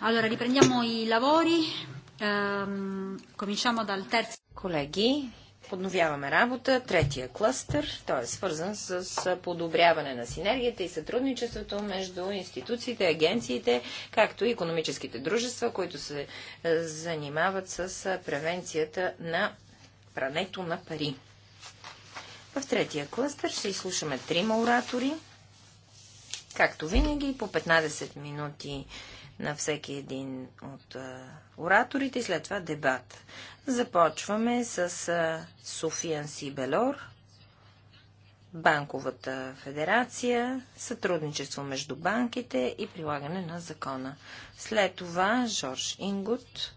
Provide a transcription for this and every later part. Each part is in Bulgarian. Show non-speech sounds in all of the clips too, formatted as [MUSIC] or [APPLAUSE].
Allora, riprendiamo i lavori. Ehm, cominciamo dal terzo. Колеги, подновяваме работа. Третия клъстър, той е свързан с подобряване на синергията и сътрудничеството между институциите, агенциите, както и економическите дружества, които се е, занимават с е, превенцията на прането на пари. В третия клъстър ще изслушаме трима оратори – Както винаги, по 15 минути на всеки един от а, ораторите и след това дебат. Започваме с а, Сибелор, Банковата федерация, сътрудничество между банките и прилагане на закона. След това Жорж Ингут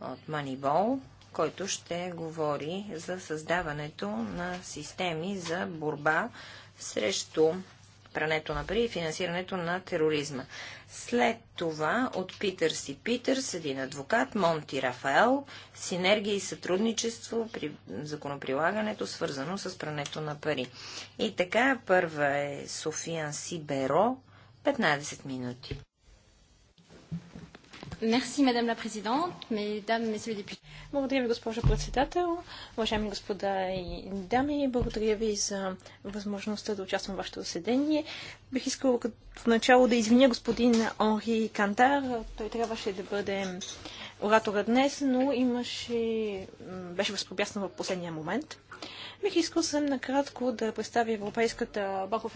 от Манибол, който ще говори за създаването на системи за борба срещу прането на пари и финансирането на тероризма. След това от Питърс и Питърс, един адвокат, Монти Рафаел, синергия и сътрудничество при законоприлагането, свързано с прането на пари. И така, първа е Софиан Сиберо, 15 минути. Благодаря ви, госпожо председател, уважаеми господа и дами. Благодаря ви за възможността да участвам в вашето заседание. Бих искал в начало да извиня господин Онри Кантар. Той трябваше да бъде оратора днес, но имаше, беше възпробясна в последния момент. Бих искал съм накратко да представя Европейската банкова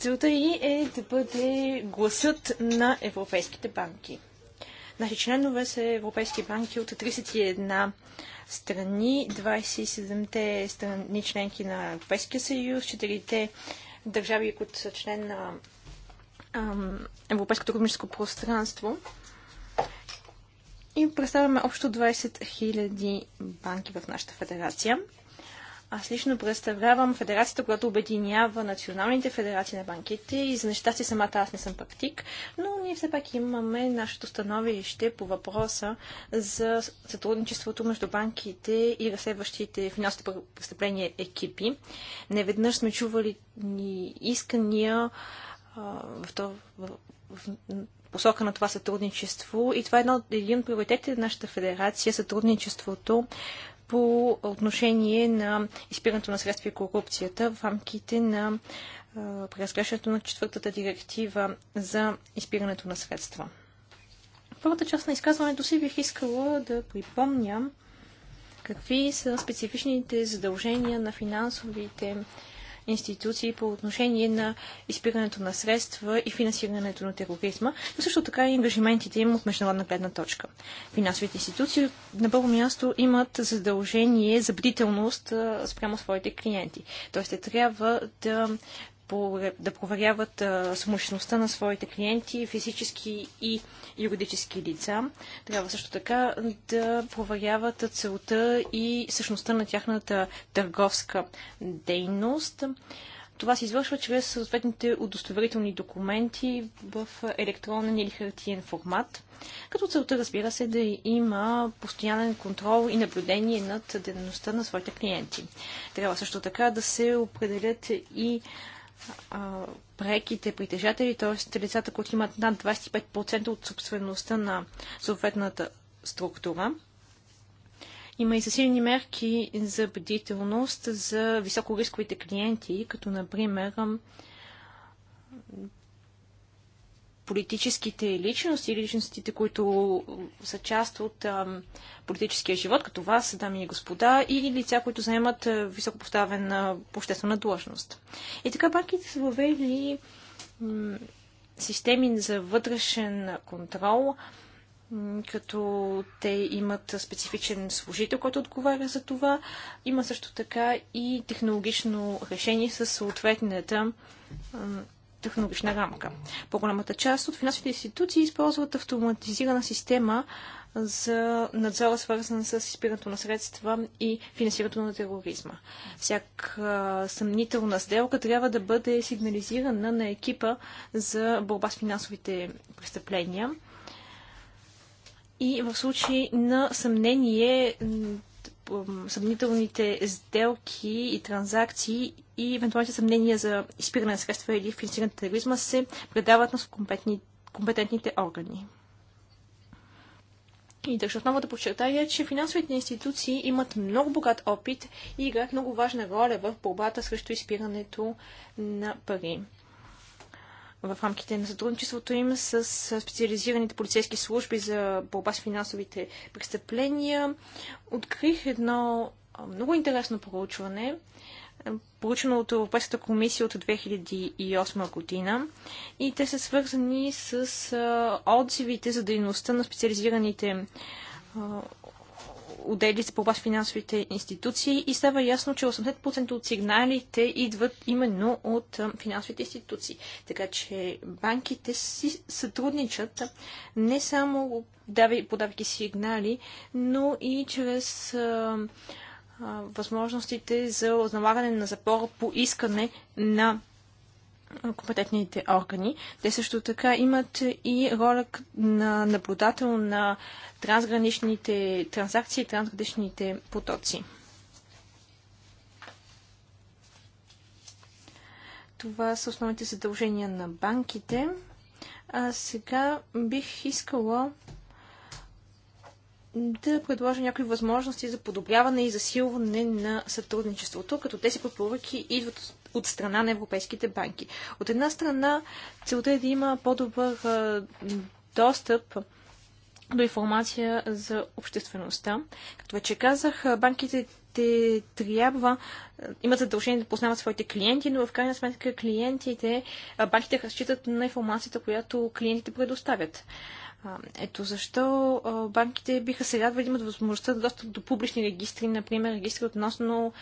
Целта й е да бъде гласът на европейските банки. Наши членове са европейски банки от 31 страни, 27-те страни членки на Европейския съюз, 4-те държави, които са член на ам, Европейското економическо пространство. И представяме общо 20 000 банки в нашата федерация. Аз лично представлявам федерацията, която обединява националните федерации на банките и за нещастие самата аз не съм практик, но ние все пак имаме нашето становище по въпроса за сътрудничеството между банките и разследващите финансови престъпления екипи. Неведнъж сме чували ни искания а, в, то, в, в посока на това сътрудничество и това е едно, един от приоритетите на нашата федерация сътрудничеството по отношение на изпирането на средства и корупцията в рамките на преразглеждането на четвъртата директива за изпирането на средства. В първата част на изказването си бих искала да припомня какви са специфичните задължения на финансовите институции по отношение на изпирането на средства и финансирането на тероризма, но също така и ангажиментите им от международна гледна точка. Финансовите институции на първо място имат задължение за бдителност спрямо своите клиенти. Тоест, те трябва да да проверяват самощността на своите клиенти, физически и юридически лица. Трябва също така да проверяват целта и същността на тяхната търговска дейност. Това се извършва чрез съответните удостоверителни документи в електронен или хартиен формат, като целта разбира се да има постоянен контрол и наблюдение над дейността на своите клиенти. Трябва също така да се определят и преките притежатели, т.е. лицата, които имат над 25% от собствеността на съответната структура. Има и засилени мерки за бдителност за високорисковите клиенти, като например политическите личности, личностите, които са част от политическия живот, като вас, дами и господа, и лица, които заемат високопоставена обществена длъжност. И така банките са въвели системи за вътрешен контрол, като те имат специфичен служител, който отговаря за това. Има също така и технологично решение с съответната технологична рамка. По-голямата част от финансовите институции използват автоматизирана система за надзора, свързан с изпирането на средства и финансирането на тероризма. Всяка съмнителна сделка трябва да бъде сигнализирана на екипа за борба с финансовите престъпления. И в случай на съмнение съмнителните сделки и транзакции и евентуалните съмнения за изпиране на средства или финансиране на тероризма се предават на компетентните органи. И държа отново да подчертая, че финансовите институции имат много богат опит и играят много важна роля в борбата срещу изпирането на пари в рамките на сътрудничеството им с специализираните полицейски служби за борба с финансовите престъпления. Открих едно много интересно проучване, получено от Европейската комисия от 2008 година и те са свързани с отзивите за дейността на специализираните отдели се по с финансовите институции и става ясно, че 80% от сигналите идват именно от финансовите институции. Така че банките си сътрудничат не само подавайки сигнали, но и чрез възможностите за налагане на запора по искане на компетентните органи. Те също така имат и роля на наблюдател на трансграничните транзакции и трансграничните потоци. Това са основните задължения на банките. А сега бих искала да предложа някои възможности за подобряване и засилване на сътрудничеството, като тези препоръки идват от, от страна на европейските банки. От една страна, целта е да има по-добър достъп до информация за обществеността. Като вече казах, банките те трябва, имат задължение да познават своите клиенти, но в крайна сметка клиентите, банките разчитат на информацията, която клиентите предоставят. Ето защо банките биха се радвали да имат възможността да достъп до публични регистри, например регистри относно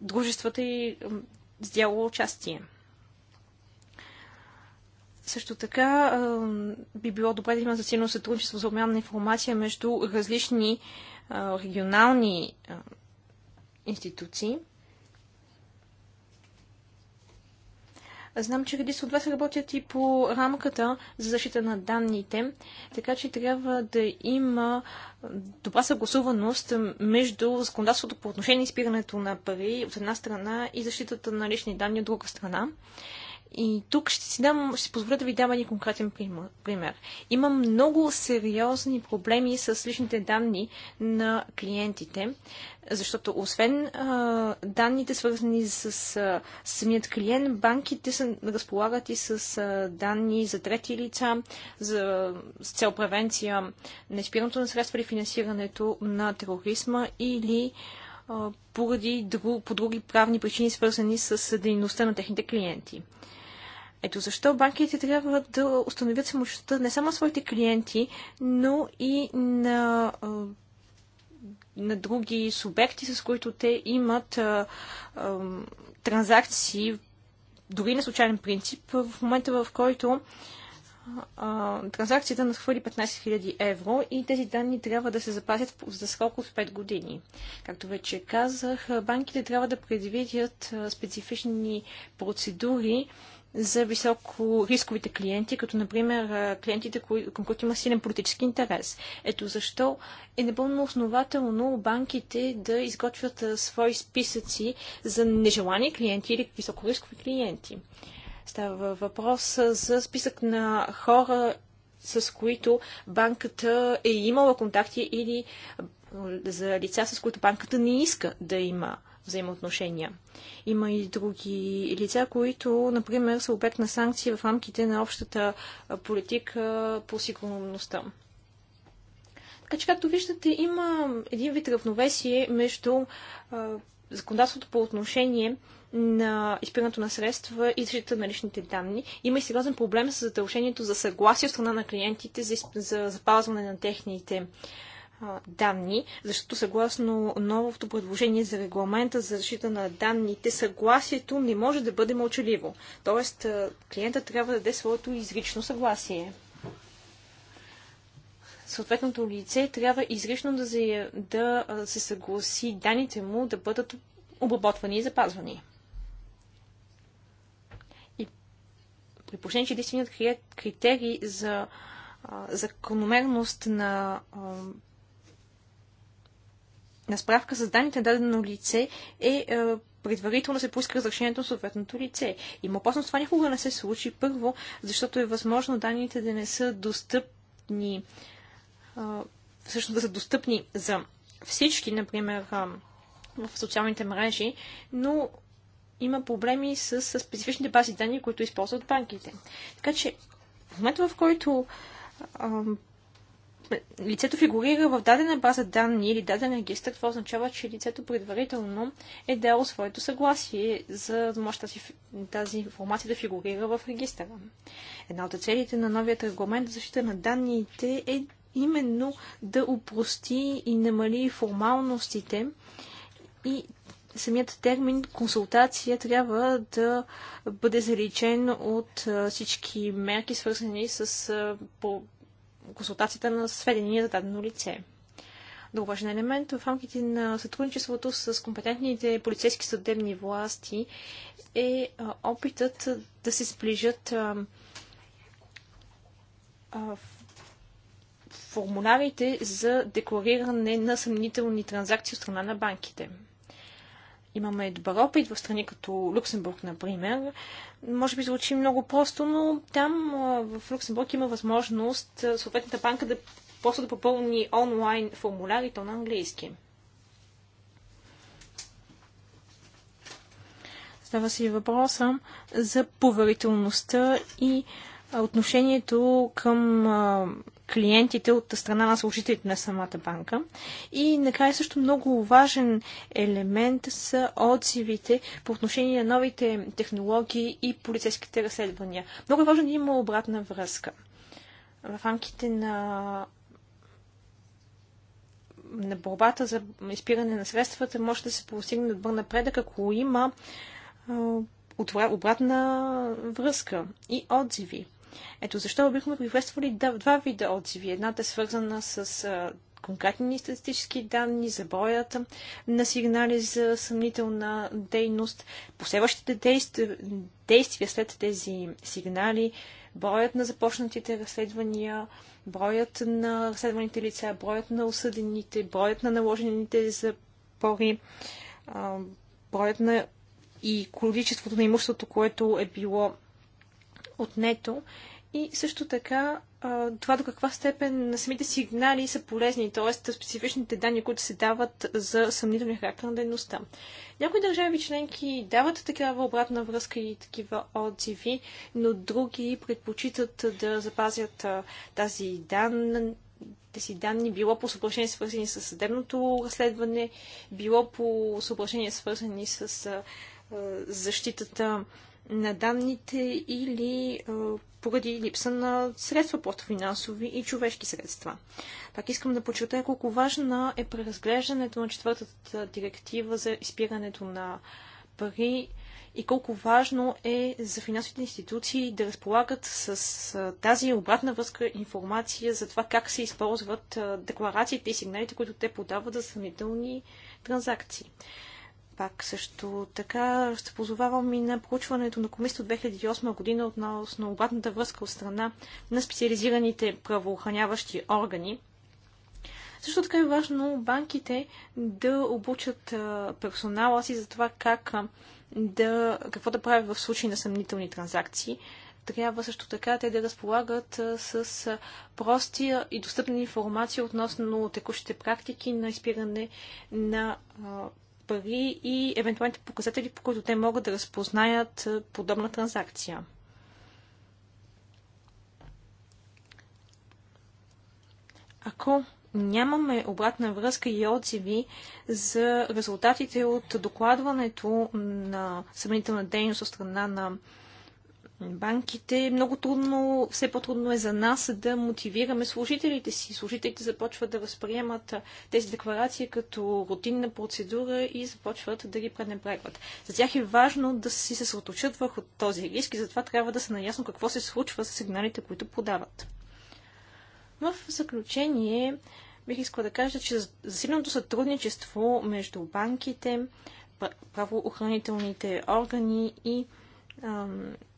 дружествата и сделало участие. Също така би било добре да има засилено сътрудничество за обмяна на информация между различни регионални институции. Знам, че редица от вас работят и по рамката за защита на данните, така че трябва да има добра съгласуваност между законодателството по отношение изпирането на пари от една страна и защитата на лични данни от друга страна. И тук ще си, дам, ще си позволя да ви дам един конкретен пример. Има много сериозни проблеми с личните данни на клиентите, защото освен а, данните свързани с а, самият клиент, банките са, разполагат и с а, данни за трети лица, за, с цел превенция на изпирането на средства или финансирането на тероризма или поради друг, по други правни причини, свързани с дейността на техните клиенти. Ето защо банките трябва да установят самощта не само на своите клиенти, но и на, на други субекти, с които те имат транзакции, дори на случайен принцип, в момента в който транзакцията надхвърли 15 000 евро и тези данни трябва да се запазят за срок от 5 години. Както вече казах, банките трябва да предвидят специфични процедури, за високо рисковите клиенти, като например клиентите, към които има силен политически интерес. Ето защо е напълно основателно банките да изготвят свои списъци за нежелани клиенти или високорискови клиенти. Става въпрос за списък на хора, с които банката е имала контакти или за лица, с които банката не иска да има взаимоотношения. Има и други лица, които, например, са обект на санкции в рамките на общата политика по сигурността. Така че, както виждате, има един вид равновесие между законодателството по отношение на изпирането на средства и защита на личните данни. Има и сериозен проблем с задължението за съгласие от страна на клиентите за, за запазване на техните данни, защото съгласно новото предложение за регламента за защита на данните, съгласието не може да бъде мълчаливо. Тоест, клиента трябва да даде своето изрично съгласие. Съответното лице трябва изрично да, зая, да се съгласи данните му да бъдат обработвани и запазвани. И при положение, че единственият критерий за закономерност на на справка с данните на дадено лице е, е, предварително се поиска разрешението на съответното лице. Има опасност това никога не се случи. Първо, защото е възможно данните да не са достъпни, е, всъщност да са достъпни за всички, например, е, в социалните мрежи, но има проблеми с, с специфичните бази данни, които използват банките. Така че, в момента в който лицето фигурира в дадена база данни или даден регистр, това означава, че лицето предварително е дало своето съгласие, за да може тази, тази информация да фигурира в регистъра. Една от целите на новият регламент за защита на данните е именно да упрости и намали формалностите и самият термин консултация трябва да бъде заличен от всички мерки, свързани с консултацията на сведения за дадено лице. Друг важен елемент в рамките на сътрудничеството с компетентните полицейски съдебни власти е опитът да се сближат формулярите за деклариране на съмнителни транзакции от страна на банките. Имаме добър опит в страни като Люксембург, например. Може би звучи много просто, но там в Люксембург има възможност съответната банка да просто да попълни онлайн формулярите на английски. Става си въпроса за поверителността и отношението към клиентите от страна на служителите на самата банка. И накрая също много важен елемент са отзивите по отношение на новите технологии и полицейските разследвания. Много е важно да има обратна връзка. В рамките на на борбата за изпиране на средствата може да се постигне добър напредък, ако има обратна връзка и отзиви. Ето защо бихме приветствали два вида отзиви. Едната е свързана с конкретни статистически данни за броят на сигнали за съмнителна дейност, последващите действия, действия след тези сигнали, броят на започнатите разследвания, броят на разследваните лица, броят на осъдените, броят на наложените запори, броят на и количеството на имуществото, което е било отнето и също така това до каква степен на самите сигнали са полезни, т.е. специфичните данни, които се дават за съмнителния характер на дейността. Някои държави членки дават такава обратна връзка и такива отзиви, но други предпочитат да запазят тази дан, тези данни, било по съображения свързани с съдебното разследване, било по съображения свързани с защитата на данните или поради липса на средства, просто финансови и човешки средства. Пак искам да подчертая колко важна е преразглеждането на четвъртата директива за изпирането на пари и колко важно е за финансовите институции да разполагат с тази обратна връзка информация за това как се използват декларациите и сигналите, които те подават за съмнителни транзакции пак също така ще позовавам и на проучването на комисията от 2008 година относно обратната връзка от страна на специализираните правоохраняващи органи. Също така е важно банките да обучат персонала си за това как да, какво да правят в случай на съмнителни транзакции. Трябва също така те да разполагат с простия и достъпна информация относно текущите практики на изпиране на пари и евентуалните показатели, по които те могат да разпознаят е, подобна транзакция. Ако нямаме обратна връзка и отзиви за резултатите от докладването на съмнителна дейност от страна на банките, много трудно, все по-трудно е за нас да мотивираме служителите си. Служителите започват да възприемат тези декларации като рутинна процедура и започват да ги пренебрегват. За тях е важно да си се съсредоточат върху този риск и затова трябва да са наясно какво се случва с сигналите, които подават. В заключение, бих искала да кажа, че засиленото сътрудничество между банките, правоохранителните органи и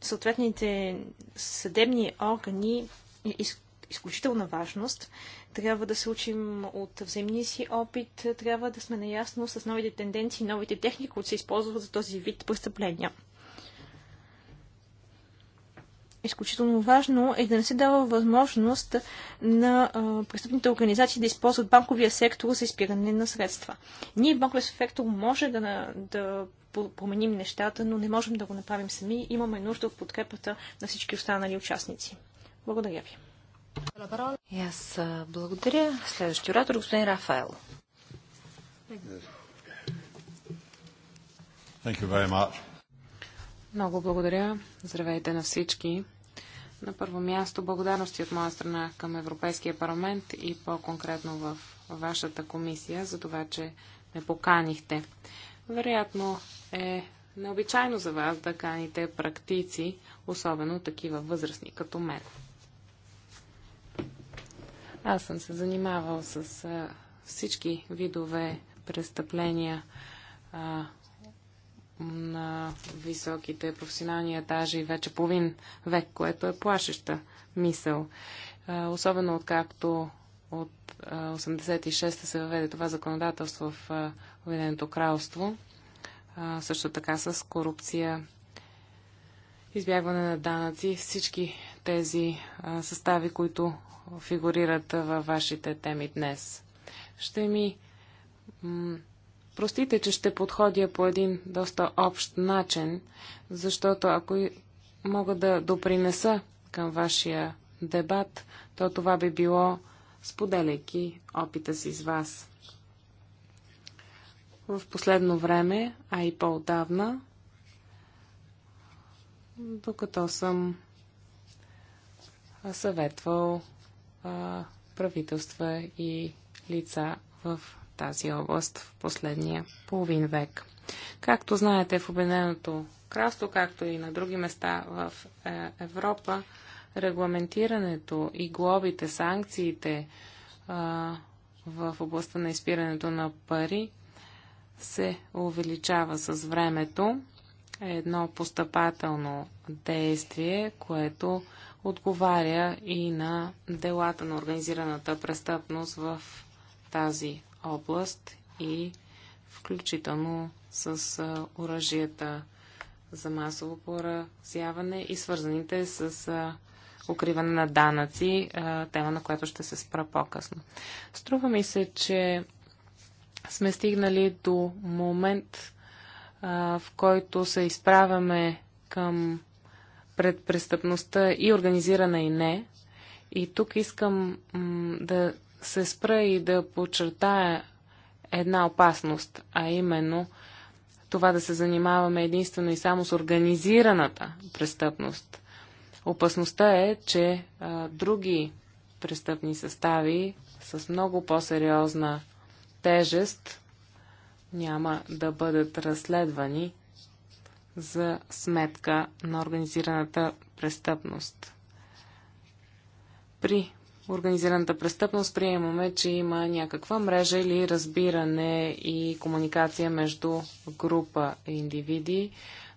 съответните съдебни органи е изключителна важност. Трябва да се учим от взаимния си опит, трябва да сме наясно с новите тенденции, новите техники, които се използват за този вид престъпления изключително важно е да не се дава възможност на а, престъпните организации да използват банковия сектор за изпиране на средства. Ние в банковия сектор може да, да променим нещата, но не можем да го направим сами. Имаме нужда от подкрепата на всички останали участници. Благодаря ви. И аз благодаря. Следващия оратор, е господин Рафаел. Много благодаря. Здравейте на всички. На първо място благодарности от моя страна към Европейския парламент и по-конкретно в вашата комисия за това, че ме поканихте. Вероятно е необичайно за вас да каните практици, особено такива възрастни като мен. Аз съм се занимавал с всички видове престъпления, на високите професионални етажи вече половин век, което е плашеща мисъл. Особено откакто от 86 се въведе това законодателство в Обединеното кралство, също така с корупция, избягване на данъци, всички тези състави, които фигурират във вашите теми днес. Ще ми Простите, че ще подходя по един доста общ начин, защото ако мога да допринеса към вашия дебат, то това би било споделяйки опита си с вас. В последно време, а и по-отдавна, докато съм съветвал а, правителства и лица в тази област в последния половин век. Както знаете, в Обединеното кралство, както и на други места в е, Европа, регламентирането и глобите, санкциите е, в областта на изпирането на пари се увеличава с времето. Е едно постъпателно действие, което отговаря и на делата на организираната престъпност в тази област и включително с оръжията за масово поразяване и свързаните с укриване на данъци, тема на която ще се спра по-късно. Струва ми се, че сме стигнали до момент, в който се изправяме към предпрестъпността и организирана и не. И тук искам да се спра и да подчертая една опасност, а именно това да се занимаваме единствено и само с организираната престъпност. Опасността е, че а, други престъпни състави с много по-сериозна тежест няма да бъдат разследвани за сметка на организираната престъпност. При организираната престъпност приемаме, че има някаква мрежа или разбиране и комуникация между група индивиди,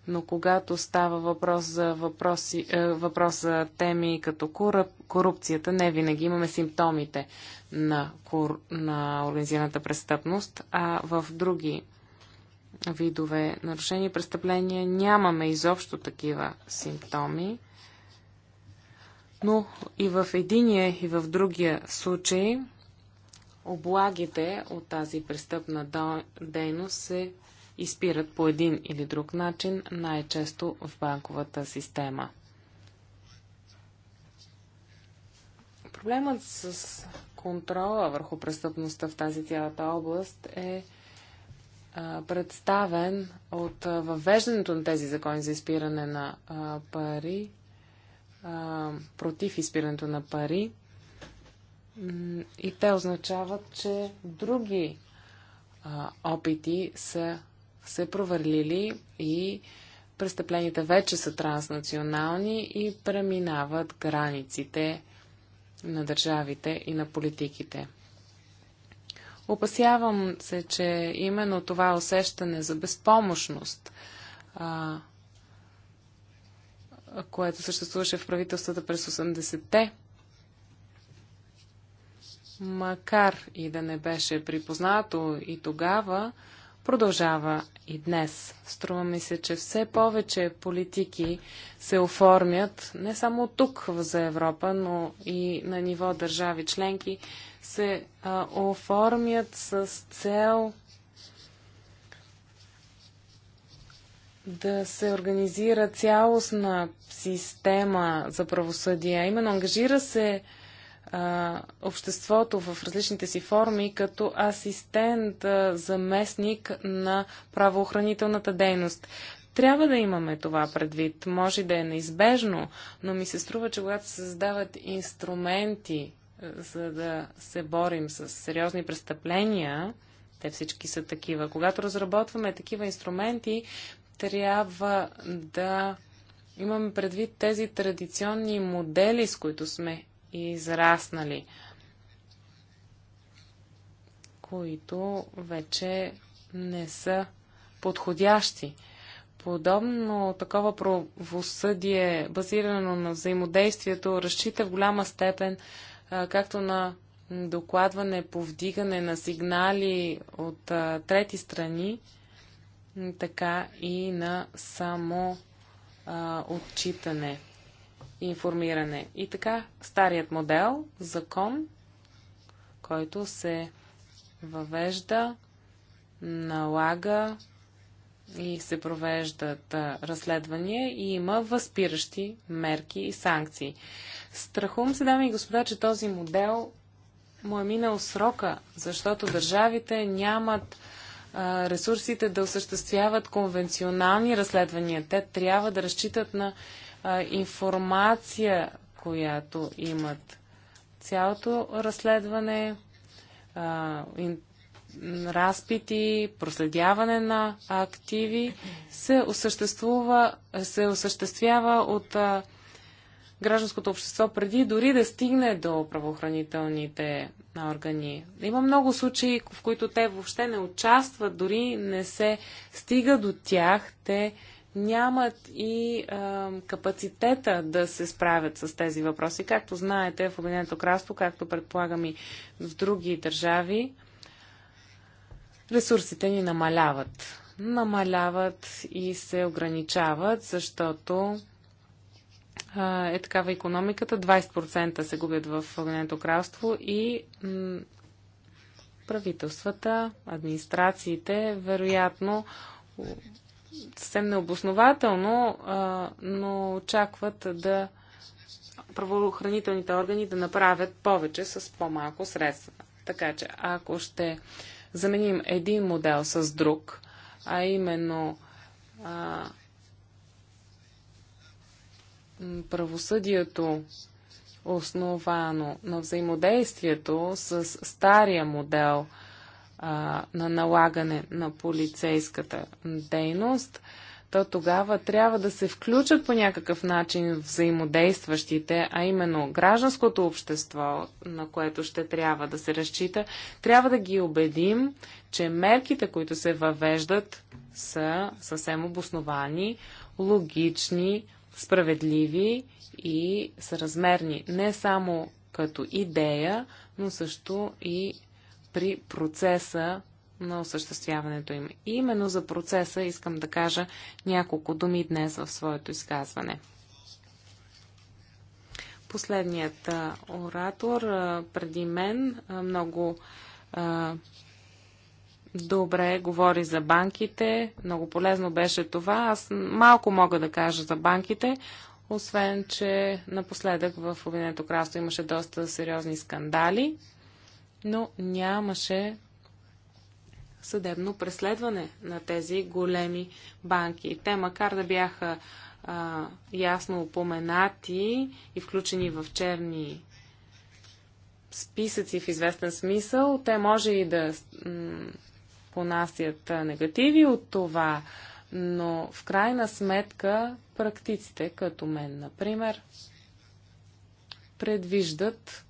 но когато става въпрос за, въпроси, е, въпрос за теми като коруп, корупцията, не винаги имаме симптомите на, кор, на организираната престъпност, а в други видове нарушения и престъпления нямаме изобщо такива симптоми. Но и в единия и в другия случай облагите от тази престъпна дейност се изпират по един или друг начин, най-често в банковата система. Проблемът с контрола върху престъпността в тази цялата област е представен от въвеждането на тези закони за изпиране на пари а, против изпирането на пари. И те означават, че други а, опити са се провърлили и престъпленията вече са транснационални и преминават границите на държавите и на политиките. Опасявам се, че именно това усещане за безпомощност а, което съществуваше в правителствата през 80-те, макар и да не беше припознато и тогава, продължава и днес. Струва ми се, че все повече политики се оформят не само тук за Европа, но и на ниво държави членки се а, оформят с цел да се организира цялостна система за правосъдие. Именно ангажира се а, обществото в различните си форми като асистент, а, заместник на правоохранителната дейност. Трябва да имаме това предвид. Може да е неизбежно, но ми се струва, че когато се създават инструменти, за да се борим с сериозни престъпления, те всички са такива. Когато разработваме такива инструменти, трябва да имаме предвид тези традиционни модели, с които сме израснали, които вече не са подходящи. Подобно такова правосъдие, базирано на взаимодействието, разчита в голяма степен както на докладване, повдигане на сигнали от трети страни, така и на само а, отчитане, информиране. И така, старият модел, закон, който се въвежда, налага и се провеждат а, разследвания и има възпиращи мерки и санкции. Страхувам се, дами и господа, че този модел му е минал срока, защото държавите нямат ресурсите да осъществяват конвенционални разследвания. Те трябва да разчитат на а, информация, която имат. Цялото разследване, а, ин, разпити, проследяване на активи се, се осъществява от а, гражданското общество, преди дори да стигне до правоохранителните органи. Има много случаи, в които те въобще не участват, дори не се стига до тях. Те нямат и е, капацитета да се справят с тези въпроси. Както знаете, в Обединеното кралство, както предполагам и в други държави, ресурсите ни намаляват. Намаляват и се ограничават, защото е такава економиката. 20% се губят в Огненото кралство и правителствата, администрациите, вероятно съвсем необоснователно, но очакват да правоохранителните органи да направят повече с по-малко средства. Така че ако ще заменим един модел с друг, а именно правосъдието, основано на взаимодействието с стария модел а, на налагане на полицейската дейност, то тогава трябва да се включат по някакъв начин взаимодействащите, а именно гражданското общество, на което ще трябва да се разчита, трябва да ги убедим, че мерките, които се въвеждат, са съвсем обосновани, логични, справедливи и съразмерни. Не само като идея, но също и при процеса на осъществяването им. И именно за процеса искам да кажа няколко думи днес в своето изказване. Последният оратор преди мен много добре говори за банките. Много полезно беше това. Аз малко мога да кажа за банките, освен, че напоследък в Обединеното кралство имаше доста сериозни скандали, но нямаше съдебно преследване на тези големи банки. Те, макар да бяха а, ясно упоменати и включени в черни списъци в известен смисъл, те може и да понасят негативи от това, но в крайна сметка практиците, като мен, например, предвиждат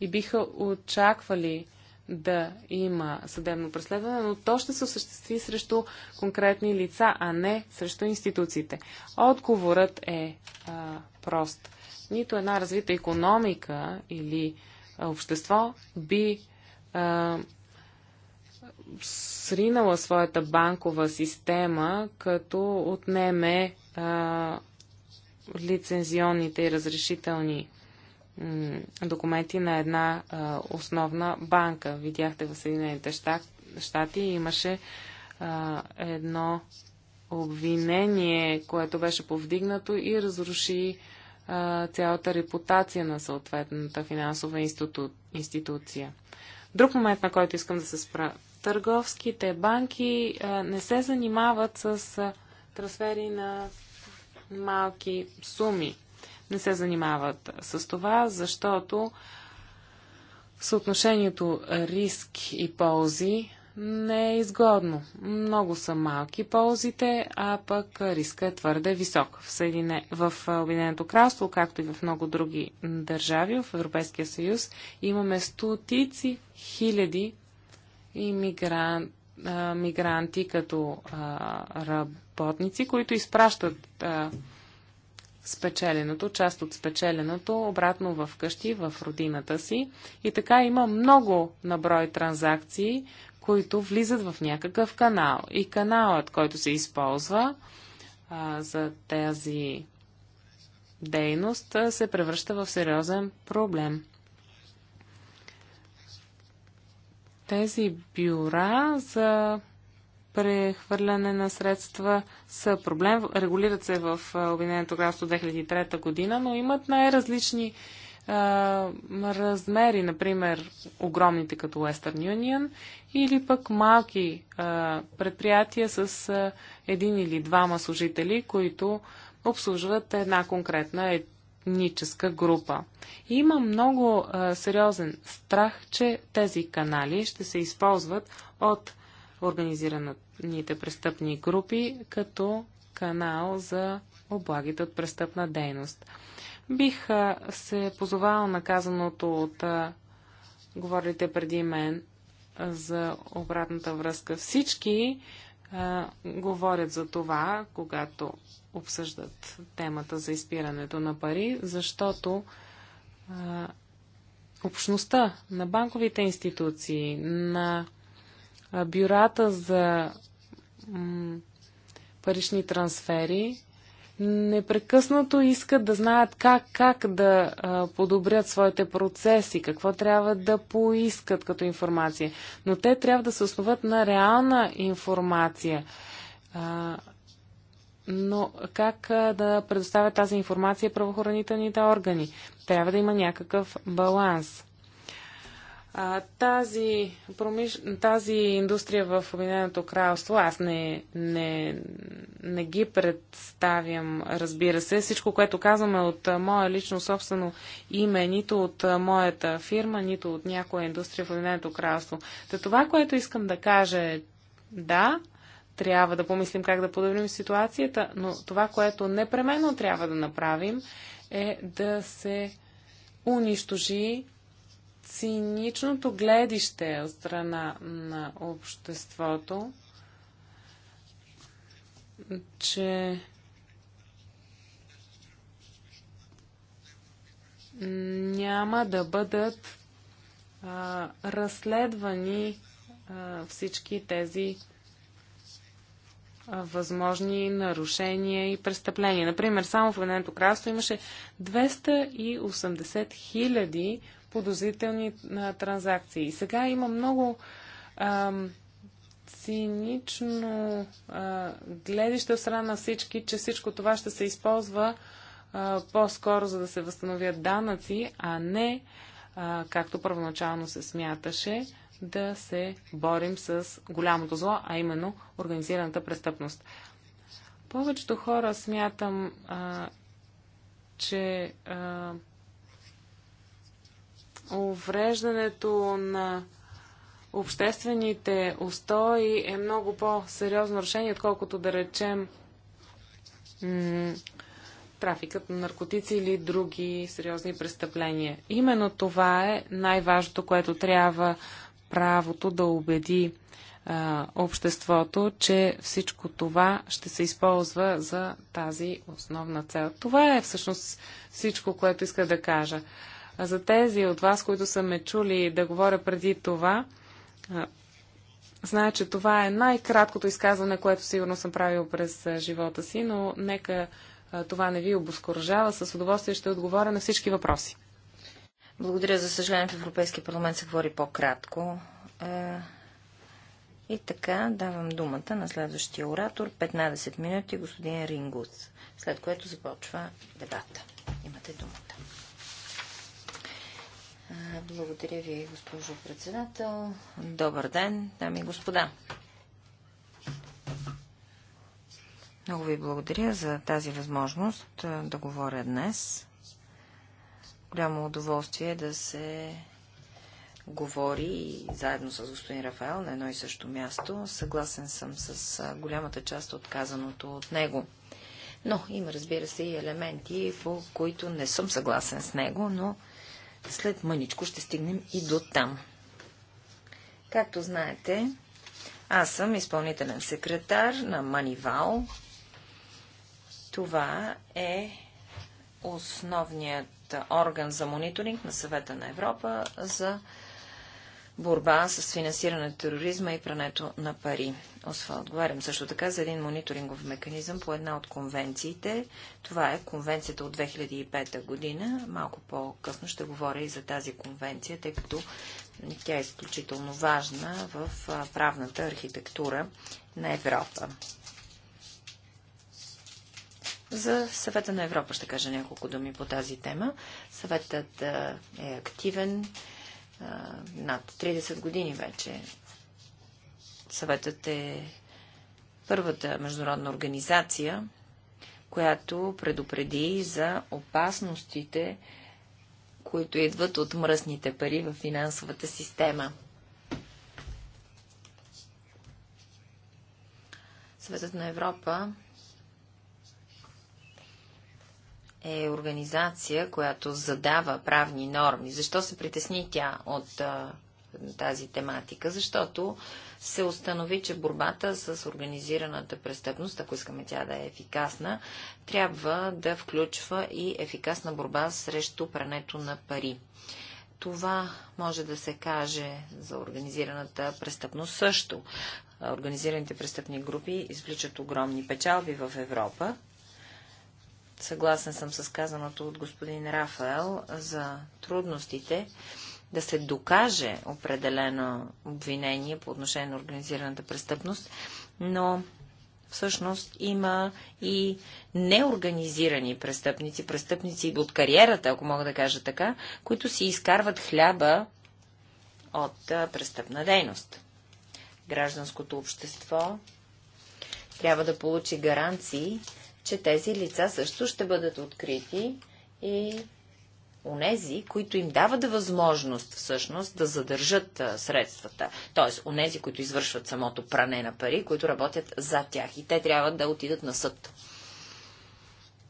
и биха очаквали да има съдебно преследване, но то ще се осъществи срещу конкретни лица, а не срещу институциите. Отговорът е а, прост. Нито една развита економика или общество би а, сринала своята банкова система, като отнеме а, лицензионните и разрешителни документи на една а, основна банка. Видяхте в Съединените щати имаше а, едно обвинение, което беше повдигнато и разруши а, цялата репутация на съответната финансова институ... институция. Друг момент, на който искам да се спра търговските банки не се занимават с трансфери на малки суми. Не се занимават с това, защото съотношението риск и ползи не е изгодно. Много са малки ползите, а пък риска е твърде висок. В, Съедине... в Обединеното кралство, както и в много други държави в Европейския съюз, имаме стотици хиляди и а, мигранти като а, работници, които изпращат а, спечеленото, част от спечеленото обратно в къщи, в родината си. И така има много наброй транзакции, които влизат в някакъв канал. И каналът, който се използва а, за тази дейност, се превръща в сериозен проблем. Тези бюра за прехвърляне на средства са проблем. Регулират се в Обединеното кралство 2003 година, но имат най-различни размери, например огромните като Western Union или пък малки а, предприятия с а, един или двама служители, които обслужват една конкретна етническа група. И има много а, сериозен страх, че тези канали ще се използват от организираните престъпни групи като канал за облагите от престъпна дейност. Бих а, се позовал на казаното от а, говорите преди мен за обратната връзка. Всички а, говорят за това, когато обсъждат темата за изпирането на пари, защото а, общността на банковите институции, на бюрата за парични трансфери непрекъснато искат да знаят как, как да а, подобрят своите процеси, какво трябва да поискат като информация. Но те трябва да се основат на реална информация. А, но как да предоставят тази информация правоохранителните органи? Трябва да има някакъв баланс. тази, промиш... тази индустрия в Обединеното кралство, аз не, не, не ги представям, разбира се. Всичко, което казваме от мое лично собствено име, нито от моята фирма, нито от някоя индустрия в Обединеното кралство. Та това, което искам да кажа е да, трябва да помислим как да подобрим ситуацията, но това, което непременно трябва да направим, е да се унищожи циничното гледище от страна на обществото, че няма да бъдат а, разследвани а, всички тези възможни нарушения и престъпления. Например, само в Обединеното кралство имаше 280 хиляди подозрителни транзакции. И сега има много ам, цинично а, гледище в страна на всички, че всичко това ще се използва по-скоро за да се възстановят данъци, а не а, както първоначално се смяташе, да се борим с голямото зло, а именно организираната престъпност. Повечето хора смятам, а, че а, увреждането на обществените устои е много по-сериозно решение, отколкото да речем трафикът на наркотици или други сериозни престъпления. Именно това е най-важното, което трябва правото да убеди а, обществото, че всичко това ще се използва за тази основна цел. Това е всъщност всичко, което иска да кажа. А за тези от вас, които са ме чули да говоря преди това, а, Зная, че това е най-краткото изказване, което сигурно съм правил през живота си, но нека това не ви обоскоръжава. С удоволствие ще отговоря на всички въпроси. Благодаря. За съжаление, в Европейския парламент се говори по-кратко. Е, и така, давам думата на следващия оратор. 15 минути, господин Рингус. След което започва дебата. Имате думата. Е, благодаря ви, госпожо председател. Добър ден, дами и господа. Много ви благодаря за тази възможност е, да говоря днес. Голямо удоволствие да се говори и заедно с господин Рафаел на едно и също място. Съгласен съм с голямата част от казаното от него. Но има, разбира се, и елементи, по които не съм съгласен с него, но след мъничко ще стигнем и до там. Както знаете, аз съм изпълнителен секретар на Манивал. Това е основният орган за мониторинг на съвета на Европа за борба с финансиране на тероризма и прането на пари. Освен отговарям също така за един мониторингов механизъм по една от конвенциите. Това е конвенцията от 2005 година. Малко по-късно ще говоря и за тази конвенция, тъй като тя е изключително важна в правната архитектура на Европа. За съвета на Европа ще кажа няколко думи по тази тема. Съветът е активен над 30 години вече. Съветът е първата международна организация, която предупреди за опасностите, които идват от мръсните пари в финансовата система. Съветът на Европа е организация, която задава правни норми. Защо се притесни тя от а, тази тематика? Защото се установи, че борбата с организираната престъпност, ако искаме тя да е ефикасна, трябва да включва и ефикасна борба срещу прането на пари. Това може да се каже за организираната престъпност също. Организираните престъпни групи извличат огромни печалби в Европа, Съгласен съм с казаното от господин Рафаел за трудностите да се докаже определено обвинение по отношение на организираната престъпност, но всъщност има и неорганизирани престъпници, престъпници от кариерата, ако мога да кажа така, които си изкарват хляба от престъпна дейност. Гражданското общество трябва да получи гаранции че тези лица също ще бъдат открити и онези, които им дават възможност всъщност да задържат средствата. Тоест, онези, които извършват самото пране на пари, които работят за тях и те трябва да отидат на съд.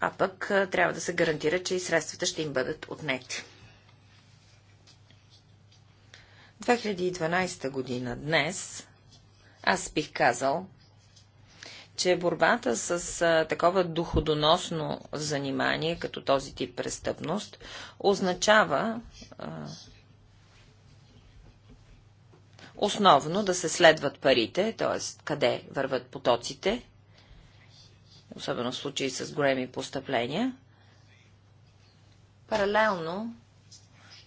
А пък трябва да се гарантира, че и средствата ще им бъдат отнети. 2012 година днес, аз бих казал, че борбата с а, такова доходоносно занимание, като този тип престъпност, означава а, основно да се следват парите, т.е. къде върват потоците, особено в случаи с големи постъпления, паралелно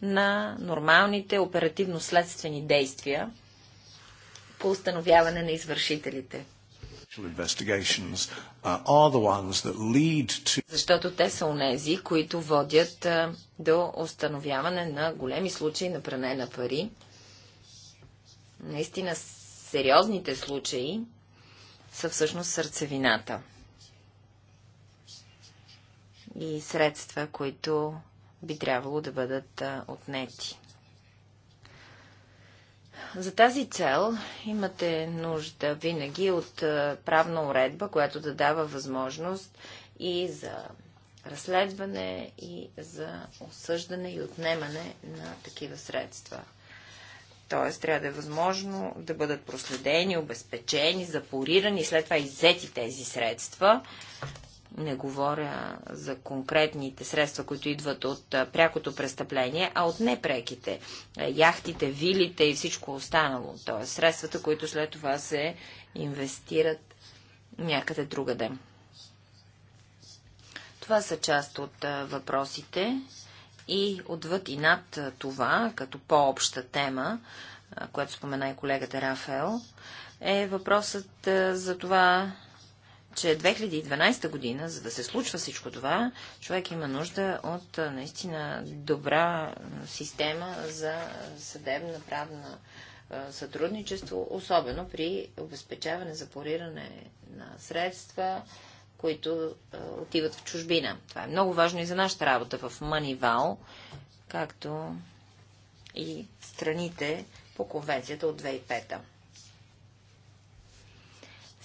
на нормалните оперативно-следствени действия по установяване на извършителите. Uh, Защото те са онези, които водят до установяване на големи случаи на пране на пари. Наистина сериозните случаи са всъщност сърцевината и средства, които би трябвало да бъдат отнети. За тази цел имате нужда винаги от правна уредба, която да дава възможност и за разследване, и за осъждане и отнемане на такива средства. Тоест, трябва да е възможно да бъдат проследени, обезпечени, запорирани, и след това иззети тези средства не говоря за конкретните средства, които идват от прякото престъпление, а от непреките. Е, яхтите, вилите и всичко останало. Т.е. средствата, които след това се инвестират някъде другаде. Това са част от въпросите и отвъд и над това, като по-обща тема, която спомена и колегата Рафел, е въпросът за това че 2012 година, за да се случва всичко това, човек има нужда от наистина добра система за съдебна правна сътрудничество, особено при обезпечаване, запориране на средства, които отиват в чужбина. Това е много важно и за нашата работа в Манивал, както и страните по конвенцията от 2005. -та.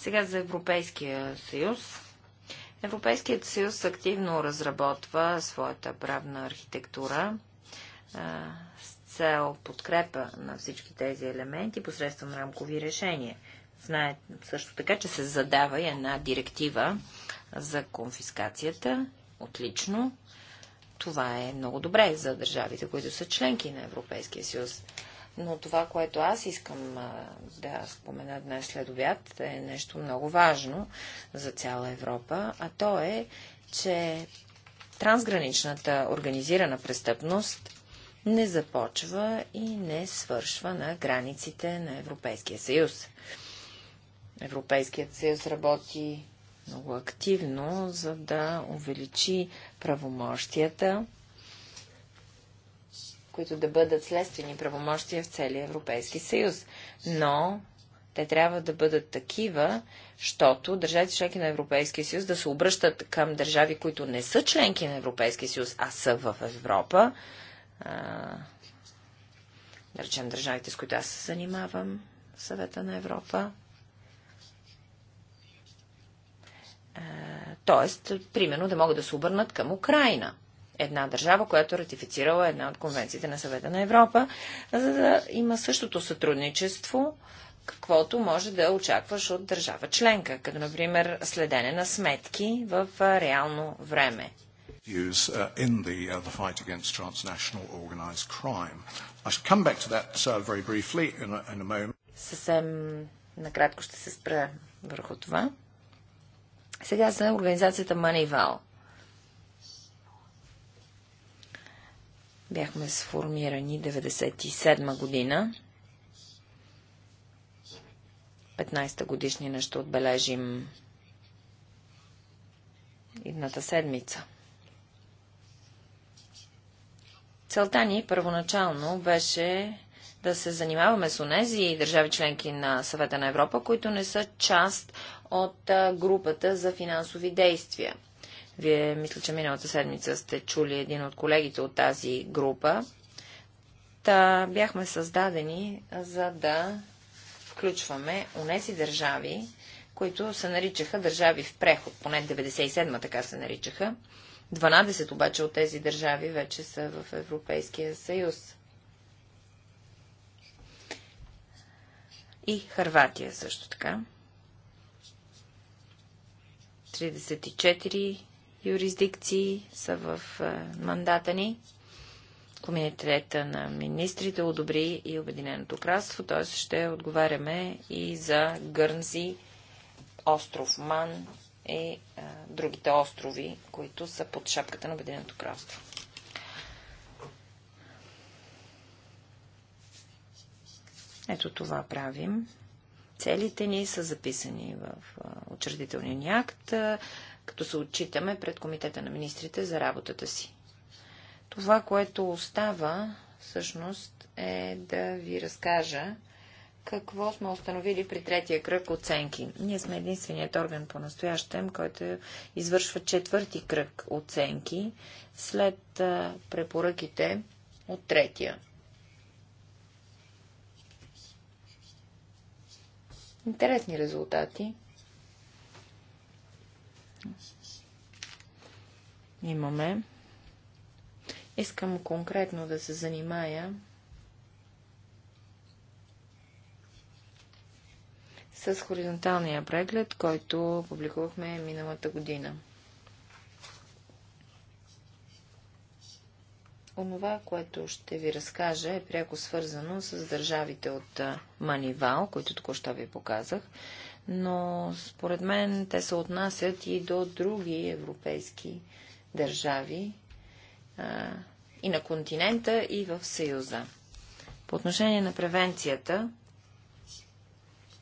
Сега за Европейския съюз. Европейският съюз активно разработва своята правна архитектура с цел подкрепа на всички тези елементи посредством рамкови решения. Знае също така, че се задава и една директива за конфискацията. Отлично. Това е много добре за държавите, които са членки на Европейския съюз. Но това, което аз искам а, да спомена днес след обяд, е нещо много важно за цяла Европа, а то е, че трансграничната организирана престъпност не започва и не свършва на границите на Европейския съюз. Европейският съюз работи много активно, за да увеличи правомощията които да бъдат следствени правомощия в целия Европейски съюз. Но те трябва да бъдат такива, защото държавите членки на Европейския съюз да се обръщат към държави, които не са членки на Европейския съюз, а са в Европа. А, да речем държавите, с които аз се занимавам, съвета на Европа. А, тоест, примерно, да могат да се обърнат към Украина – една държава, която е ратифицирала една от конвенциите на съвета на Европа, за да има същото сътрудничество, каквото може да очакваш от държава членка, като например следене на сметки в реално време. Uh, in the, uh, the fight against transnational organized crime. I should come back to that uh, very briefly in a, in a moment. Съвсем накратко ще се спра върху това. Сега за организацията Манивал. Бяхме сформирани 97 година. 15-та годишнина ще отбележим едната седмица. Целта ни първоначално беше да се занимаваме с онези държави членки на Съвета на Европа, които не са част от групата за финансови действия – вие, мисля, че миналата седмица сте чули един от колегите от тази група. Та бяхме създадени за да включваме унеси държави, които се наричаха държави в преход, поне 97-ма така се наричаха. 12 обаче от тези държави вече са в Европейския съюз. И Харватия също така. 34 юрисдикции са в е, мандата ни. Комитета на министрите одобри и Обединеното кралство, т.е. ще отговаряме и за Гърнзи, остров Ман и е, а, е, другите острови, които са под шапката на Обединеното кралство. Ето това правим. Целите ни са записани в учредителния акт като се отчитаме пред Комитета на министрите за работата си. Това, което остава, всъщност, е да ви разкажа какво сме установили при третия кръг оценки. Ние сме единственият орган по настоящем, който извършва четвърти кръг оценки след препоръките от третия. Интересни резултати имаме. Искам конкретно да се занимая с хоризонталния преглед, който публикувахме миналата година. Онова, което ще ви разкажа, е пряко свързано с държавите от Манивал, които току-що ви показах но според мен те се отнасят и до други европейски държави а, и на континента, и в Съюза. По отношение на превенцията,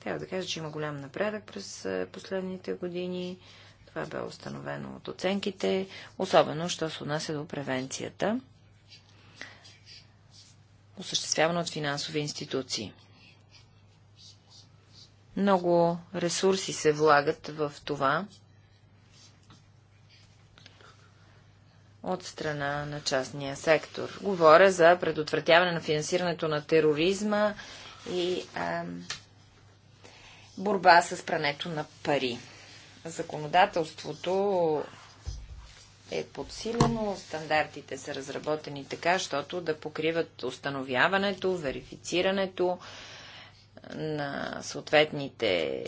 трябва да кажа, че има голям напредък през последните години. Това бе установено от оценките, особено, що се отнася до превенцията, осъществявана от финансови институции. Много ресурси се влагат в това от страна на частния сектор. Говоря за предотвратяване на финансирането на тероризма и а, борба с прането на пари. Законодателството е подсилено, стандартите са разработени така, защото да покриват установяването, верифицирането, на съответните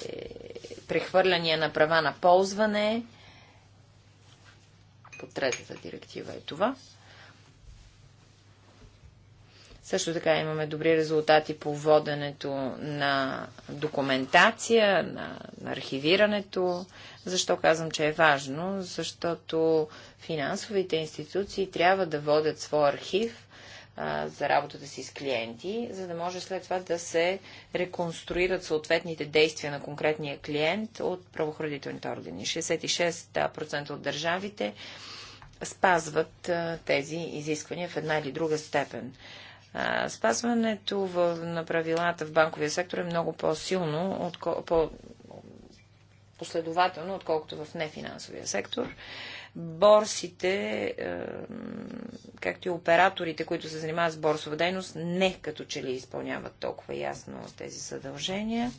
прехвърляния на права на ползване. По третата директива е това. Също така имаме добри резултати по воденето на документация, на, на архивирането. Защо казвам, че е важно? Защото финансовите институции трябва да водят своя архив – за работата си с клиенти, за да може след това да се реконструират съответните действия на конкретния клиент от правоохранителните органи. 66% от държавите спазват тези изисквания в една или друга степен. спазването в, на правилата в банковия сектор е много по-силно, по последователно, отколкото в нефинансовия сектор борсите, е, както и операторите, които се занимават с борсова дейност, не като че ли изпълняват толкова ясно тези задължения.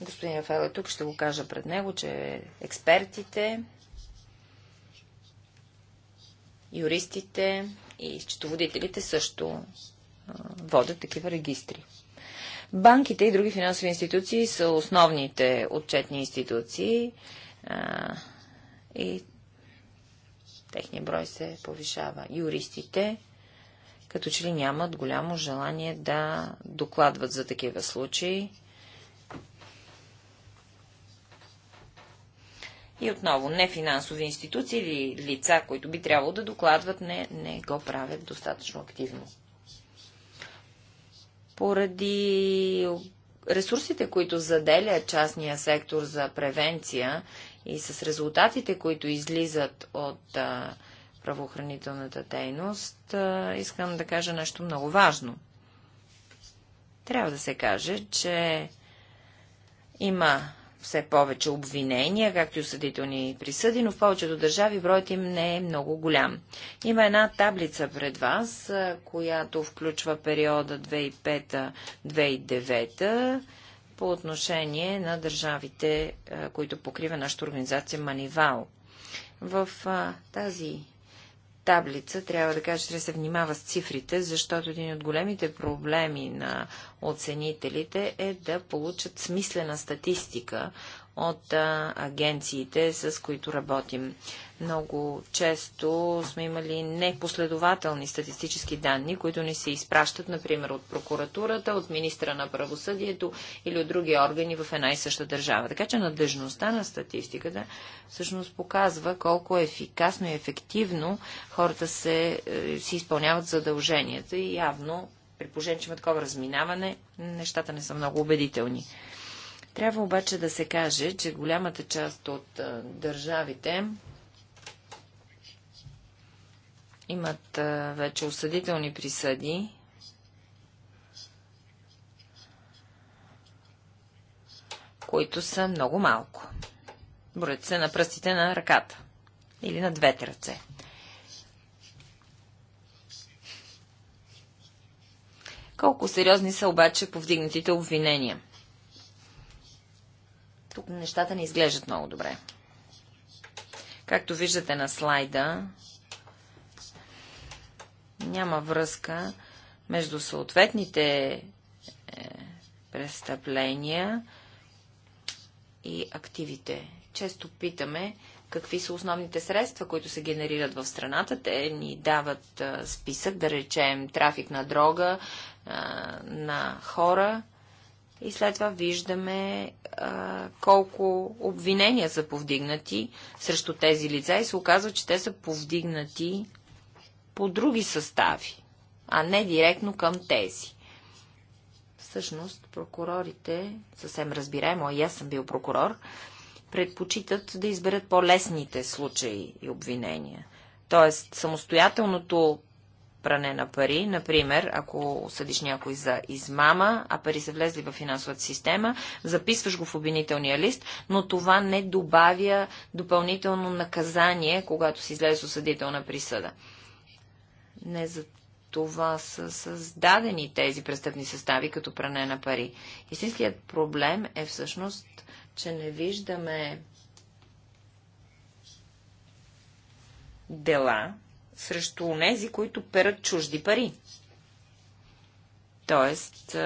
Господин Рафаел е тук, ще го кажа пред него, че експертите, юристите и счетоводителите също е, водят такива регистри. Банките и други финансови институции са основните отчетни институции а, и техния брой се повишава. Юристите като че ли нямат голямо желание да докладват за такива случаи. И отново, не финансови институции или лица, които би трябвало да докладват, не, не го правят достатъчно активно поради ресурсите, които заделя частния сектор за превенция и с резултатите, които излизат от а, правоохранителната дейност, а, искам да кажа нещо много важно. Трябва да се каже, че има все повече обвинения, както и осъдителни присъди, но в повечето държави броят им не е много голям. Има една таблица пред вас, която включва периода 2005-2009 по отношение на държавите, които покрива нашата организация Манивал. В тази таблица, трябва да кажа, че да се внимава с цифрите, защото един от големите проблеми на оценителите е да получат смислена статистика, от агенциите, с които работим. Много често сме имали непоследователни статистически данни, които ни се изпращат, например, от прокуратурата, от министра на правосъдието или от други органи в една и съща държава. Така че надежността на статистиката всъщност показва колко ефикасно и ефективно хората се, е, си изпълняват задълженията и явно при положение, че има такова разминаване, нещата не са много убедителни. Трябва обаче да се каже, че голямата част от държавите имат вече осъдителни присъди които са много малко. Броят се на пръстите на ръката или на двете ръце. Колко сериозни са обаче повдигнатите обвинения? Тук нещата не изглеждат много добре. Както виждате на слайда, няма връзка между съответните е, престъпления и активите. Често питаме какви са основните средства, които се генерират в страната. Те ни дават е, списък, да речем, трафик на дрога, е, на хора, и след това виждаме а, колко обвинения са повдигнати срещу тези лица и се оказва, че те са повдигнати по други състави, а не директно към тези. Всъщност, прокурорите, съвсем разбираемо, и аз съм бил прокурор, предпочитат да изберат по-лесните случаи и обвинения. Тоест, самостоятелното пране на пари. Например, ако съдиш някой за измама, а пари са влезли в финансовата система, записваш го в обвинителния лист, но това не добавя допълнително наказание, когато си излезе осъдителна присъда. Не за това са създадени тези престъпни състави като пране на пари. Истинският проблем е всъщност, че не виждаме дела, срещу онези, които перат чужди пари. Тоест,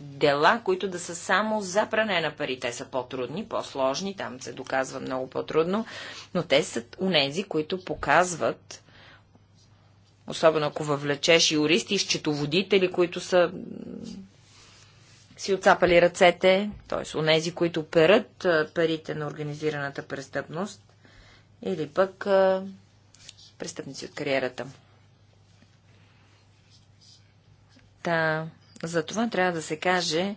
дела, които да са само за пране на пари. Те са по-трудни, по-сложни, там се доказва много по-трудно, но те са унези, които показват, особено ако въвлечеш юристи изчетоводители, счетоводители, които са си отцапали ръцете, т.е. унези, които перат парите на организираната престъпност, или пък престъпници от кариерата. Та, за това трябва да се каже,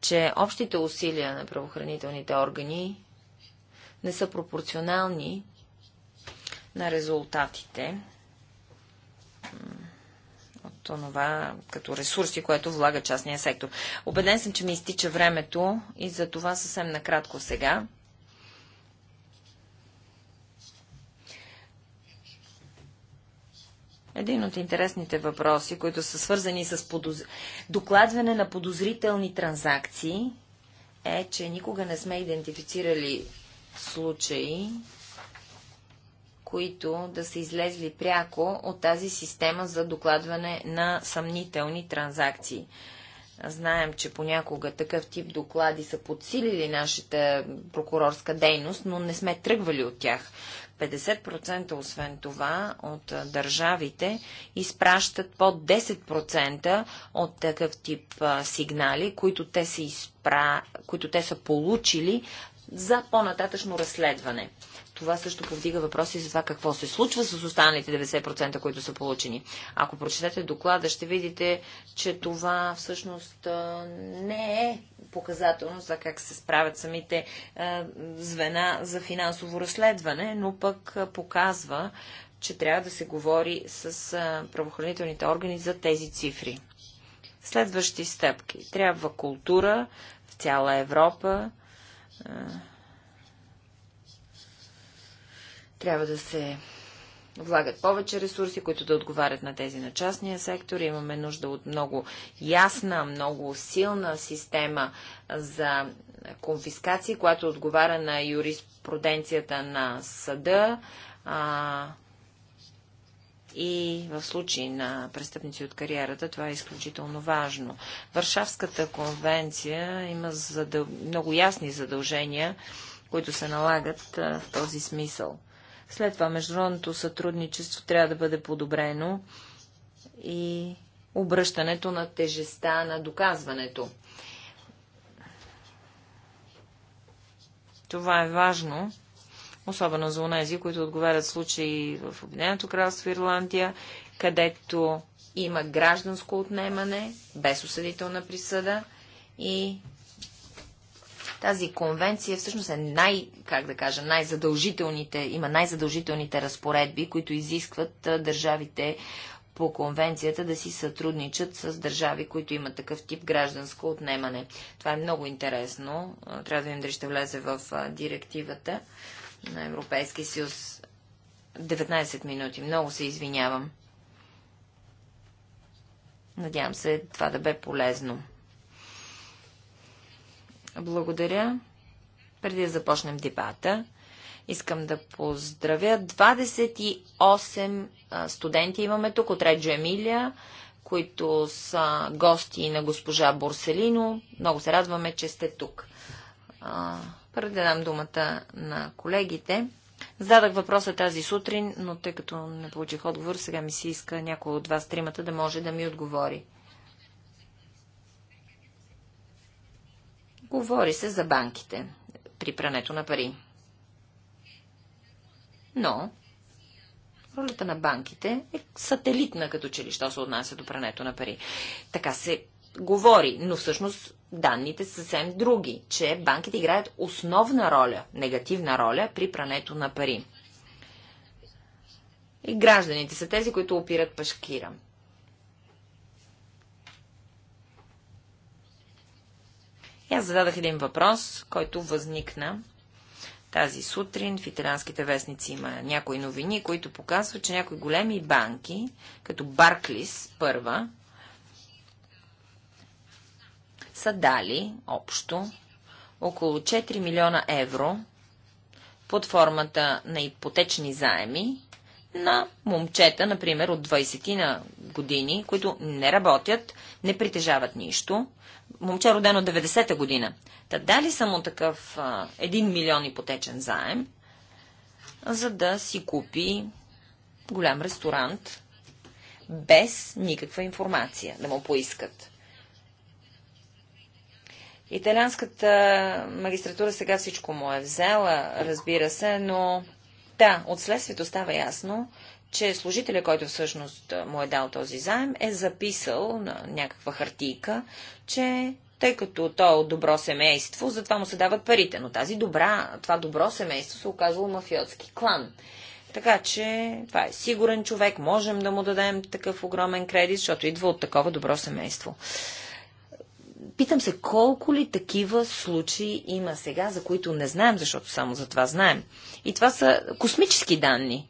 че общите усилия на правоохранителните органи не са пропорционални на резултатите от това като ресурси, което влага частния сектор. Обеден съм, че ми изтича времето и за това съвсем накратко сега. Един от интересните въпроси, които са свързани с подоз... докладване на подозрителни транзакции, е, че никога не сме идентифицирали случаи, които да са излезли пряко от тази система за докладване на съмнителни транзакции. Знаем, че понякога такъв тип доклади са подсилили нашата прокурорска дейност, но не сме тръгвали от тях. 50% освен това от държавите изпращат под 10% от такъв тип сигнали, които те, са изпра... които те са получили за по-нататъчно разследване това също повдига въпроси за това какво се случва с останалите 90%, които са получени. Ако прочетете доклада, ще видите, че това всъщност не е показателно за как се справят самите звена за финансово разследване, но пък показва, че трябва да се говори с правоохранителните органи за тези цифри. Следващи стъпки. Трябва култура в цяла Европа Трябва да се влагат повече ресурси, които да отговарят на тези на частния сектор. Имаме нужда от много ясна, много силна система за конфискации, която отговаря на юриспруденцията на съда а, и в случай на престъпници от кариерата това е изключително важно. Варшавската конвенция има задъл... много ясни задължения, които се налагат а, в този смисъл. След това международното сътрудничество трябва да бъде подобрено и обръщането на тежеста на доказването. Това е важно, особено за онези, които отговарят случаи в Обединеното кралство Ирландия, където има гражданско отнемане без осъдителна присъда и тази конвенция всъщност е най, как да кажа, най-задължителните, има най-задължителните разпоредби, които изискват държавите по конвенцията да си сътрудничат с държави, които имат такъв тип гражданско отнемане. Това е много интересно. Трябва да видим дали ще влезе в директивата на Европейския съюз. 19 минути. Много се извинявам. Надявам се това да бе полезно. Благодаря. Преди да започнем дебата, искам да поздравя 28 студенти имаме тук от Реджо Емилия, които са гости на госпожа Борселино. Много се радваме, че сте тук. Първо да дам думата на колегите. Задах въпроса тази сутрин, но тъй като не получих отговор, сега ми се иска някой от вас тримата да може да ми отговори. Говори се за банките при прането на пари. Но ролята на банките е сателитна като че ли, що се отнася до прането на пари. Така се говори, но всъщност данните са съвсем други, че банките играят основна роля, негативна роля при прането на пари. И гражданите са тези, които опират пашкира. аз зададах един въпрос, който възникна тази сутрин. В италианските вестници има някои новини, които показват, че някои големи банки, като Барклис първа, са дали общо около 4 милиона евро под формата на ипотечни заеми на момчета, например, от 20 на години, които не работят, не притежават нищо, момче родено 90-та година. Та дали са му такъв един милион ипотечен заем, за да си купи голям ресторант без никаква информация, да му поискат. Италианската магистратура сега всичко му е взела, разбира се, но да, от следствието става ясно, че служителя, който всъщност му е дал този заем, е записал на някаква хартийка, че тъй като то е добро семейство, затова му се дават парите. Но тази добра, това добро семейство се оказало мафиотски клан. Така че това е сигурен човек, можем да му дадем такъв огромен кредит, защото идва от такова добро семейство. Питам се, колко ли такива случаи има сега, за които не знаем, защото само за това знаем. И това са космически данни.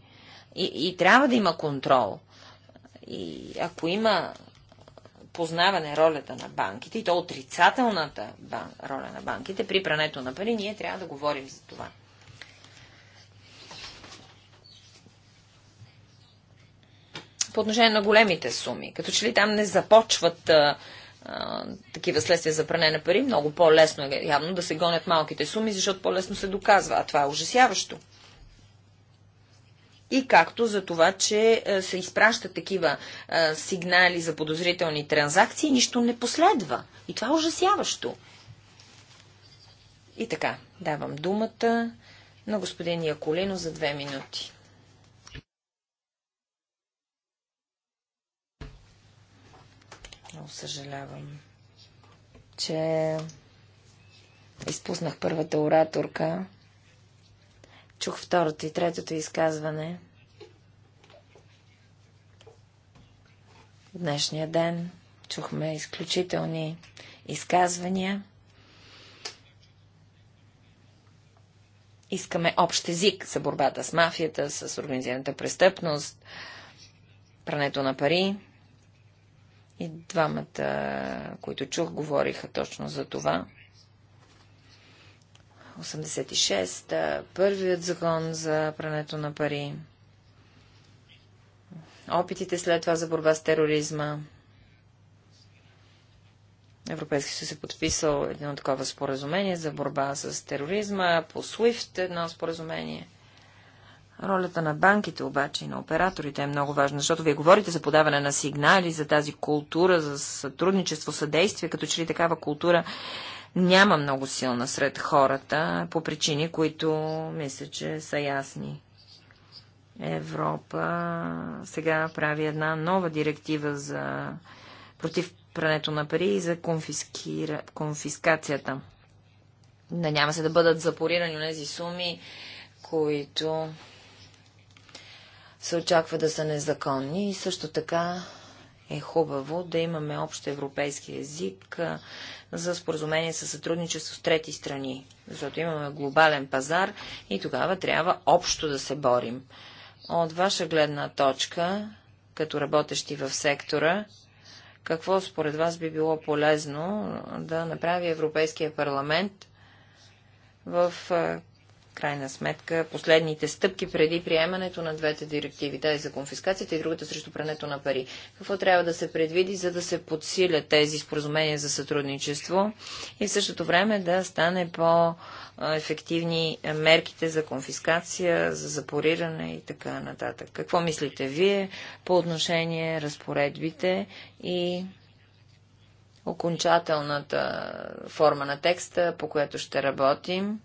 И, и трябва да има контрол. И ако има познаване ролята на банките, и то отрицателната бан, роля на банките при прането на пари, ние трябва да говорим за това. По отношение на големите суми, като че ли там не започват а, а, такива следствия за пране на пари, много по-лесно е явно да се гонят малките суми, защото по-лесно се доказва, а това е ужасяващо и както за това, че е, се изпращат такива е, сигнали за подозрителни транзакции, нищо не последва. И това е ужасяващо. И така, давам думата на господин Яколино за две минути. Много съжалявам, че изпуснах първата ораторка. Чух второто и третото изказване. днешния ден. Чухме изключителни изказвания. Искаме общ език за борбата с мафията, с организираната престъпност, прането на пари. И двамата, които чух, говориха точно за това. 86-та, първият закон за прането на пари опитите след това за борба с тероризма. Европейски съюз е подписал едно такова споразумение за борба с тероризма, по SWIFT едно споразумение. Ролята на банките обаче и на операторите е много важна, защото вие говорите за подаване на сигнали, за тази култура, за сътрудничество, съдействие, като че ли такава култура няма много силна сред хората, по причини, които мисля, че са ясни. Европа сега прави една нова директива за против прането на пари и за конфискира... конфискацията. Да няма се да бъдат запорирани тези суми, които се очаква да са незаконни. И също така е хубаво да имаме общ европейски език за споразумение със сътрудничество с трети страни, защото имаме глобален пазар и тогава трябва общо да се борим. От ваша гледна точка, като работещи в сектора, какво според вас би било полезно да направи Европейския парламент в крайна сметка последните стъпки преди приемането на двете директиви, тази за конфискацията и другата срещу прането на пари. Какво трябва да се предвиди, за да се подсилят тези споразумения за сътрудничество и в същото време да стане по-ефективни мерките за конфискация, за запориране и така нататък. Какво мислите вие по отношение разпоредбите и окончателната форма на текста, по която ще работим?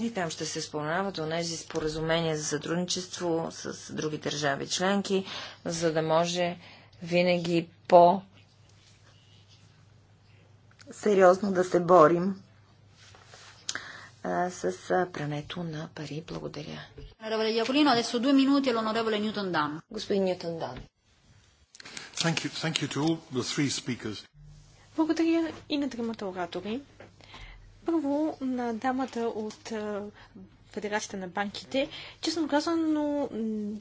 И там ще се споменават онези споразумения за сътрудничество с други държави членки, за да може винаги по сериозно да се борим а, с прането на пари. Благодаря. Господин Ньютон Дан. Благодаря и на тримата оратори. Първо на дамата от Федерацията на банките. Честно казано,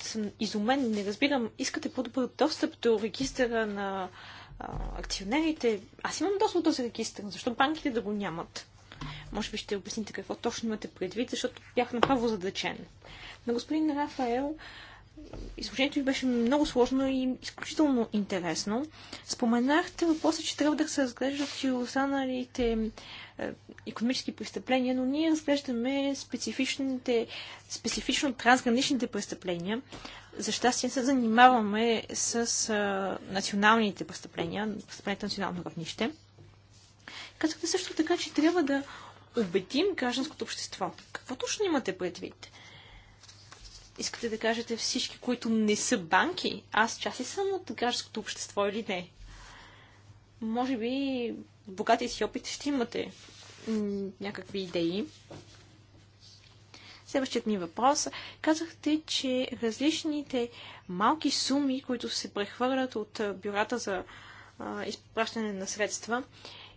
съм изумен, не разбирам. Искате по-добър достъп до регистъра на акционерите. Аз имам достъп до този регистър. Защо банките да го нямат? Може би ще обясните какво точно имате предвид, защото бях направо задачен. На господин Рафаел, Изложението ви беше много сложно и изключително интересно. Споменахте въпроса, че трябва да се разглеждат и останалите економически престъпления, но ние разглеждаме специфичните, специфично трансграничните престъпления. За щастие се занимаваме с а, е, националните престъпления, престъпленията на национално равнище. Казахте също така, че трябва да убедим гражданското общество. Какво точно имате предвид? искате да кажете всички, които не са банки? Аз част ли съм от гражданското общество или не? Може би богати си опит ще имате някакви идеи. Следващият ми въпрос. Казахте, че различните малки суми, които се прехвърлят от бюрата за а, изпращане на средства,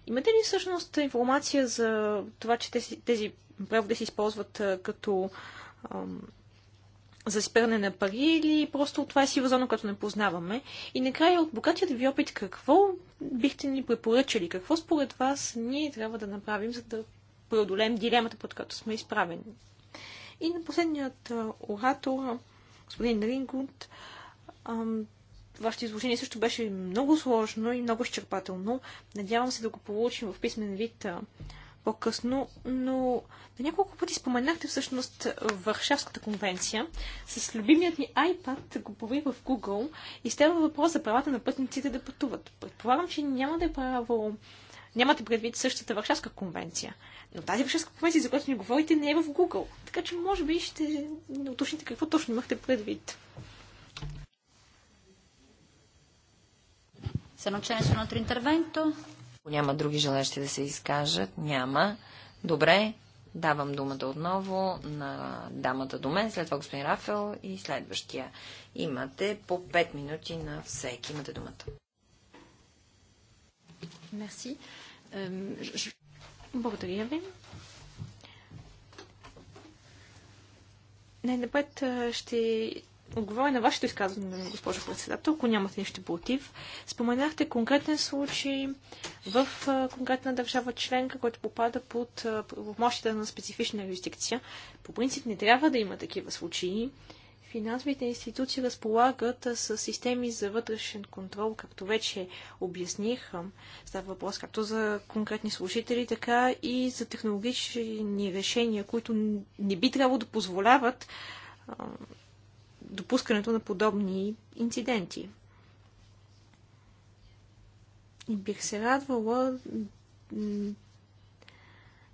имате ли всъщност информация за това, че тези, тези преводи се използват а, като за спиране на пари или просто това е сива зона, която не познаваме. И накрая от богатият ви опит, какво бихте ни препоръчали? Какво според вас ние трябва да направим, за да преодолеем дилемата, под която сме изправени? И на последният оратор, господин Рингунд, вашето изложение също беше много сложно и много изчерпателно. Надявам се да го получим в писмен вид по-късно, но на няколко пъти споменахте всъщност Варшавската конвенция. С любимият ми iPad го проверих в Google и става въпрос за правата на пътниците да пътуват. Предполагам, че няма да е право нямате предвид същата Варшавска конвенция. Но тази Варшавска конвенция, за която ни говорите, не е в Google. Така че, може би, ще уточните какво точно имахте предвид. Se non c'è nessun altro intervento, няма други желащи да се изкажат? Няма. Добре, давам думата отново на дамата до мен, след това господин Рафел и следващия. Имате по 5 минути на всеки. Имате думата. Мерси. Благодаря ви. Най-напред ще отговоря на вашето изказване, госпожо председател, ако нямате нищо против. Споменахте конкретен случай в конкретна държава членка, който попада под мощите на специфична юрисдикция. По принцип не трябва да има такива случаи. Финансовите институции разполагат с системи за вътрешен контрол, както вече обясних. Става въпрос както за конкретни служители, така и за технологични решения, които не би трябвало да позволяват допускането на подобни инциденти. И бих се радвала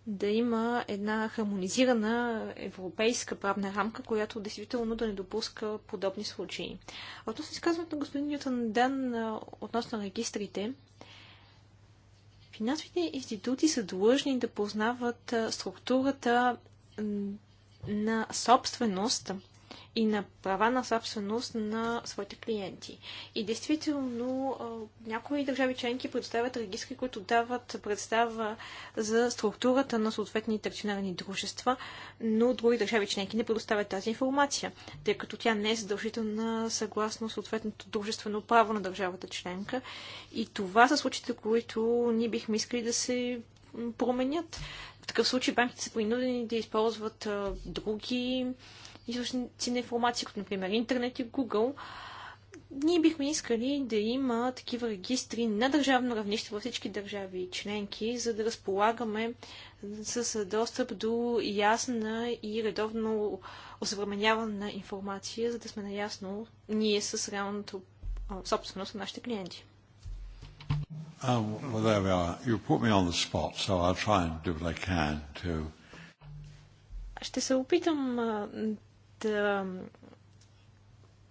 да има една хармонизирана европейска правна рамка, която действително да не допуска подобни случаи. Относно изказването на господин Ньютон Дан относно регистрите, финансовите институти са длъжни да познават структурата на собственост и на права на собственост на своите клиенти. И действително някои държави членки предоставят регистри, които дават представа за структурата на съответните акционерни дружества, но други държави членки не предоставят тази информация, тъй като тя не е задължителна съгласно съответното дружествено право на държавата членка. И това са случаите, които ние бихме искали да се променят. В такъв случай банките са принудени да използват а, други източници на информация, като например интернет и Google, ние бихме искали да има такива регистри на държавно равнище във всички държави и членки, за да разполагаме с достъп до ясна и редовно осъвременявана информация, за да сме наясно ние с реалното собственост на нашите клиенти. Uh, well, there we are. You put me on the spot, so I'll try and do what I can to ще се опитам да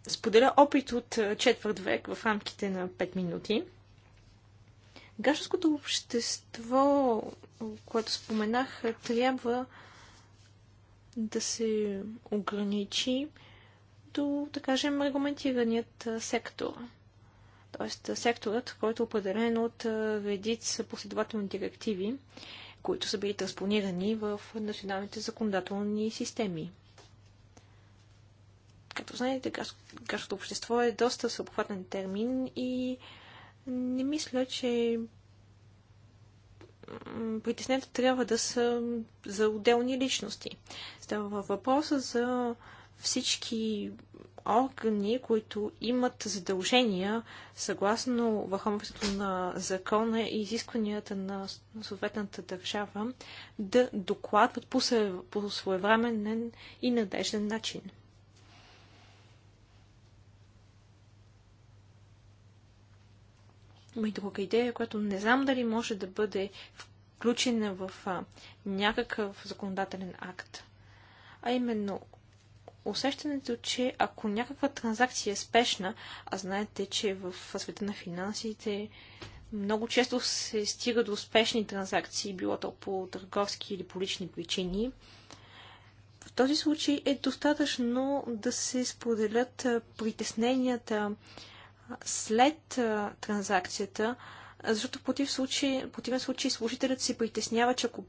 споделя опит от четвърт век в рамките на 5 минути. Гражданското общество, което споменах, трябва да се ограничи до, да кажем, регламентираният сектор. Тоест секторът, който е определен от редица последователни директиви, които са били транспонирани в националните законодателни системи. Както знаете, гражданското общество е доста съобхватен термин и не мисля, че притесненията трябва да са за отделни личности. Става въпроса за всички органи, които имат задължения съгласно върховенството на закона и изискванията на съответната държава да докладват по своевременен и надежден начин. Има и друга идея, която не знам дали може да бъде включена в а, някакъв законодателен акт. А именно усещането, че ако някаква транзакция е спешна, а знаете, че в света на финансите много често се стига до успешни транзакции, било то по търговски или по лични причини, в този случай е достатъчно да се споделят притесненията, след транзакцията, защото в против случай, противен случай служителят се притеснява, че ако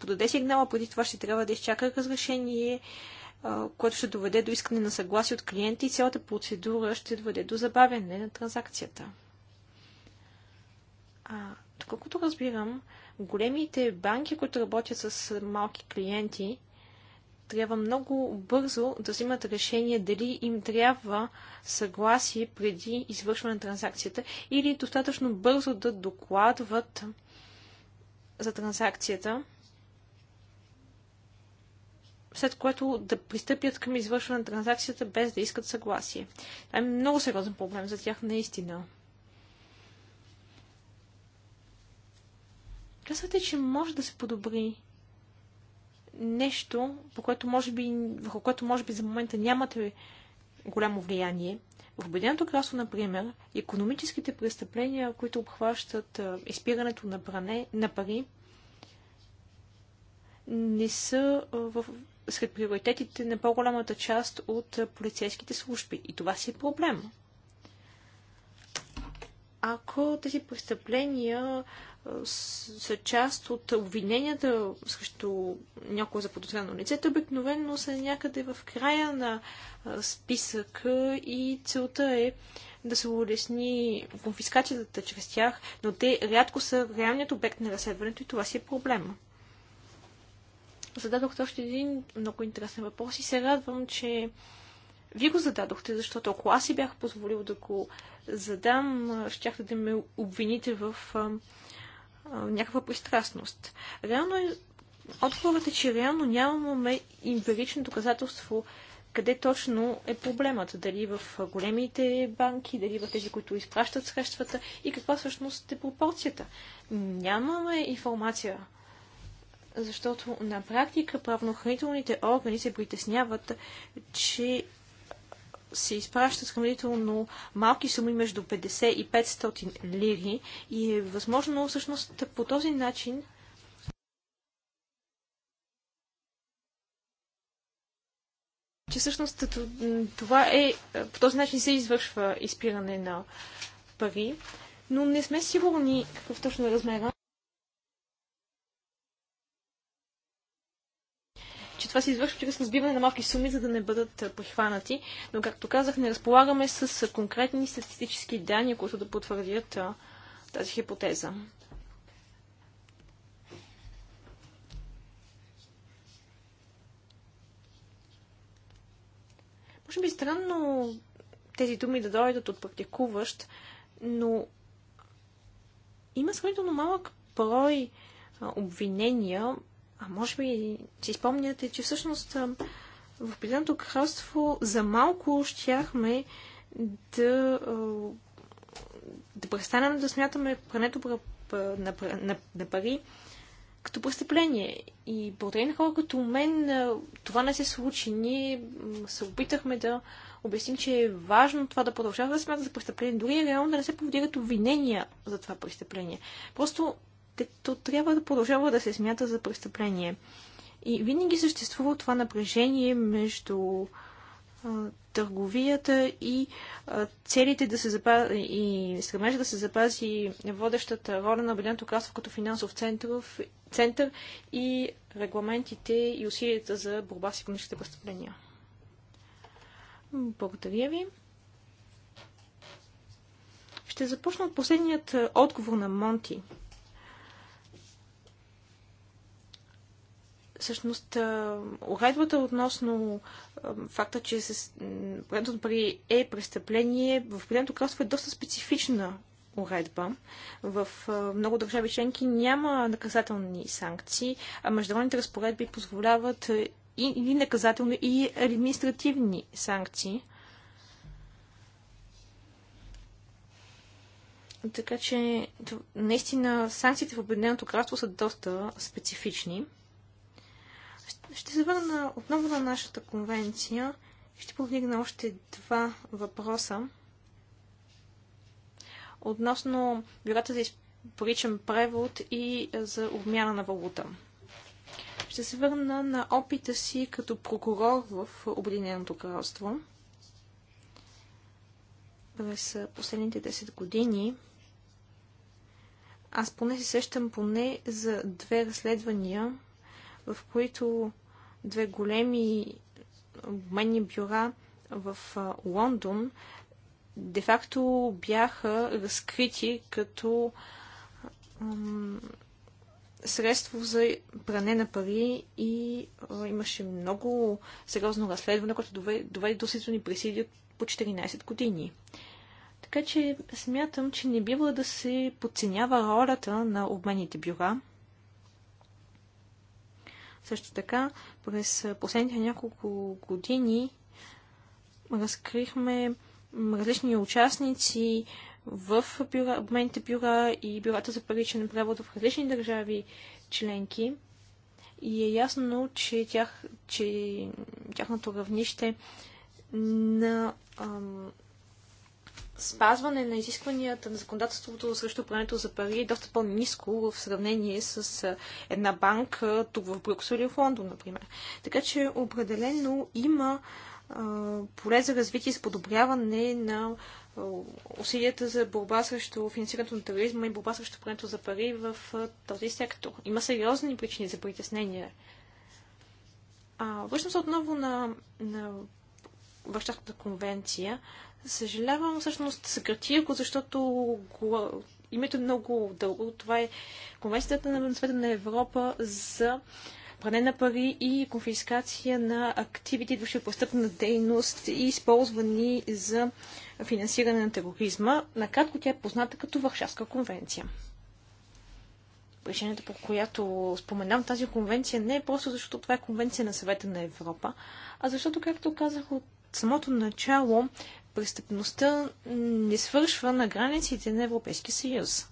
подаде сигнала, преди това ще трябва да изчака разрешение, което ще доведе до искане на съгласие от клиента и цялата процедура ще доведе до забавяне на транзакцията. А, доколкото разбирам, големите банки, които работят с малки клиенти, трябва много бързо да взимат решение дали им трябва съгласие преди извършване на транзакцията или достатъчно бързо да докладват за транзакцията, след което да пристъпят към извършване на транзакцията без да искат съгласие. Това е много сериозен проблем за тях наистина. Казвате, че може да се подобри нещо, по което може би, върху което може би за момента нямате голямо влияние. В Обединеното кралство, например, економическите престъпления, които обхващат изпирането на, пране, на пари, не са в, сред приоритетите на по-голямата част от полицейските служби. И това си е проблем. Ако тези престъпления са част от обвиненията срещу някое заподозрено лице, те обикновено са някъде в края на списъка и целта е да се улесни конфискацията чрез тях, но те рядко са реалният обект на разследването и това си е проблема. Зададохте още един много интересен въпрос и се радвам, че вие го зададохте, защото ако аз си бях позволил да го задам, щяхте да ме обвините в някаква пристрастност. Реално е, отговорът е, че реално нямаме емпирично доказателство къде точно е проблемът. Дали в големите банки, дали в тези, които изпращат средствата и каква всъщност е пропорцията. Нямаме информация, защото на практика правоохранителните органи се притесняват, че се изпращат сравнително малки суми между 50 и 500 лири и е възможно всъщност по този начин че всъщност това е, по този начин се извършва изпиране на пари, но не сме сигурни какъв точно е размера. че това се извършва чрез разбиване на малки суми, за да не бъдат прихванати. Но, както казах, не разполагаме с конкретни статистически данни, които да потвърдят тази хипотеза. Може би е странно тези думи да дойдат от практикуващ, но има сравнително малък брой обвинения а може би си спомняте, че всъщност в Обединеното кралство за малко щяхме да, да престанем да смятаме прането на, на, на пари като престъпление. И благодарение на хора като мен това не се случи. Ние се опитахме да обясним, че е важно това да продължава да смята за престъпление, дори реално да не се повдигат обвинения за това престъпление. Просто като трябва да продължава да се смята за престъпление. И винаги съществува това напрежение между а, търговията и а, целите да се запази и стремежа да се запази водещата роля на Обединеното кралство като финансов център, център и регламентите и усилията за борба с економическите престъпления. Благодаря ви. Ще започна от последният отговор на Монти. Всъщност, уредбата относно факта, че прането пари е престъпление, в Обединеното кралство е доста специфична уредба. В много държави членки няма наказателни санкции, а международните разпоредби позволяват и, и наказателни, и административни санкции. Така че наистина санкциите в Обединеното кралство са доста специфични. Ще се върна отново на нашата конвенция. Ще повдигна още два въпроса относно бюрата за паричен превод и за обмяна на валута. Ще се върна на опита си като прокурор в Обединеното кралство. През последните 10 години аз поне се сещам поне за две разследвания, в които две големи обменни бюра в Лондон де-факто бяха разкрити като средство за пране на пари и а, имаше много сериозно разследване, което доведе, до силни присъди от по 14 години. Така че смятам, че не бива да се подценява ролята на обменните бюра – също така, през последните няколко години разкрихме различни участници в бюра, обменните бюра и бюрата за паричен превод в различни държави членки. И е ясно, че, тях, че тяхното равнище на ам, спазване на изискванията на законодателството срещу прането за пари е доста по-низко в сравнение с една банка тук в Брюксел или в Лондон, например. Така че определено има поле за развитие и сподобряване на усилията за борба срещу финансирането на тероризма и борба срещу прането за пари в този сектор. Има сериозни причини за притеснение. връщам се отново на, на Бащарската конвенция. Съжалявам, всъщност съкратих го, защото името е много дълго. Това е Конвенцията на Света на Европа за пране на пари и конфискация на активите, идващи от престъпна дейност и използвани за финансиране на тероризма. Накратко тя е позната като Варшавска конвенция. Причината, по която споменам тази конвенция, не е просто защото това е конвенция на съвета на Европа, а защото, както казах от самото начало престъпността не свършва на границите на Европейския съюз.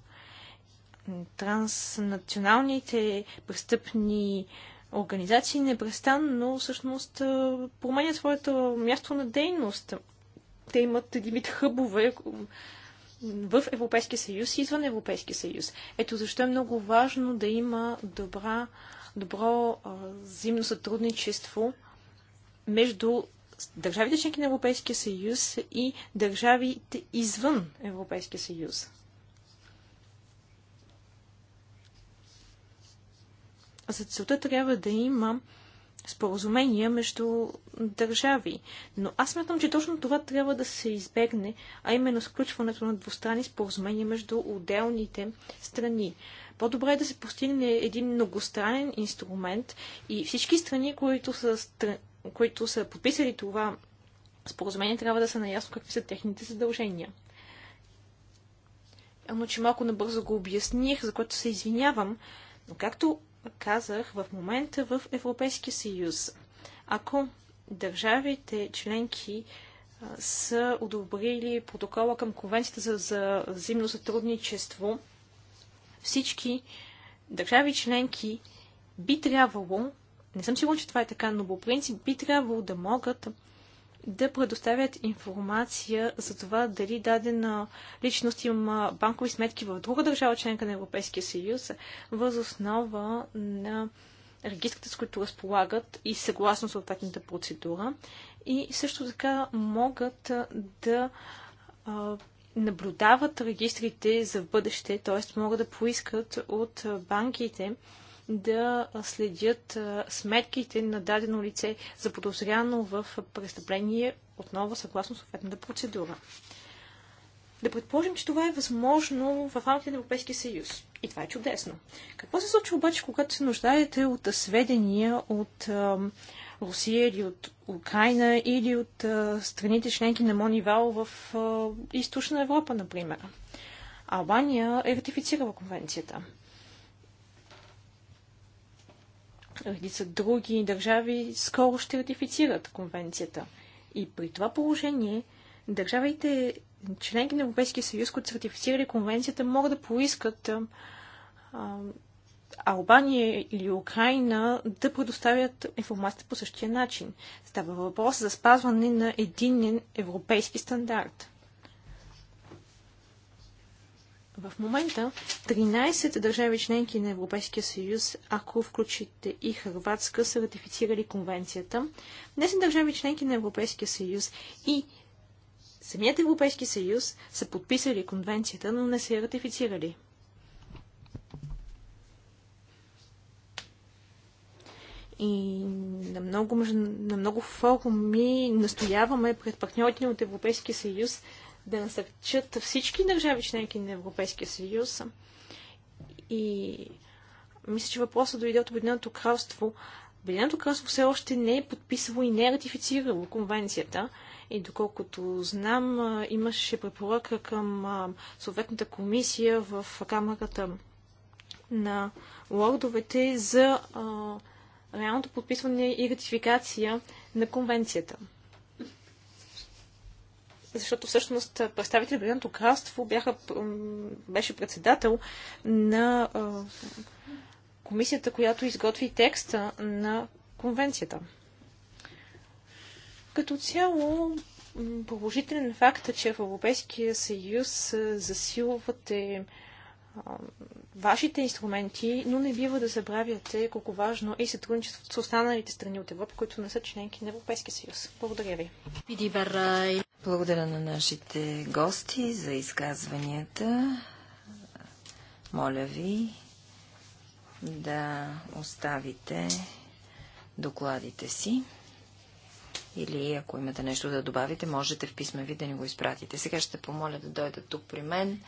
Транснационалните престъпни организации непрестанно всъщност променят своето място на дейност. Те имат един вид хъбове в Европейския съюз и извън Европейския съюз. Ето защо е много важно да има добра, добро взаимно сътрудничество между държавите членки на Европейския съюз и държавите извън Европейския съюз. За целта трябва да има споразумения между държави. Но аз смятам, че точно това трябва да се избегне, а именно сключването на двустранни споразумения между отделните страни. По-добре е да се постигне един многостранен инструмент и всички страни, които са, които са подписали това споразумение, трябва да са наясно какви са техните задължения. Ама, че малко набързо го обясних, за което се извинявам, но както казах, в момента в Европейския съюз, ако държавите членки са одобрили протокола към Конвенцията за, за взаимно сътрудничество, всички държави членки би трябвало не съм сигурен, че това е така, но по принцип би трябвало да могат да предоставят информация за това дали дадена личност има банкови сметки в друга държава, членка на Европейския съюз, въз основа на регистрите, с които разполагат и съгласно съответната процедура. И също така могат да а, наблюдават регистрите за бъдеще, т.е. могат да поискат от банките да следят сметките на дадено лице за подозряно в престъпление, отново съгласно съответната процедура. Да предположим, че това е възможно в рамките на Европейския съюз. И това е чудесно. Какво се случва обаче, когато се нуждаете от сведения от а, Русия или от Украина или от а, страните членки на Монивал в а, източна Европа, например? Албания е ратифицирала конвенцията. редица нали, други държави скоро ще ратифицират конвенцията. И при това положение държавите, членки на Европейския съюз, които са ратифицирали конвенцията, могат да поискат а, Албания или Украина да предоставят информацията по същия начин. Става въпрос за спазване на единен европейски стандарт. В момента 13 държави членки на Европейския съюз, ако включите и Хрватска, са ратифицирали конвенцията. Днес държави членки на Европейския съюз и самият Европейски съюз са подписали конвенцията, но не са я ратифицирали. и на много, на много форуми настояваме пред партньорите от Европейския съюз да насърчат всички държави членки на Европейския съюз. И мисля, че въпросът дойде от Обединеното кралство. Обединеното кралство все още не е подписало и не е ратифицирало конвенцията. И доколкото знам, имаше препоръка към съответната комисия в камерата на лордовете за а, реалното подписване и ратификация на конвенцията защото всъщност представители на Обединеното кралство бяха, беше председател на комисията, която изготви текста на конвенцията. Като цяло, положителен факт е, че в Европейския съюз засилвате вашите инструменти, но не бива да забравяте колко важно е сътрудничеството с останалите страни от Европа, които не са членки на Европейския съюз. Благодаря ви. Благодаря на нашите гости за изказванията. Моля ви да оставите докладите си или ако имате нещо да добавите, можете в писма ви да ни го изпратите. Сега ще помоля да дойдат тук при мен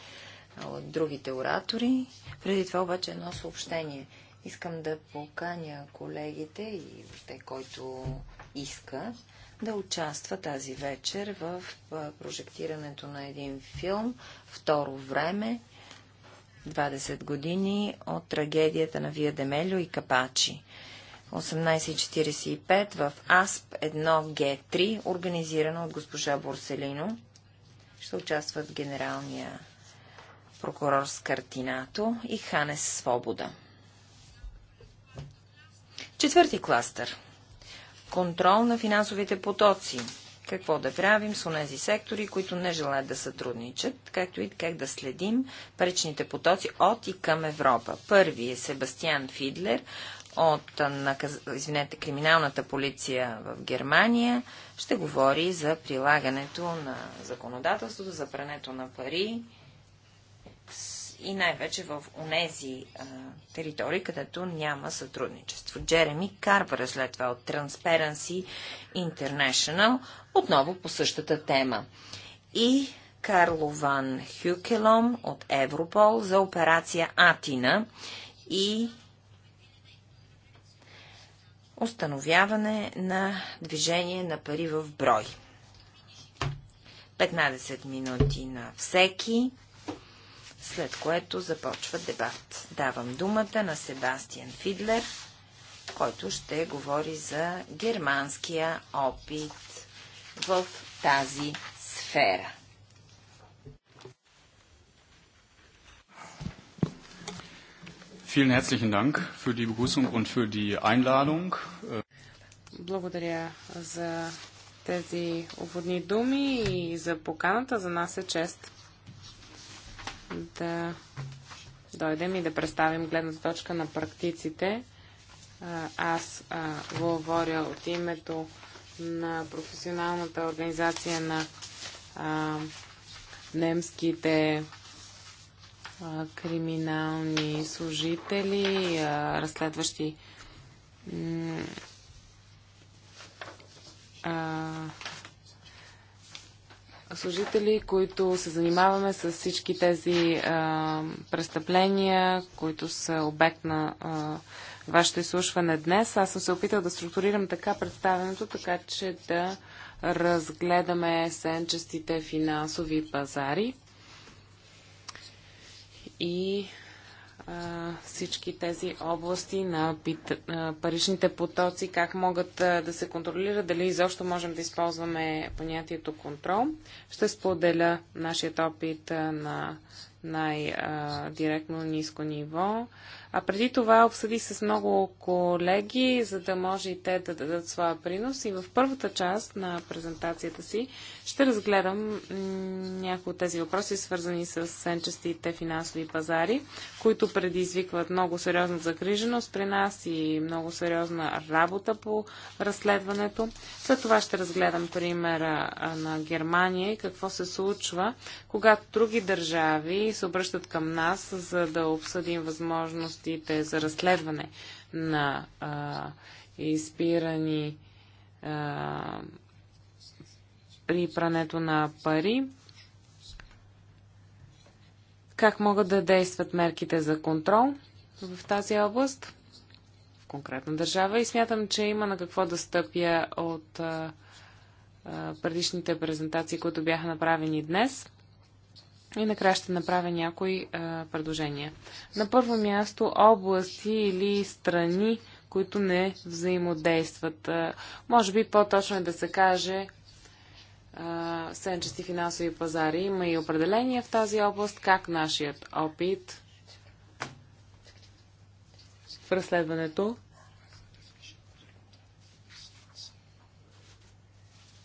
от другите оратори. Преди това обаче едно съобщение. Искам да поканя колегите и те, който иска да участва тази вечер в прожектирането на един филм Второ време 20 години от трагедията на Вия Демелю и Капачи. 18.45 в АСП 1Г3, организирана от госпожа Борселино. Ще участват генералния прокурор Скартинато и Ханес Свобода. Четвърти кластър. Контрол на финансовите потоци. Какво да правим с онези сектори, които не желаят да сътрудничат, както и как да следим паричните потоци от и към Европа. Първи е Себастиан Фидлер от извинете, криминалната полиция в Германия. Ще говори за прилагането на законодателството, за прането на пари и най-вече в онези а, територии, където няма сътрудничество. Джереми Карбър е след това от Transparency International, отново по същата тема. И Карло Ван Хюкелом от Европол за операция Атина и установяване на движение на пари в брой. 15 минути на всеки след което започва дебат. Давам думата на Себастиан Фидлер, който ще говори за германския опит в тази сфера. Vielen herzlichen Dank für die Begrüßung und für die Einladung. Благодаря за тези уводни думи и за поканата. За нас е чест да дойдем и да представим гледната точка на практиците. Аз говоря от името на професионалната организация на немските криминални служители, разследващи служители, които се занимаваме с всички тези а, престъпления, които са обект на а, вашето изслушване днес. Аз съм се опитал да структурирам така представенето, така че да разгледаме сенчестите финансови пазари и всички тези области на паричните потоци, как могат да се контролират, дали изобщо можем да използваме понятието контрол. Ще споделя нашия опит на най-директно ниско ниво. А преди това обсъдих с много колеги, за да може и те да дадат своя принос. И в първата част на презентацията си ще разгледам някои от тези въпроси, свързани с сенчестите финансови пазари, които предизвикват много сериозна загриженост при нас и много сериозна работа по разследването. След това ще разгледам примера на Германия и какво се случва, когато други държави се обръщат към нас, за да обсъдим възможност възможностите за разследване на а, изпирани а, при прането на пари, как могат да действат мерките за контрол в тази област, в конкретна държава и смятам, че има на какво да стъпя от а, предишните презентации, които бяха направени днес – и накрая ще направя някои а, предложения. На първо място области или страни, които не взаимодействат. А, може би по-точно е да се каже сенчести финансови пазари. Има и определение в тази област, как нашият опит в разследването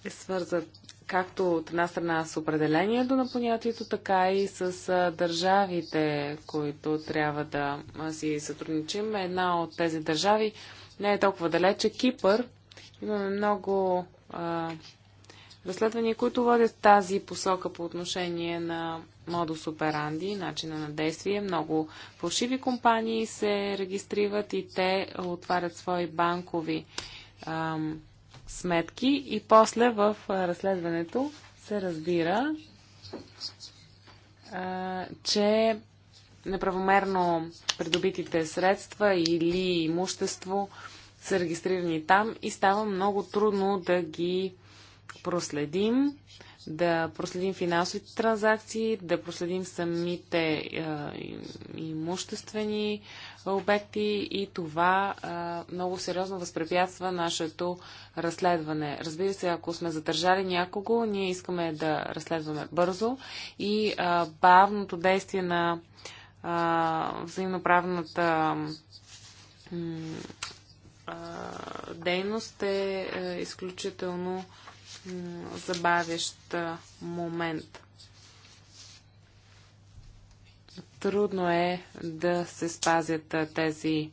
е свързат както от една страна с определението на понятието, така и с държавите, които трябва да си сътрудничим. Една от тези държави не е толкова далече. Кипър. Имаме много а, разследвания, които водят тази посока по отношение на модус операнди, начина на действие. Много фалшиви компании се регистрират и те отварят свои банкови ам, сметки и после в разследването се разбира, че неправомерно придобитите средства или имущество са регистрирани там и става много трудно да ги проследим да проследим финансовите транзакции, да проследим самите имуществени обекти и това много сериозно възпрепятства нашето разследване. Разбира се, ако сме задържали някого, ние искаме да разследваме бързо и бавното действие на е, взаимноправната дейност е, е изключително забавящ момент. Трудно е да се спазят тези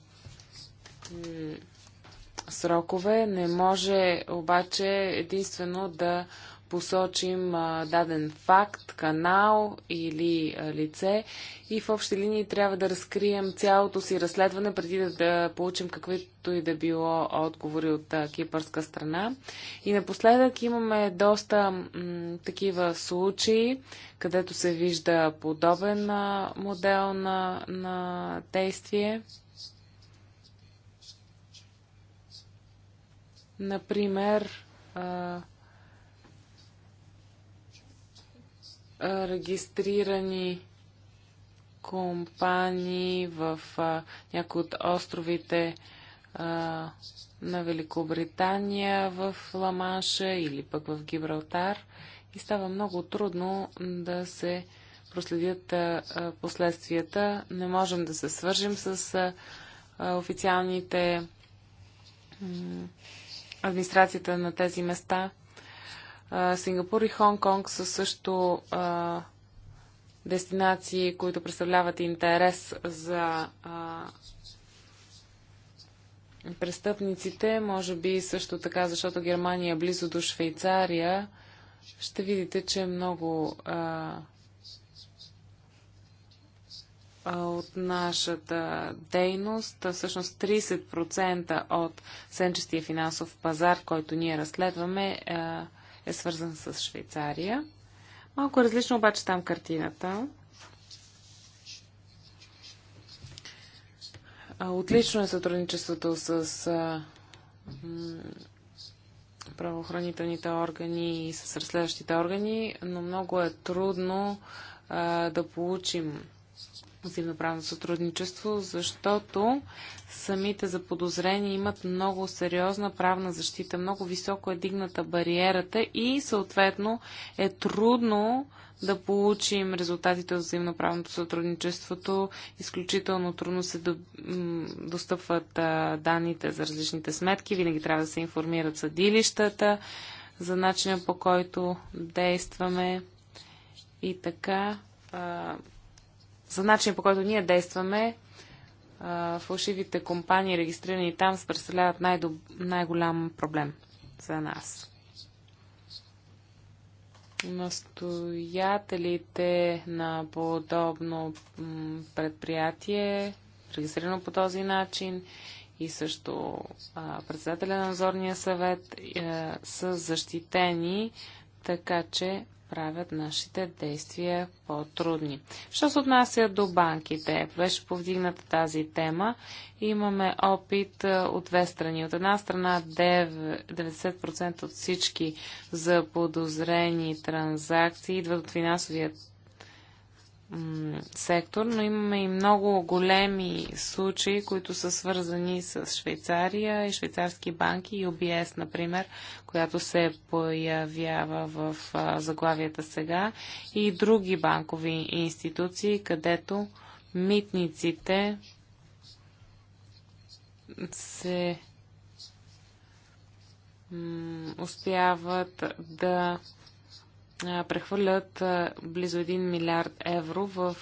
срокове. Не може обаче единствено да посочим даден факт, канал или лице и в общи линии трябва да разкрием цялото си разследване преди да, да получим каквито и да било отговори от кипърска страна. И напоследък имаме доста м, такива случаи, където се вижда подобен модел на, на действие. Например, регистрирани компании в а, някои от островите а, на Великобритания, в Ламанша или пък в Гибралтар. И става много трудно да се проследят а, последствията. Не можем да се свържим с а, официалните администрацията на тези места. Сингапур и Хонг-Конг са също а, дестинации, които представляват интерес за а, престъпниците, може би също така, защото Германия е близо до Швейцария, ще видите, че много а, а, от нашата дейност, всъщност 30% от сенчестия финансов пазар, който ние разследваме, а, е свързан с Швейцария. Малко различно обаче там картината. Отлично е сътрудничеството с правоохранителните органи и с разследващите органи, но много е трудно да получим взаимноправно сътрудничество, защото самите заподозрени имат много сериозна правна защита, много високо е дигната бариерата и съответно е трудно да получим резултатите от взаимноправното сътрудничеството. Изключително трудно се до, достъпват а, данните за различните сметки, винаги трябва да се информират съдилищата за начина по който действаме и така а, за начин по който ние действаме, фалшивите компании, регистрирани там, представляват най-голям най проблем за нас. Настоятелите на подобно предприятие, регистрирано по този начин, и също председателя на надзорния съвет а, е, са защитени, така че правят нашите действия по-трудни. Що се отнася до банките, беше повдигната тази тема. Имаме опит е, от две страни. От една страна 90% от всички заподозрени транзакции идват от финансовия сектор, но имаме и много големи случаи, които са свързани с Швейцария и швейцарски банки, UBS, например, която се появява в заглавията сега, и други банкови институции, където митниците се успяват да прехвърлят близо 1 милиард евро в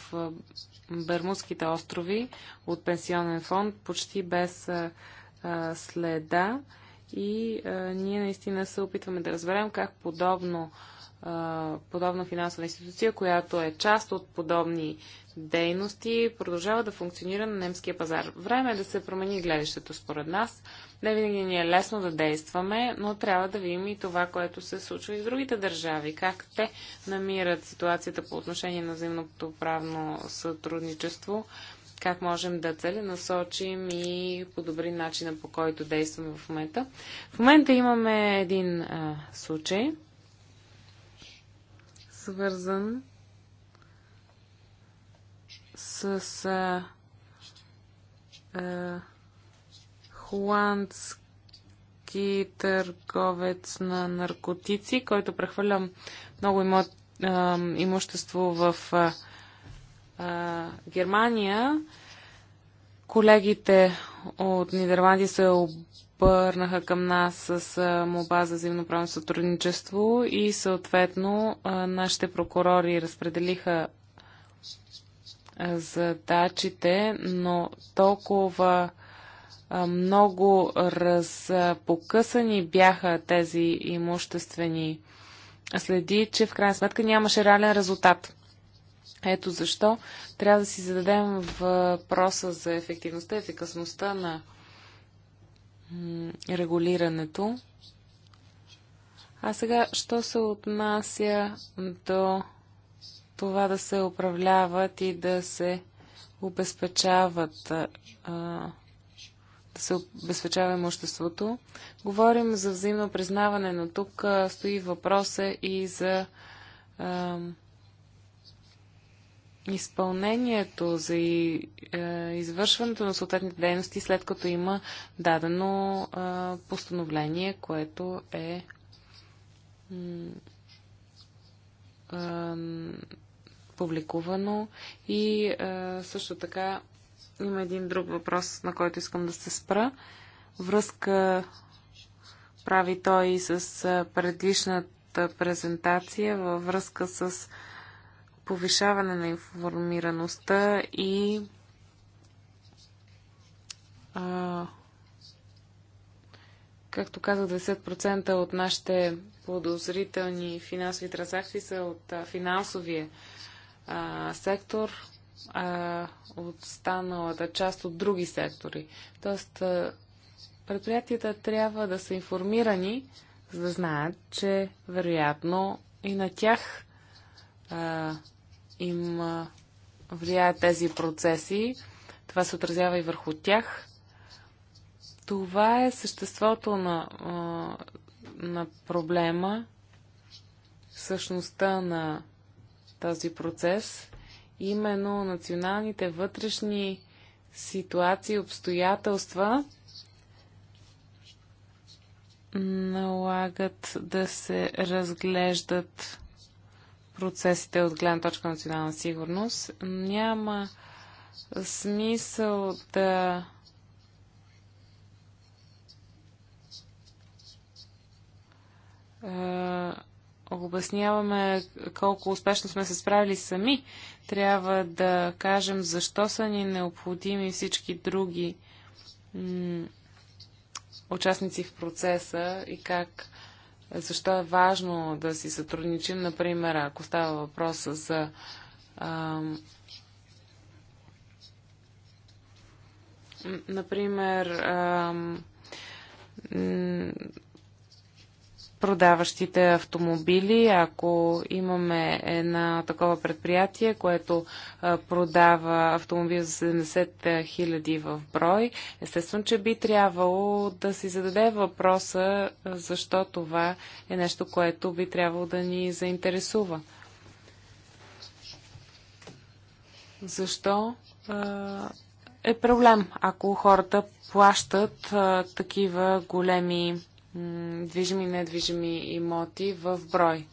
Бермудските острови от пенсионен фонд почти без следа. И ние наистина се опитваме да разберем как подобно подобна финансова институция, която е част от подобни дейности продължава да функционира на немския пазар. Време е да се промени гледащето според нас. Не винаги ни е лесно да действаме, но трябва да видим и това, което се случва и в другите държави. Как те намират ситуацията по отношение на взаимното правно сътрудничество, как можем да целенасочим и подобри начина по който действаме в момента. В момента имаме един а, случай, свързан с а, а, холандски търговец на наркотици, който прехвърля много имот, а, имущество в а, а, Германия. Колегите от Нидерландия се обърнаха към нас с моба за взаимноправно сътрудничество и съответно нашите прокурори разпределиха задачите, но толкова много разпокъсани бяха тези имуществени следи, че в крайна сметка нямаше реален резултат. Ето защо трябва да си зададем въпроса за ефективността и ефикасността на регулирането. А сега, що се отнася до това да се управляват и да се обезпечават да се обезпечава имуществото. Говорим за взаимно признаване, но тук стои въпроса и за а, изпълнението, за и, а, извършването на съответните дейности, след като има дадено а, постановление, което е а, публикувано. И а, също така има един друг въпрос, на който искам да се спра. Връзка прави той и с предишната презентация във връзка с повишаване на информираността и а, Както казах, 20% от нашите подозрителни финансови транзакции са от а, финансовия а, сектор, а от останалата част от други сектори. Тоест, предприятията трябва да са информирани, за да знаят, че вероятно и на тях а, им влияят тези процеси. Това се отразява и върху тях. Това е съществото на, на проблема, същността на този процес. Именно националните вътрешни ситуации, обстоятелства налагат да се разглеждат процесите от гледна точка на национална сигурност. Няма смисъл да Е, обясняваме колко успешно сме се справили сами, трябва да кажем защо са ни необходими всички други участници в процеса и как, защо е важно да си сътрудничим. Например, ако става въпрос за например, продаващите автомобили. Ако имаме едно такова предприятие, което продава автомобил за 70 хиляди в брой, естествено, че би трябвало да си зададе въпроса защо това е нещо, което би трябвало да ни заинтересува. Защо е проблем, ако хората плащат такива големи движими и недвижими имоти в брой.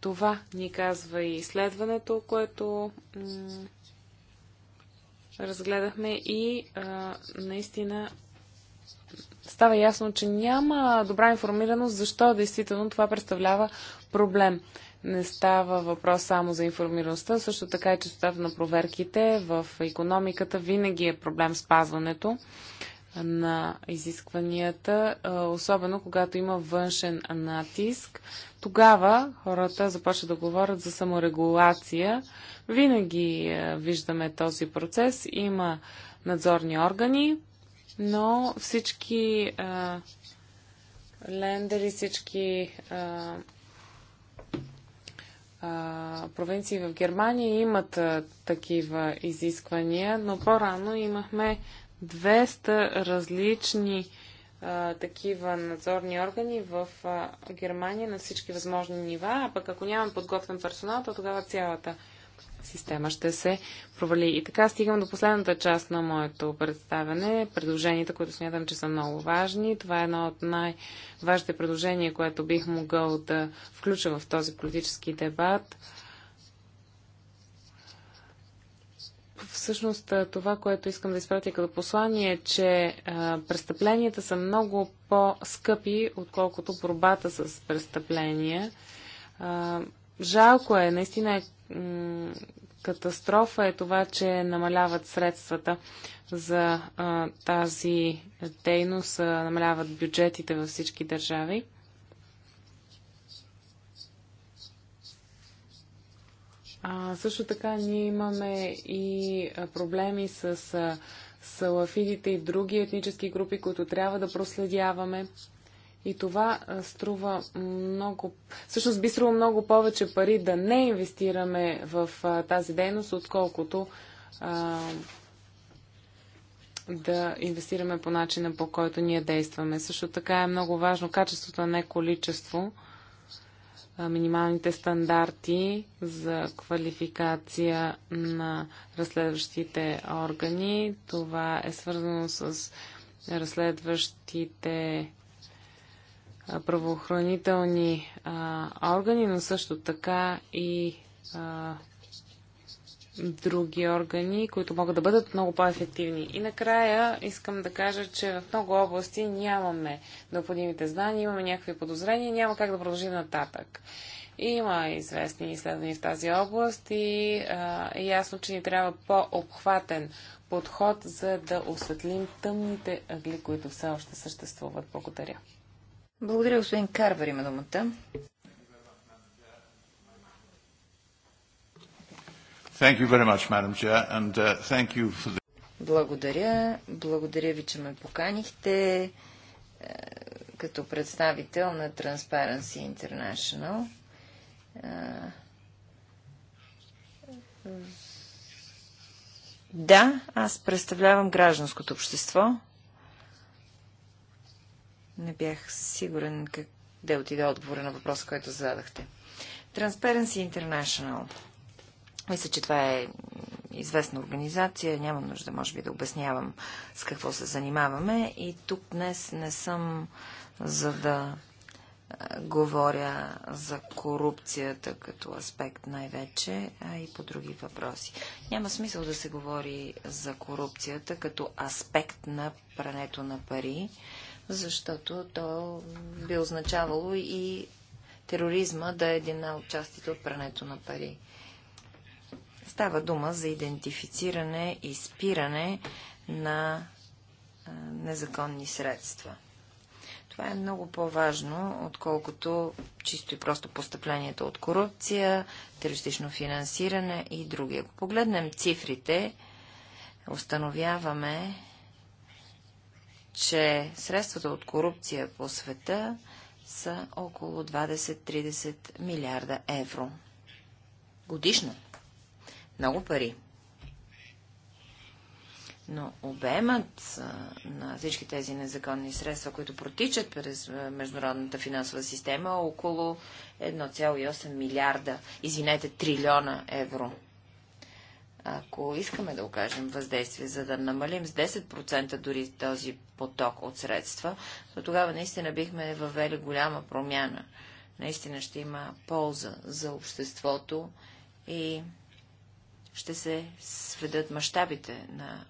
Това ни казва и изследването, което разгледахме и а, наистина става ясно, че няма добра информираност защо действително това представлява проблем. Не става въпрос само за информираността, също така и честотата на проверките в економиката винаги е проблем с пазването на изискванията, особено когато има външен натиск. Тогава хората започват да говорят за саморегулация. Винаги виждаме този процес. Има надзорни органи, но всички а, лендери, всички а, а, провинции в Германия имат а, такива изисквания, но по-рано имахме 200 различни а, такива надзорни органи в а, Германия на всички възможни нива, а пък ако нямам подготвен персонал, то тогава цялата система ще се провали. И така стигам до последната част на моето представяне. Предложенията, които смятам, че са много важни. Това е едно от най-важните предложения, което бих могъл да включа в този политически дебат. всъщност това, което искам да изпратя като послание е, че престъпленията са много по-скъпи, отколкото борбата с престъпления. жалко е, наистина е катастрофа е това, че намаляват средствата за тази дейност, намаляват бюджетите във всички държави. А, също така ние имаме и проблеми с салафидите и други етнически групи, които трябва да проследяваме. И това струва много, всъщност би струва много повече пари да не инвестираме в а, тази дейност, отколкото а, да инвестираме по начина, по който ние действаме. Също така е много важно качеството, а не количество. А, минималните стандарти за квалификация на разследващите органи. Това е свързано с разследващите правоохранителни органи, но също така и а, други органи, които могат да бъдат много по-ефективни. И накрая искам да кажа, че в много области нямаме необходимите знания, имаме някакви подозрения, няма как да продължим нататък. Има известни изследвания в тази област и а, е ясно, че ни трябва по-обхватен подход, за да осветлим тъмните ъгли, които все още съществуват. Благодаря. Благодаря, господин Карвар, има думата. Thank you very much, Madam Chair, and uh, thank you for the... Благодаря. Благодаря ви, че ме поканихте е, като представител на Transparency International. Е, да, аз представлявам гражданското общество. Не бях сигурен къде отиде отговора на въпроса, който зададахте. Transparency International – мисля, че това е известна организация. Няма нужда, може би, да обяснявам с какво се занимаваме. И тук днес не съм за да говоря за корупцията като аспект най-вече, а и по други въпроси. Няма смисъл да се говори за корупцията като аспект на прането на пари, защото то би означавало и тероризма да е една от частите от прането на пари. Става дума за идентифициране и спиране на незаконни средства. Това е много по-важно, отколкото чисто и просто постъпленията от корупция, терористично финансиране и други. Ако погледнем цифрите, установяваме, че средствата от корупция по света са около 20-30 милиарда евро. Годишно много пари. Но обемът на всички тези незаконни средства, които протичат през международната финансова система, е около 1,8 милиарда, извинете, трилиона евро. Ако искаме да окажем въздействие, за да намалим с 10% дори този поток от средства, то тогава наистина бихме въвели голяма промяна. Наистина ще има полза за обществото и ще се сведат мащабите на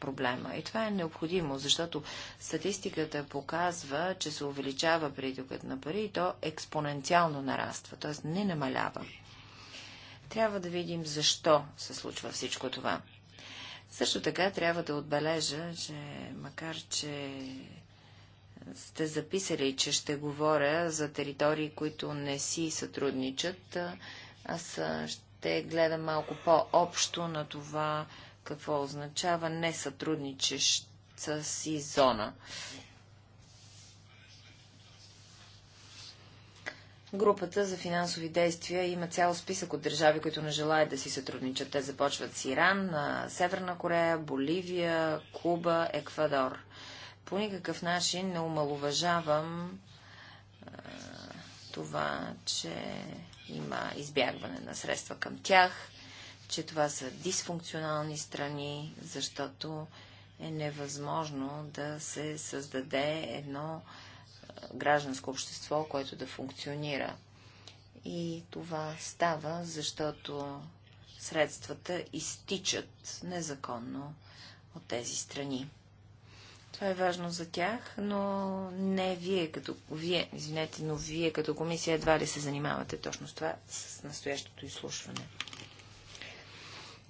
проблема. И това е необходимо, защото статистиката показва, че се увеличава притокът на пари и то експоненциално нараства, т.е. не намалява. Трябва да видим защо се случва всичко това. Също така трябва да отбележа, че макар, че сте записали, че ще говоря за територии, които не си сътрудничат, аз ще ще гледам малко по-общо на това, какво означава не сътрудничеща си зона. Групата за финансови действия има цял списък от държави, които не желаят да си сътрудничат. Те започват с Иран, Северна Корея, Боливия, Куба, Еквадор. По никакъв начин не омалуважавам това, че има избягване на средства към тях, че това са дисфункционални страни, защото е невъзможно да се създаде едно гражданско общество, което да функционира. И това става, защото средствата изтичат незаконно от тези страни. Това е важно за тях, но не вие като... Вие, извинете, но вие като комисия едва ли се занимавате точно с това, с настоящото изслушване.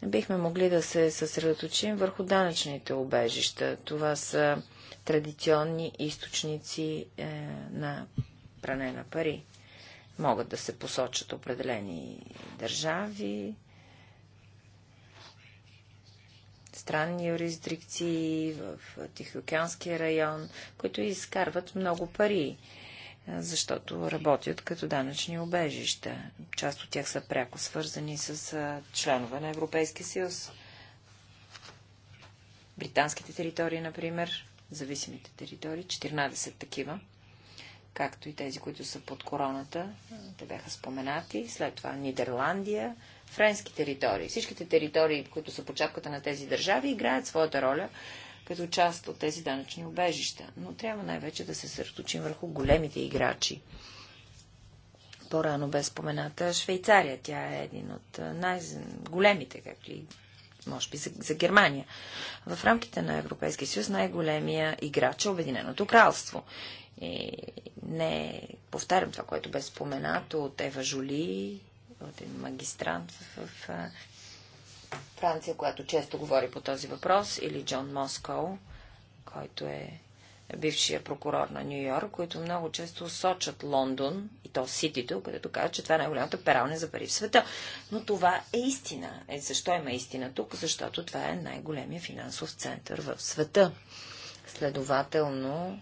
Бихме могли да се съсредоточим върху данъчните обежища. Това са традиционни източници е, на пране на пари. Могат да се посочат определени държави, чуждестранни юрисдикции, в Тихоокеанския район, които изкарват много пари, защото работят като данъчни обежища. Част от тях са пряко свързани с членове на Европейския съюз. Британските територии, например, зависимите територии, 14 такива, както и тези, които са под короната, те бяха споменати. След това Нидерландия, френски територии. Всичките територии, които са почапката на тези държави, играят своята роля като част от тези данъчни убежища. Но трябва най-вече да се съсредоточим върху големите играчи. По-рано бе спомената Швейцария. Тя е един от най-големите, както и може би за, за Германия. В рамките на Европейския съюз най-големия играч е Обединеното кралство. И не повтарям това, което бе споменато от Ева Жоли от един магистрант в, в Франция, която често говори по този въпрос, или Джон Москоу, който е бившия прокурор на Нью Йорк, които много често сочат Лондон и то Ситито, където казват, че това е най-голямата пералня за пари в света. Но това е истина. Е, защо има истина тук? Защото това е най-големия финансов център в света. Следователно,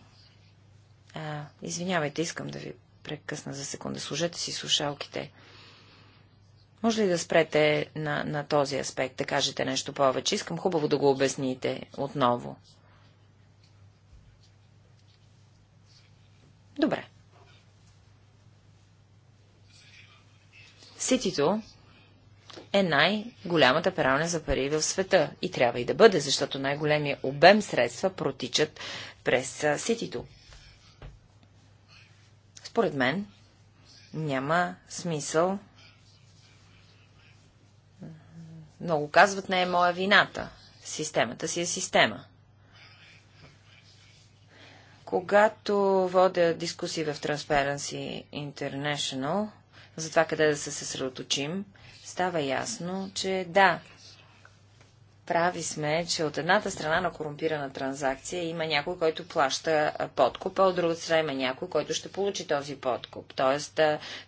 а, извинявайте, искам да ви прекъсна за секунда. Служете си слушалките. Може ли да спрете на, на този аспект, да кажете нещо повече? Искам хубаво да го обясните отново. Добре. Ситито е най-голямата пералня за пари в света и трябва и да бъде, защото най-големия обем средства протичат през ситито. Според мен няма смисъл Много казват, не е моя вината. Системата си е система. Когато водя дискусии в Transparency International за това къде да се съсредоточим, става ясно, че да, прави сме, че от едната страна на корумпирана транзакция има някой, който плаща подкуп, а от другата страна има някой, който ще получи този подкуп. Тоест,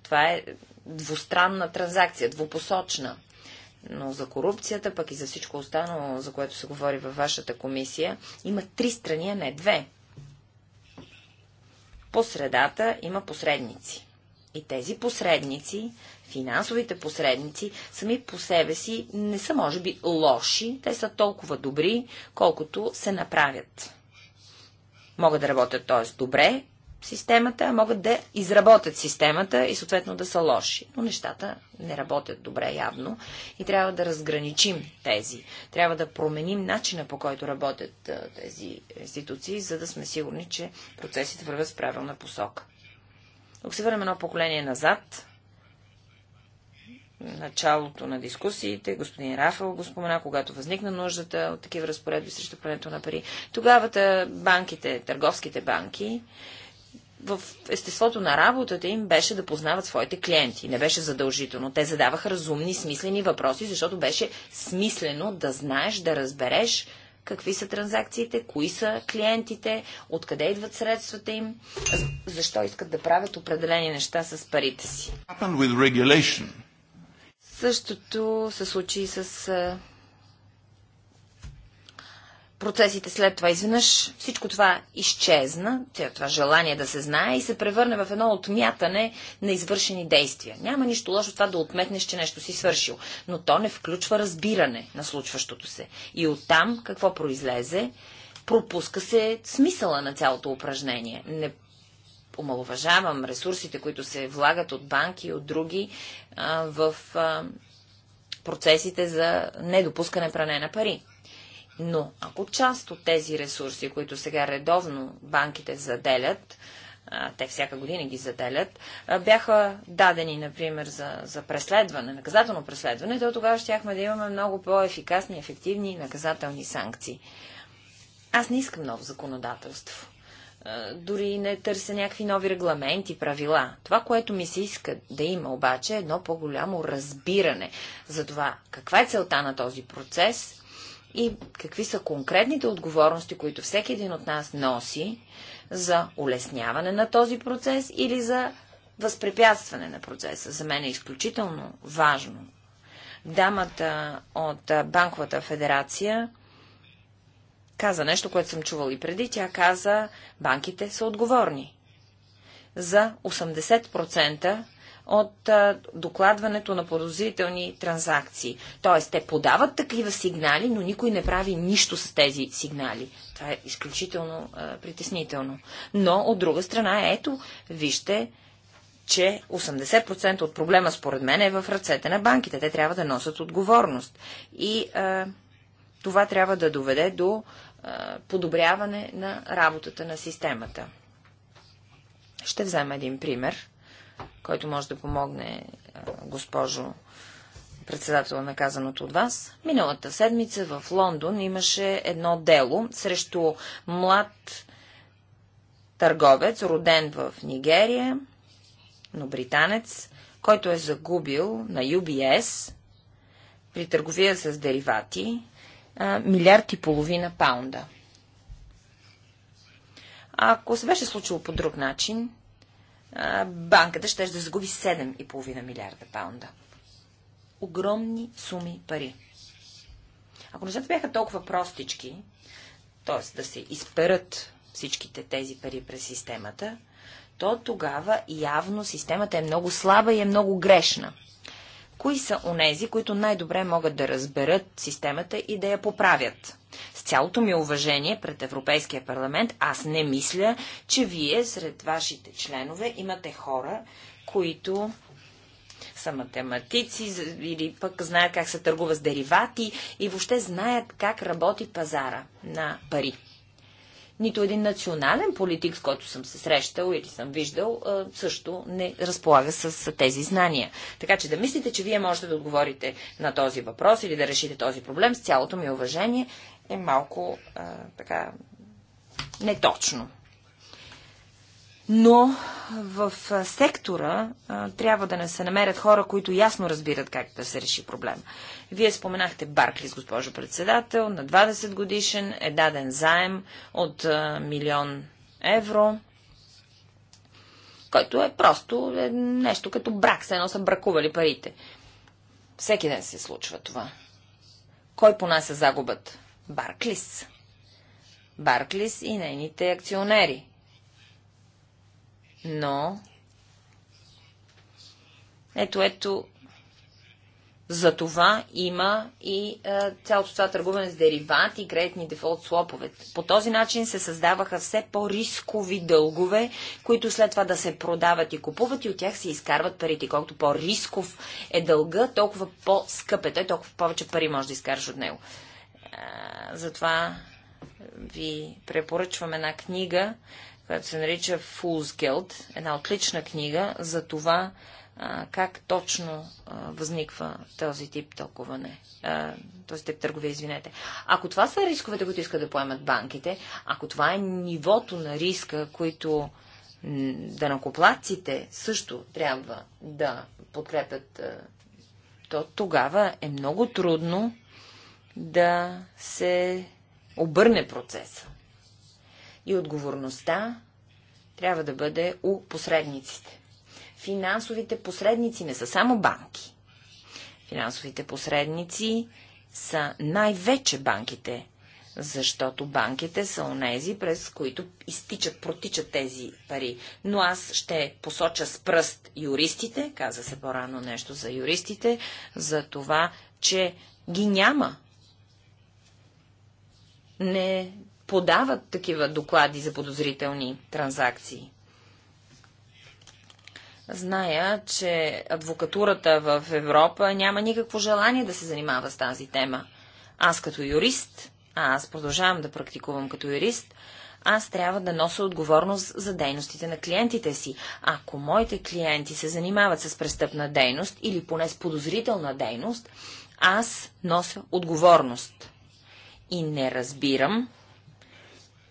това е двустранна транзакция, двупосочна но за корупцията, пък и за всичко останало, за което се говори във вашата комисия, има три страни, а не две. По средата има посредници. И тези посредници, финансовите посредници, сами по себе си не са, може би, лоши, те са толкова добри, колкото се направят. Могат да работят, т.е. добре, системата, а могат да изработят системата и съответно да са лоши. Но нещата не работят добре явно и трябва да разграничим тези. Трябва да променим начина по който работят тези институции, за да сме сигурни, че процесите вървят с правилна посока. Ако се върнем едно поколение назад. Началото на дискусиите, господин Рафал го спомена, когато възникна нуждата от такива разпоредби срещу прането на пари. Тогавата банките, търговските банки, в естеството на работата им беше да познават своите клиенти. Не беше задължително. Те задаваха разумни, смислени въпроси, защото беше смислено да знаеш, да разбереш какви са транзакциите, кои са клиентите, откъде идват средствата им, защо искат да правят определени неща с парите си. Същото се случи и с процесите след това изведнъж всичко това изчезна, това желание да се знае и се превърне в едно отмятане на извършени действия. Няма нищо лошо това да отметнеш, че нещо си свършил, но то не включва разбиране на случващото се. И оттам какво произлезе? Пропуска се смисъла на цялото упражнение. Не омалуважавам ресурсите, които се влагат от банки и от други а, в а, процесите за недопускане пране на пари. Но ако част от тези ресурси, които сега редовно банките заделят, те всяка година ги заделят, бяха дадени, например, за, за преследване, наказателно преследване, то тогава щяхме да имаме много по-ефикасни, ефективни наказателни санкции. Аз не искам ново законодателство. Дори не търся някакви нови регламенти, правила. Това, което ми се иска да има обаче е едно по-голямо разбиране за това каква е целта на този процес и какви са конкретните отговорности, които всеки един от нас носи за улесняване на този процес или за възпрепятстване на процеса. За мен е изключително важно. Дамата от Банковата федерация каза нещо, което съм чувал и преди. Тя каза, банките са отговорни за 80% от докладването на подозрителни транзакции. Тоест, те подават такива сигнали, но никой не прави нищо с тези сигнали. Това е изключително а, притеснително. Но, от друга страна, ето, вижте, че 80% от проблема, според мен, е в ръцете на банките. Те трябва да носят отговорност. И а, това трябва да доведе до а, подобряване на работата на системата. Ще взема един пример който може да помогне, е, госпожо председател на казаното от вас. Миналата седмица в Лондон имаше едно дело срещу млад търговец, роден в Нигерия, но британец, който е загубил на UBS при търговия с деривати е, милиард и половина паунда. Ако се беше случило по друг начин, банката ще да загуби 7,5 милиарда паунда. Огромни суми пари. Ако нещата бяха толкова простички, т.е. да се изперат всичките тези пари през системата, то тогава явно системата е много слаба и е много грешна. Кои са онези, които най-добре могат да разберат системата и да я поправят? цялото ми уважение пред Европейския парламент, аз не мисля, че вие сред вашите членове имате хора, които са математици или пък знаят как се търгува с деривати и въобще знаят как работи пазара на пари. Нито един национален политик, с който съм се срещал или съм виждал, също не разполага с тези знания. Така че да мислите, че вие можете да отговорите на този въпрос или да решите този проблем с цялото ми уважение е малко а, така неточно. Но в сектора а, трябва да не се намерят хора, които ясно разбират как да се реши проблем. Вие споменахте Барклис, госпожо председател, на 20 годишен е даден заем от а, милион евро, който е просто е нещо като брак, се едно са бракували парите. Всеки ден се случва това. Кой понася загубът? Барклис. Барклис и нейните акционери. Но... Ето, ето, за това има и е, цялото това търгуване с деривати и кредитни дефолт слопове. По този начин се създаваха все по-рискови дългове, които след това да се продават и купуват и от тях се изкарват парите. Колкото по-рисков е дълга, толкова по-скъп е той, толкова повече пари може да изкараш от него затова ви препоръчвам една книга, която се нарича Fool's Guild, една отлична книга за това а, как точно а, възниква този тип тълкуване, а, този тип търговия, извинете. Ако това са рисковете, които искат да поемат банките, ако това е нивото на риска, които данакоплаците също трябва да подкрепят, то тогава е много трудно да се обърне процеса. И отговорността трябва да бъде у посредниците. Финансовите посредници не са само банки. Финансовите посредници са най-вече банките, защото банките са онези, през които изтичат, протичат тези пари. Но аз ще посоча с пръст юристите, каза се по-рано нещо за юристите, за това, че ги няма не подават такива доклади за подозрителни транзакции. Зная, че адвокатурата в Европа няма никакво желание да се занимава с тази тема. Аз като юрист, а аз продължавам да практикувам като юрист, аз трябва да нося отговорност за дейностите на клиентите си. Ако моите клиенти се занимават с престъпна дейност или поне с подозрителна дейност, аз нося отговорност и не разбирам.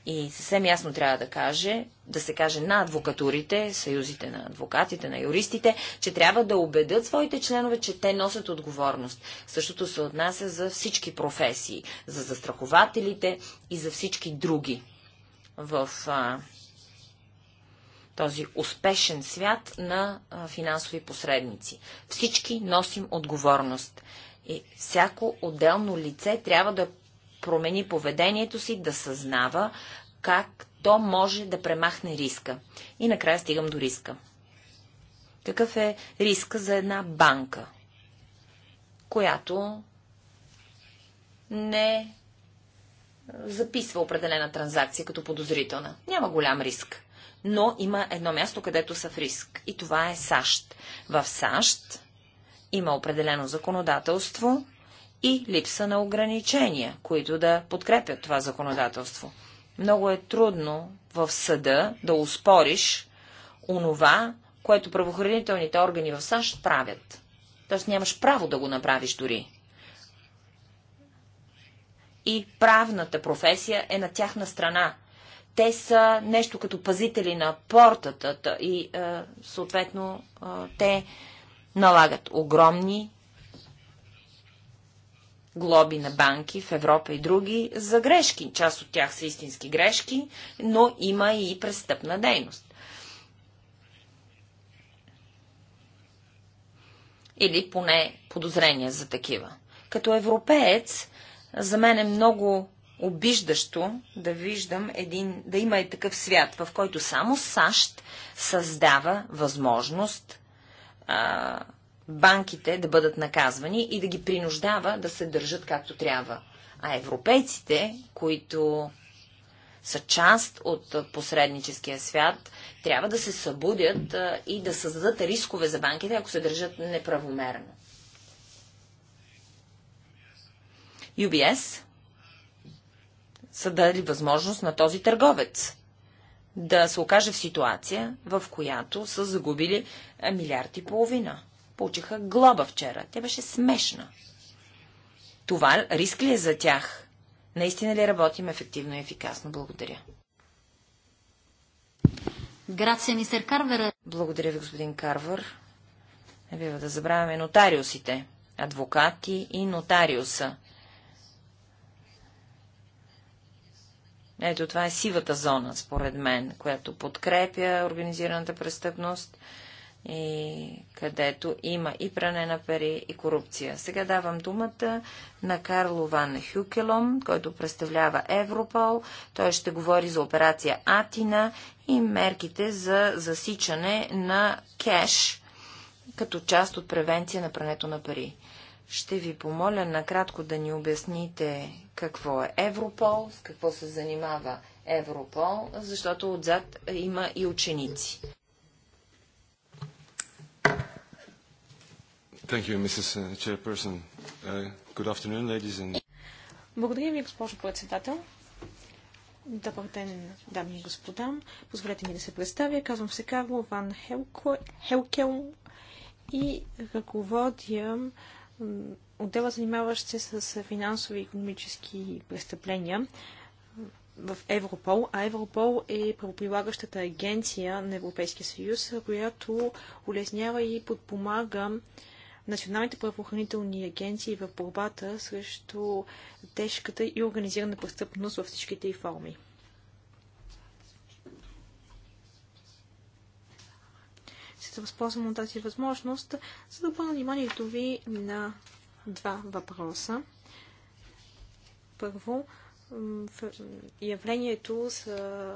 И съвсем ясно трябва да каже, да се каже на адвокатурите, съюзите на адвокатите, на юристите, че трябва да убедят своите членове, че те носят отговорност. Същото се отнася за всички професии, за застрахователите и за всички други. В а, този успешен свят на а, финансови посредници. Всички носим отговорност. И всяко отделно лице трябва да промени поведението си, да съзнава как то може да премахне риска. И накрая стигам до риска. Какъв е риска за една банка, която не записва определена транзакция като подозрителна? Няма голям риск. Но има едно място, където са в риск. И това е САЩ. В САЩ има определено законодателство, и липса на ограничения, които да подкрепят това законодателство. Много е трудно в съда да успориш онова, което правоохранителните органи в САЩ правят. Тоест нямаш право да го направиш дори. И правната професия е на тяхна страна. Те са нещо като пазители на портата и е, съответно е, те налагат огромни глоби на банки в Европа и други за грешки. Част от тях са истински грешки, но има и престъпна дейност. Или поне подозрения за такива. Като европеец, за мен е много обиждащо да виждам един, да има и такъв свят, в който само САЩ създава възможност а, банките да бъдат наказвани и да ги принуждава да се държат както трябва. А европейците, които са част от посредническия свят, трябва да се събудят и да създадат рискове за банките, ако се държат неправомерно. UBS са дали възможност на този търговец да се окаже в ситуация, в която са загубили милиард и половина получиха глоба вчера. Тя беше смешна. Това риск ли е за тях? Наистина ли работим ефективно и ефикасно? Благодаря. Грация, мистер Карвер. Благодаря ви, господин Карвер. Не бива да забравяме нотариусите, адвокати и нотариуса. Ето това е сивата зона, според мен, която подкрепя организираната престъпност и където има и пране на пари и корупция. Сега давам думата на Карло Ван Хюкелом, който представлява Европол. Той ще говори за операция Атина и мерките за засичане на кеш като част от превенция на прането на пари. Ще ви помоля накратко да ни обясните какво е Европол, с какво се занимава Европол, защото отзад има и ученици. Thank you, Mrs. Uh, Chairperson. Uh, good afternoon, ladies and... Благодаря ви, госпожо председател. Добър ден, дами и господа. Позволете ми да се представя. Казвам се Карло Ван Хелкел и ръководя отдела, занимаващ се с финансови и економически престъпления в Европол, а Европол е правоприлагащата агенция на Европейския съюз, която улеснява и подпомага националните правоохранителни агенции в борбата срещу тежката и организирана престъпност във всичките й форми. Ще се възползвам от тази възможност, за да обърна вниманието ви на два въпроса. Първо, явлението за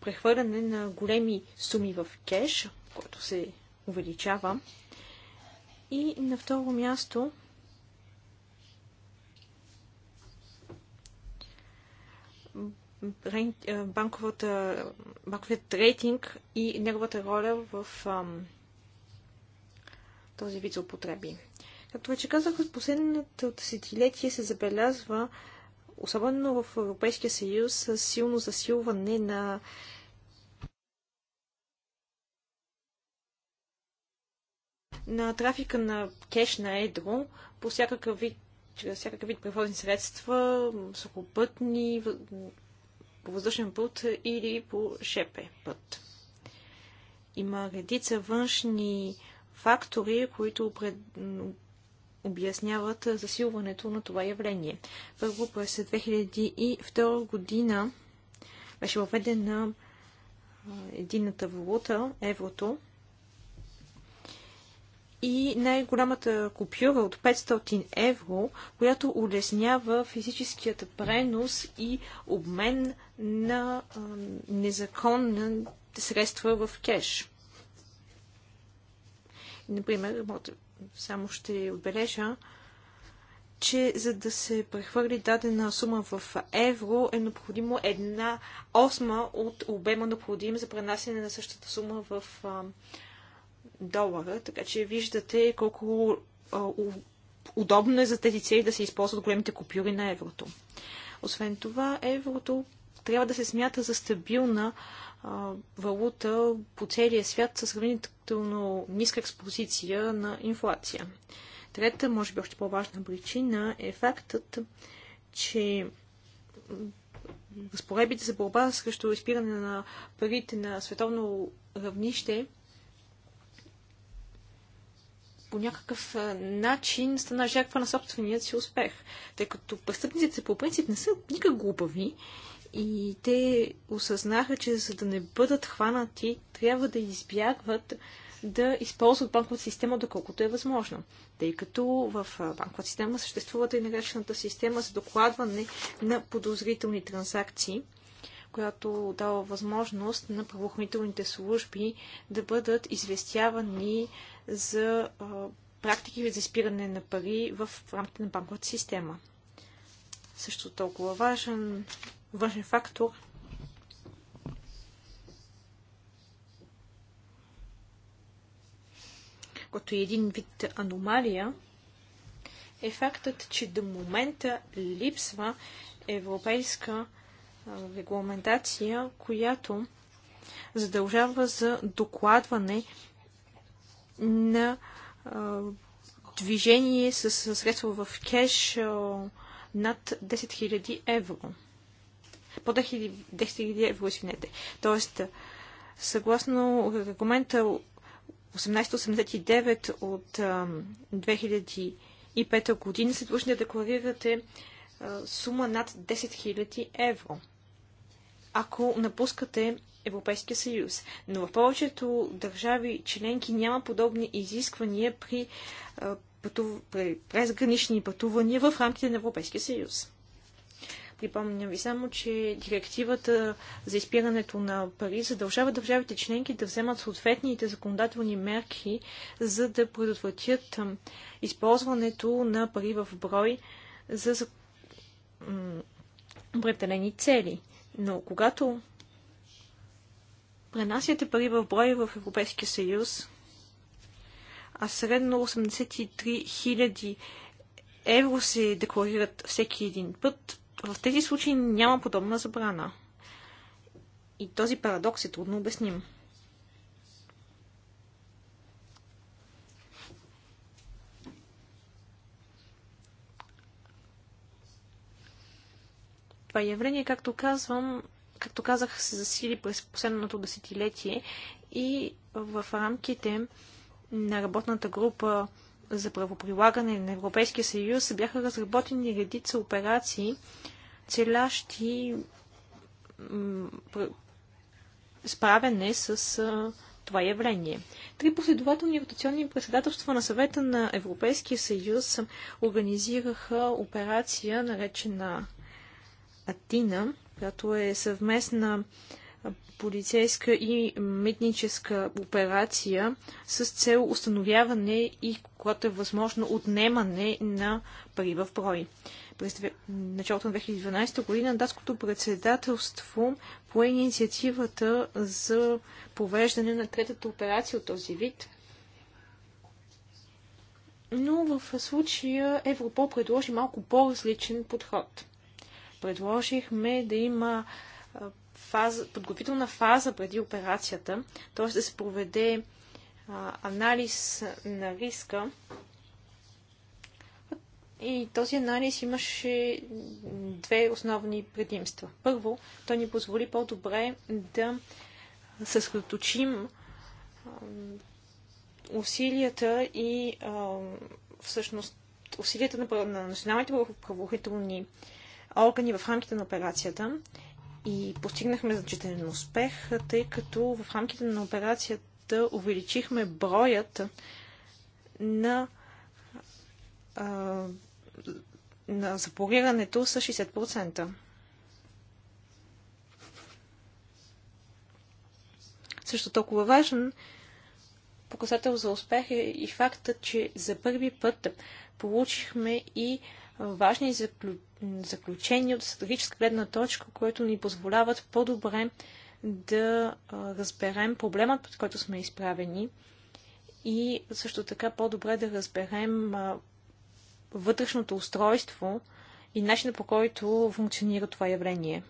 прехвърляне на големи суми в кеш, което се увеличава. И на второ място банковата, банковият рейтинг и неговата роля в ам, този вид употреби. Както вече казах, в последното десетилетие се забелязва, особено в Европейския съюз, силно засилване на на трафика на кеш на едро по всякакъв вид, чрез всякакъв вид превозни средства, сухопътни, по въздушен път или по шепе път. Има редица външни фактори, които пред... обясняват засилването на това явление. Първо през 2002 година беше въведена едината валута, еврото, и най-голямата купюра от 500 евро, която улеснява физическият пренос и обмен на а, средства в кеш. Например, само ще отбележа, че за да се прехвърли дадена сума в евро е необходимо една осма от обема необходим за пренасене на същата сума в а, долара, така че виждате колко удобно е за тези цели да се използват големите купюри на еврото. Освен това, еврото трябва да се смята за стабилна валута по целия свят със сравнително ниска експозиция на инфлация. Трета, може би още по-важна причина е фактът, че разпоредбите за борба срещу изпиране на парите на световно равнище по някакъв начин стана жертва на собствения си успех. Тъй като престъпниците по принцип не са никак глупави и те осъзнаха, че за да не бъдат хванати, трябва да избягват да използват банковата система доколкото е възможно. Тъй като в банковата система съществува и наречената система за докладване на подозрителни транзакции – която дава възможност на правоохранителните служби да бъдат известявани за а, практики за изпиране на пари в рамките на банковата система. Също толкова важен, важен фактор като един вид аномалия, е фактът, че до момента липсва европейска регламентация, която задължава за докладване на а, движение с средства в кеш а, над 10 000 евро. По 10 000 евро, извинете. Тоест, съгласно регламента 1889 от а, 2005 година, се длъжни да декларирате сума над 10 000 евро ако напускате Европейския съюз. Но в повечето държави членки няма подобни изисквания при, презгранични пътувания в рамките на Европейския съюз. Припомням ви само, че директивата за изпирането на пари задължава държавите членки да вземат съответните законодателни мерки, за да предотвратят използването на пари в брой за определени цели. Но когато пренасяте пари в брой в Европейския съюз, а средно 83 000 евро се декларират всеки един път, в тези случаи няма подобна забрана. И този парадокс е трудно обясним. Това явление, както казвам, както казах, се засили през последното десетилетие и в рамките на работната група за правоприлагане на Европейския съюз бяха разработени редица операции, целящи справяне с а, това явление. Три последователни ротационни председателства на съвета на Европейския съюз организираха операция, наречена Атина, която е съвместна полицейска и митническа операция с цел установяване и, когато е възможно, отнемане на пари в брой. През началото на 2012 година датското председателство пое инициативата за провеждане на третата операция от този вид. Но в случая Европол предложи малко по-различен подход – Предложихме да има фаза, подготвителна фаза преди операцията, т.е. да се проведе анализ на риска. И този анализ имаше две основни предимства. Първо, той ни позволи по-добре да съсредоточим усилията и всъщност усилията на, на националните правоохранителни органи в рамките на операцията и постигнахме значителен успех, тъй като в рамките на операцията увеличихме броят на, а, на запорирането с 60%. Също толкова важен показател за успех е и факта, че за първи път получихме и важни заключения заключения от стратегическа гледна точка, които ни позволяват по-добре да разберем проблемът, под който сме изправени и също така по-добре да разберем вътрешното устройство и начина по който функционира това явление.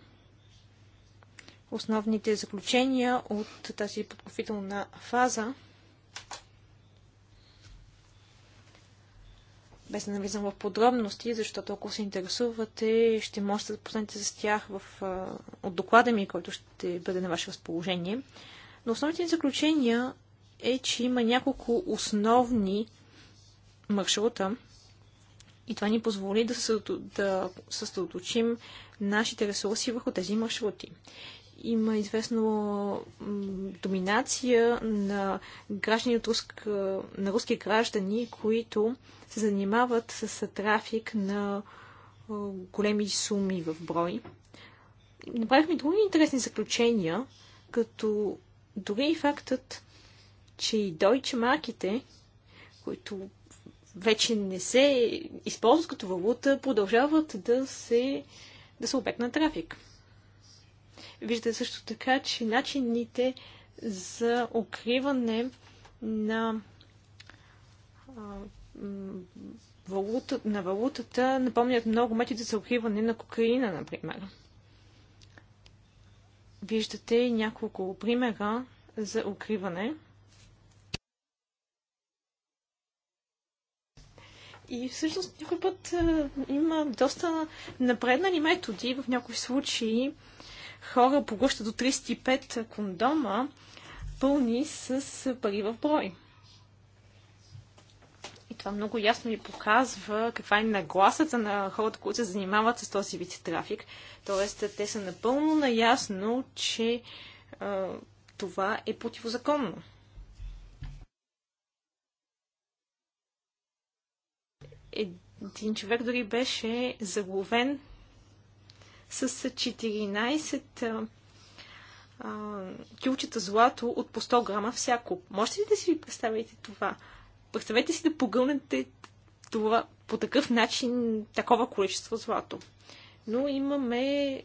Основните заключения от тази подготвителна фаза без да навлизам в подробности, защото ако се интересувате, ще можете да запознаете с тях в, от доклада ми, който ще бъде на ваше разположение. Но основните ни заключения е, че има няколко основни маршрута и това ни позволи да, съсредоточим нашите ресурси върху тези маршрути има известно доминация на граждани от руск, на руски граждани, които се занимават с трафик на големи суми в брой. Направихме други интересни заключения, като дори и фактът, че и дойче марките, които вече не се използват като валута, продължават да се да са обект на трафик. Виждате също така, че начините за укриване на валута, на валутата напомнят много методи за укриване на кокаина, например. Виждате няколко примера за укриване. И всъщност някой път има доста напреднали методи в някои случаи хора поглъщат до 35 кондома, пълни с пари в брой. И това много ясно ни показва каква е нагласата на хората, които се занимават с този вид трафик. Тоест, те са напълно наясно, че а, това е противозаконно. Един човек дори беше заловен с 14 килчета злато от по 100 грама всяко. Можете ли да си ви представите това? Представете си да погълнете това, по такъв начин такова количество злато. Но имаме е,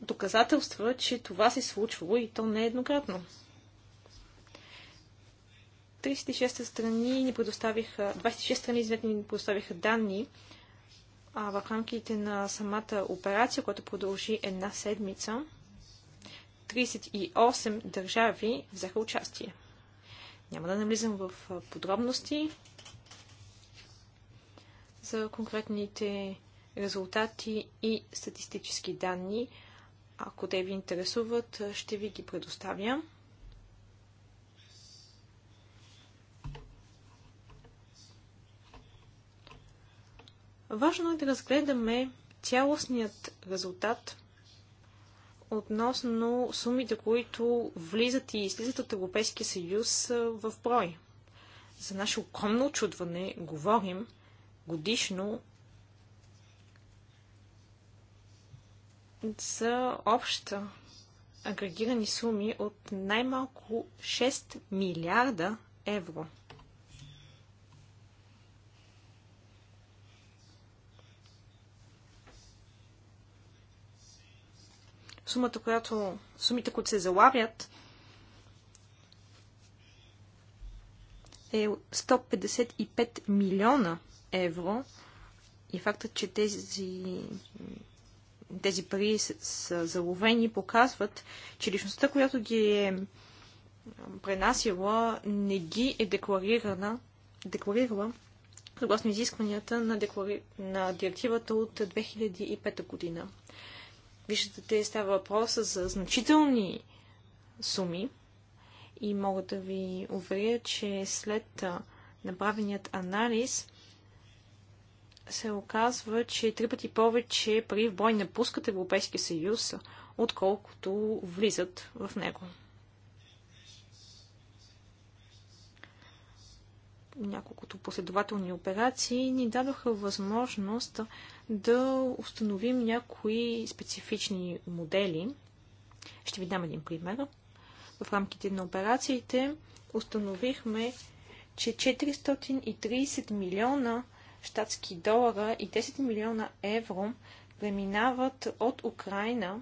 доказателства, че това се е случвало и то не еднократно. 36 страни ни предоставиха, 26 страни извинете, ни предоставиха данни а в рамките на самата операция, която продължи една седмица, 38 държави взеха участие. Няма да навлизам в подробности за конкретните резултати и статистически данни. Ако те ви интересуват, ще ви ги предоставя. Важно е да разгледаме цялостният резултат относно сумите, които влизат и излизат от Европейския съюз в брой. За наше огромно очудване говорим годишно за обща агрегирани суми от най-малко 6 милиарда евро – сумата, която, сумите, които се залавят, е 155 милиона евро. И фактът, че тези, тези пари са, заловени, показват, че личността, която ги е пренасила, не ги е декларирана, декларирала съгласно изискванията на, деклари... на директивата от 2005 година. Виждате, става въпроса за значителни суми и мога да ви уверя, че след направеният анализ се оказва, че три пъти повече пари в бой напускат Европейския съюз, отколкото влизат в него. няколкото последователни операции ни дадоха възможност да установим някои специфични модели. Ще ви дам един пример. В рамките на операциите установихме, че 430 милиона щатски долара и 10 милиона евро преминават от Украина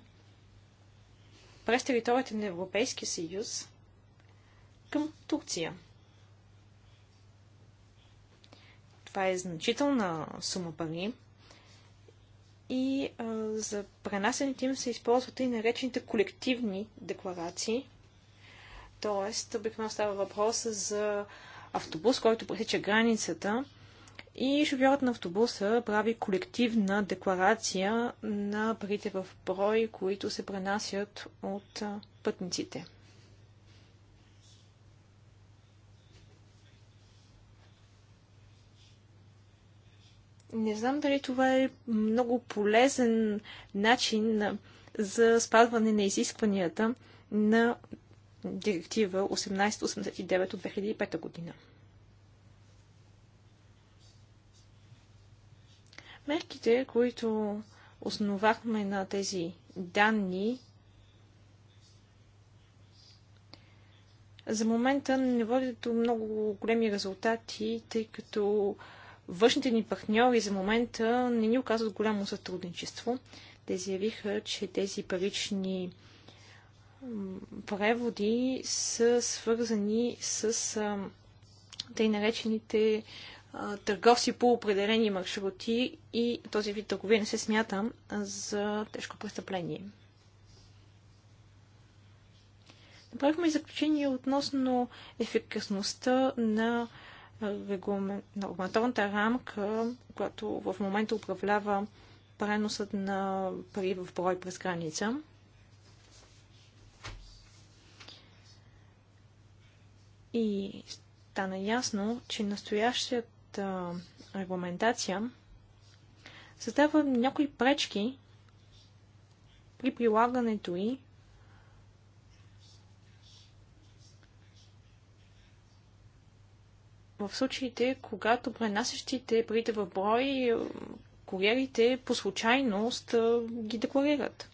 през територията на Европейския съюз към Турция. Това е значителна сума пари. И а, за пренасенето им се използват и наречените колективни декларации. Тоест, обикновено става въпрос за автобус, който пресича границата и шофьорът на автобуса прави колективна декларация на парите в брой, които се пренасят от пътниците. Не знам дали това е много полезен начин за спазване на изискванията на директива 1889 от 2005 година. Мерките, които основахме на тези данни, за момента не водят до много големи резултати, тъй като външните ни партньори за момента не ни оказват голямо сътрудничество. Те заявиха, че тези парични преводи са свързани с тъй наречените търговци по определени маршрути и този вид търговия не се смята за тежко престъпление. Направихме и заключение относно ефикасността на регумен... рамка, която в момента управлява преносът на пари в брой през граница. И стана ясно, че настоящата регламентация създава някои пречки при прилагането й в случаите, когато пренасящите парите в брой куриерите по случайност ги декларират.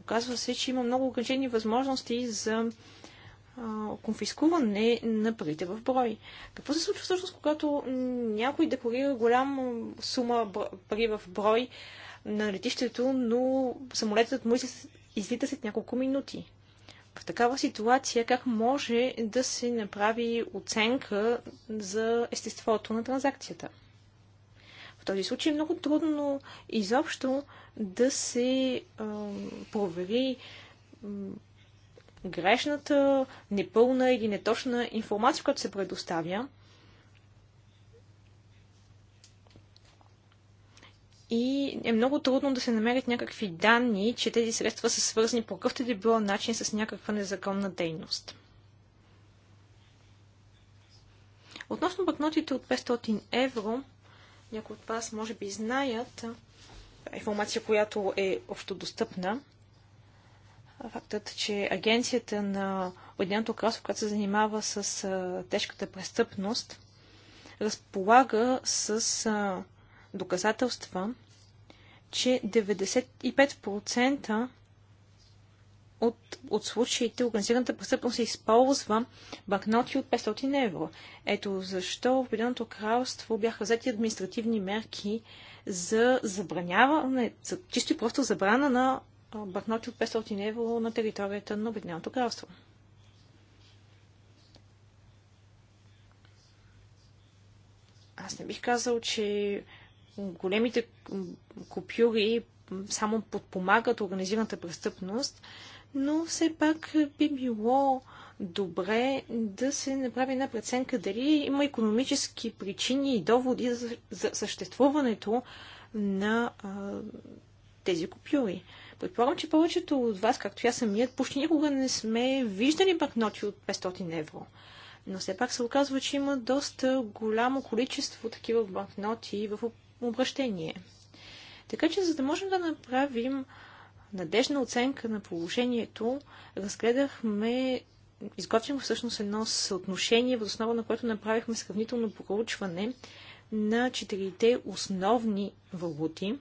Оказва се, че има много ограничени възможности за конфискуване на парите в брой. Какво се случва всъщност, когато някой декларира голяма сума пари в брой на летището, но самолетът му излита след няколко минути? В такава ситуация как може да се направи оценка за естеството на транзакцията? В този случай е много трудно изобщо да се а, провери а, грешната, непълна или неточна информация, която се предоставя, и е много трудно да се намерят някакви данни, че тези средства са свързани по какъвто и да било начин с някаква незаконна дейност. Относно бъкнотите от 500 евро, някои от вас може би знаят, е информация, която е общодостъпна, фактът, че агенцията на Обединеното кралство, която се занимава с тежката престъпност, разполага с доказателства, че 95% от, от случаите организираната престъпност се използва банкноти от 500 евро. Ето защо в Обединеното кралство бяха взети административни мерки за забраняване, за чисто и просто забрана на банкноти от 500 евро на територията на Обединеното кралство. Аз не бих казал, че големите купюри само подпомагат организираната престъпност, но все пак би било добре да се направи една преценка дали има економически причини и доводи за, съществуването на а, тези купюри. Предполагам, че повечето от вас, както я самият, почти никога не сме виждали банкноти от 500 евро. Но все пак се оказва, че има доста голямо количество такива банкноти в обращение. Така че, за да можем да направим надежна оценка на положението, разгледахме, изготвим всъщност едно съотношение, въз основа на което направихме сравнително проучване на четирите основни валути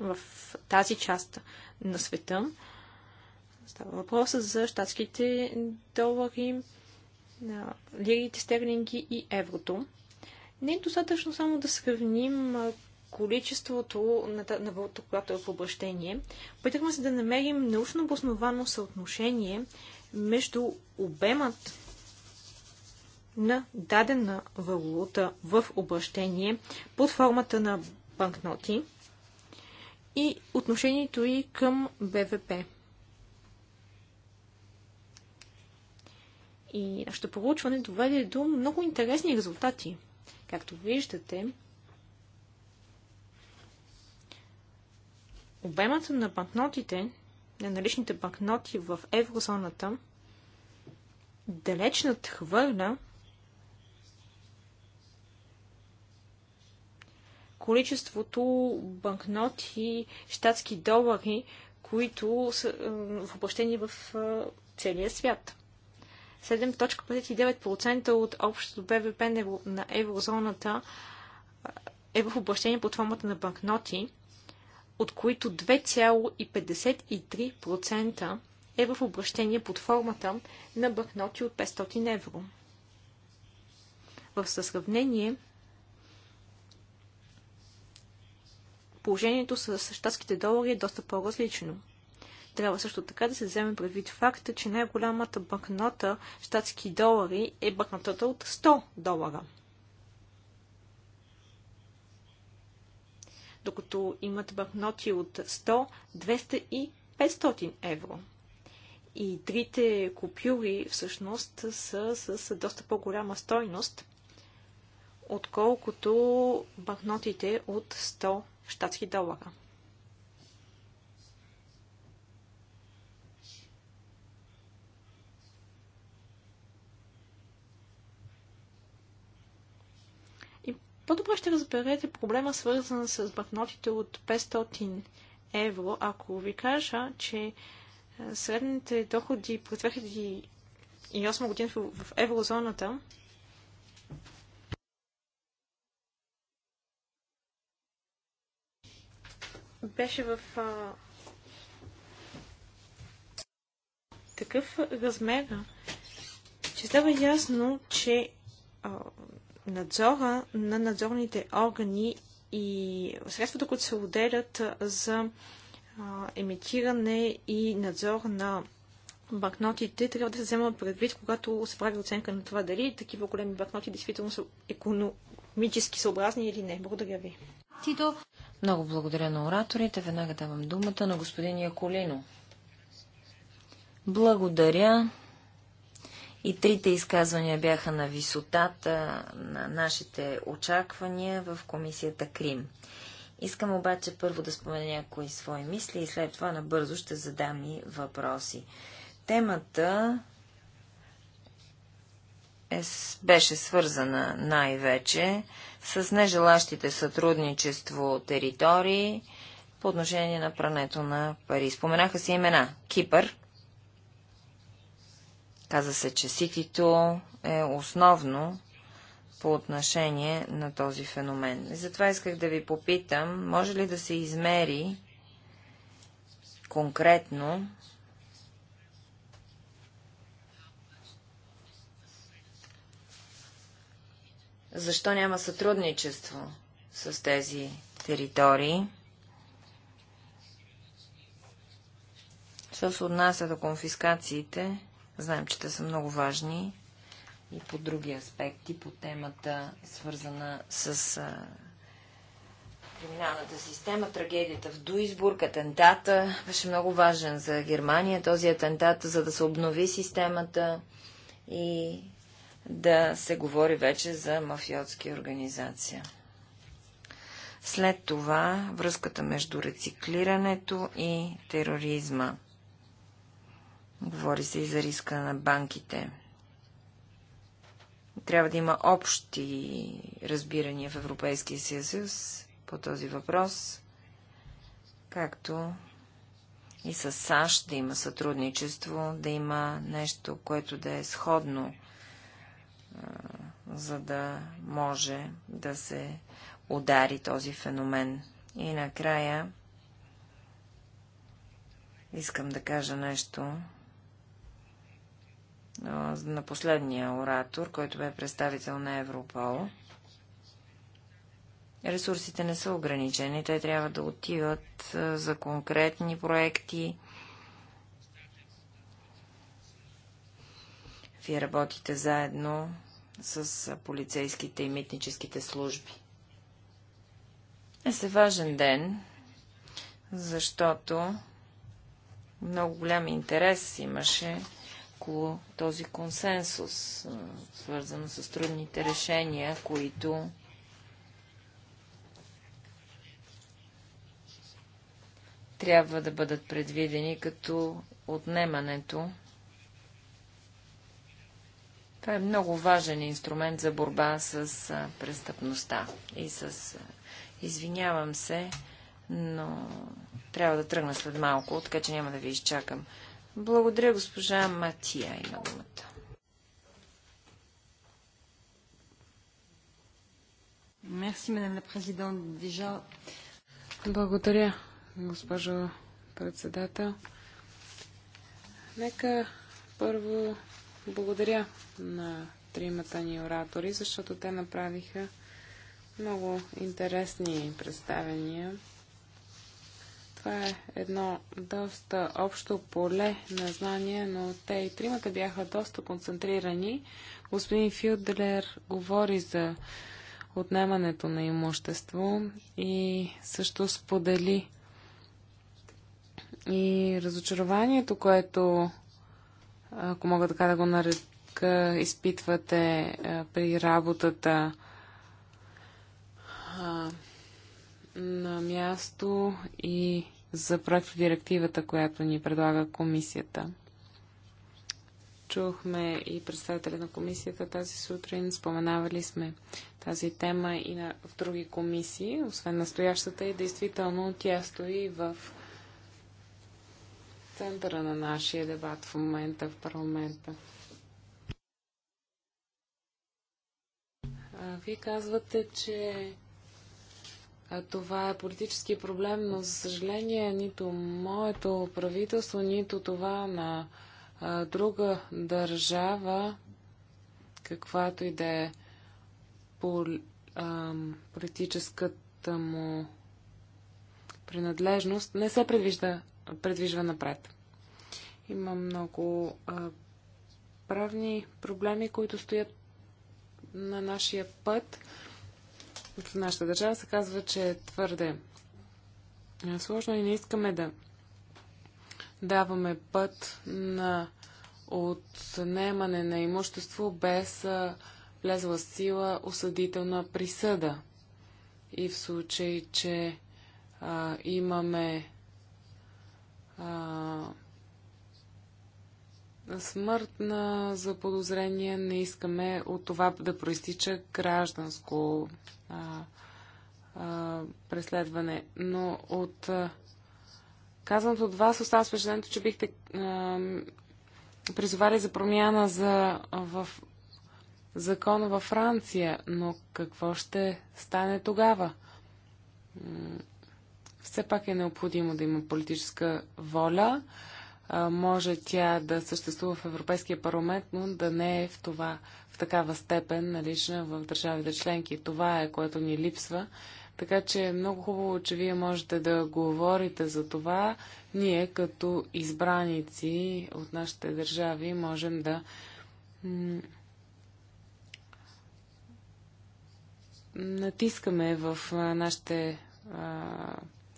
в тази част на света. Става въпроса за щатските долари, лирите стерлинги и еврото. Не е достатъчно само да сравним количеството на, на вълта, която е в обращение. Опитахме се да намерим научно обосновано съотношение между обемът на дадена валута в обращение под формата на банкноти и отношението и към БВП. И нашето проучване доведе до много интересни резултати – Както виждате, обемът на банкнотите, на наличните банкноти в еврозоната, далеч надхвърля количеството банкноти, щатски долари, които са въплъщени в целия свят. 7.59% от общото БВП на еврозоната е в обращение под формата на банкноти, от които 2,53% е в обращение под формата на банкноти от 500 евро. В съсравнение, положението с щатските долари е доста по-различно – трябва също така да се вземе предвид факта, че най-голямата банкнота, щатски долари, е банкнотата от 100 долара. Докато имат банкноти от 100, 200 и 500 евро. И трите купюри всъщност са с доста по-голяма стойност, отколкото банкнотите от 100 щатски долара. по-добре ще разберете проблема, свързан с банкнотите от 500 евро, ако ви кажа, че е, средните доходи през 2008 година в еврозоната беше в а, такъв размер, че става ясно, че а, надзора на надзорните органи и средствата, които се отделят за емитиране и надзор на банкнотите, трябва да се взема предвид, когато се прави оценка на това дали такива големи банкноти действително са економически съобразни или не. Благодаря ви. Тито. Много благодаря на ораторите. Веднага давам думата на господин Яколино. Благодаря. И трите изказвания бяха на висотата на нашите очаквания в комисията Крим. Искам обаче първо да спомена някои свои мисли и след това набързо ще задам и въпроси. Темата е, беше свързана най-вече с нежелащите сътрудничество територии по отношение на прането на пари. Споменаха се имена Кипър, каза се, че ситито е основно по отношение на този феномен. И затова исках да ви попитам, може ли да се измери конкретно защо няма сътрудничество с тези територии. Що се отнася до конфискациите, Знаем, че те са много важни и по други аспекти, по темата, свързана с а, криминалната система, трагедията в Дуисбург, атентата. Беше много важен за Германия този атентат, за да се обнови системата и да се говори вече за мафиотски организация. След това връзката между рециклирането и тероризма. Говори се и за риска на банките. Трябва да има общи разбирания в Европейския съюз по този въпрос, както и с САЩ да има сътрудничество, да има нещо, което да е сходно, за да може да се удари този феномен. И накрая искам да кажа нещо на последния оратор, който бе представител на Европол. Ресурсите не са ограничени, те трябва да отиват за конкретни проекти. Вие работите заедно с полицейските и митническите служби. Днес е важен ден, защото много голям интерес имаше около този консенсус, свързан с трудните решения, които трябва да бъдат предвидени като отнемането. Това е много важен инструмент за борба с престъпността и с... Извинявам се, но трябва да тръгна след малко, така че няма да ви изчакам. Благодаря, госпожа Матия има думата. Мерси, мадам президент. Благодаря, госпожо председател. Нека първо благодаря на тримата ни оратори, защото те направиха много интересни представения това е едно доста общо поле на знание, но те и тримата бяха доста концентрирани. Господин Филдлер говори за отнемането на имущество и също сподели и разочарованието, което, ако мога така да го нарека, изпитвате е, при работата на място и за директивата, която ни предлага комисията. Чухме и представителя на комисията тази сутрин, споменавали сме тази тема и на, в други комисии, освен настоящата и действително тя стои в центъра на нашия дебат в момента в парламента. Вие казвате, че това е политически проблем, но за съжаление нито моето правителство, нито това на друга държава, каквато и да е политическата му принадлежност, не се предвижда, предвижва напред. Има много правни проблеми, които стоят на нашия път в нашата държава се казва, че е твърде е, сложно и не искаме да даваме път на отнемане на имущество без влезла сила осъдителна присъда. И в случай, че а, имаме а, смърт на заподозрение не искаме от това да проистича гражданско а, а, преследване. Но от а, казаното от вас остава впечатлението, че бихте а, призовали за промяна за, а, в закона във Франция. Но какво ще стане тогава? Все пак е необходимо да има политическа воля може тя да съществува в Европейския парламент, но да не е в това, в такава степен налична в държавите членки. Това е, което ни липсва. Така че е много хубаво, че вие можете да говорите за това. Ние, като избраници от нашите държави, можем да натискаме в нашите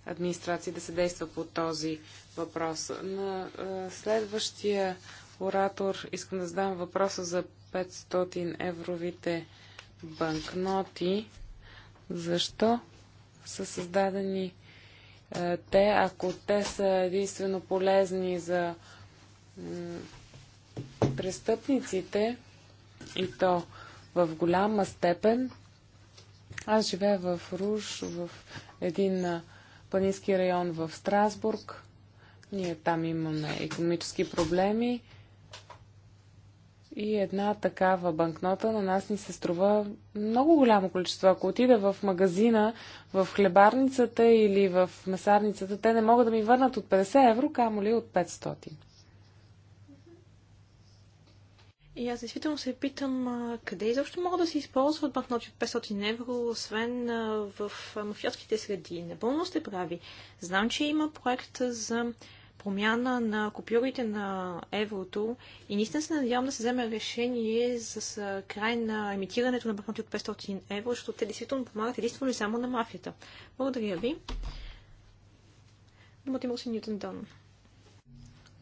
администрации да се действа по този въпрос. На следващия оратор искам да задам въпроса за 500 евровите банкноти. Защо са създадени те, ако те са единствено полезни за престъпниците и то в голяма степен. Аз живея в Руш, в един планински район в Страсбург. Ние там имаме економически проблеми. И една такава банкнота на нас ни се струва много голямо количество. Ако отида в магазина, в хлебарницата или в месарницата, те не могат да ми върнат от 50 евро, камо ли от 500. И аз действително се питам а, къде изобщо могат да се използват банкноти от 500 евро, освен а, в мафиотските среди. Напълно сте прави. Знам, че има проект за промяна на купюрите на еврото и наистина се надявам да се вземе решение за край на емитирането на банкноти от 500 евро, защото те действително помагат единствено и само на мафията. Благодаря ви. Думата има Ньютон Дон.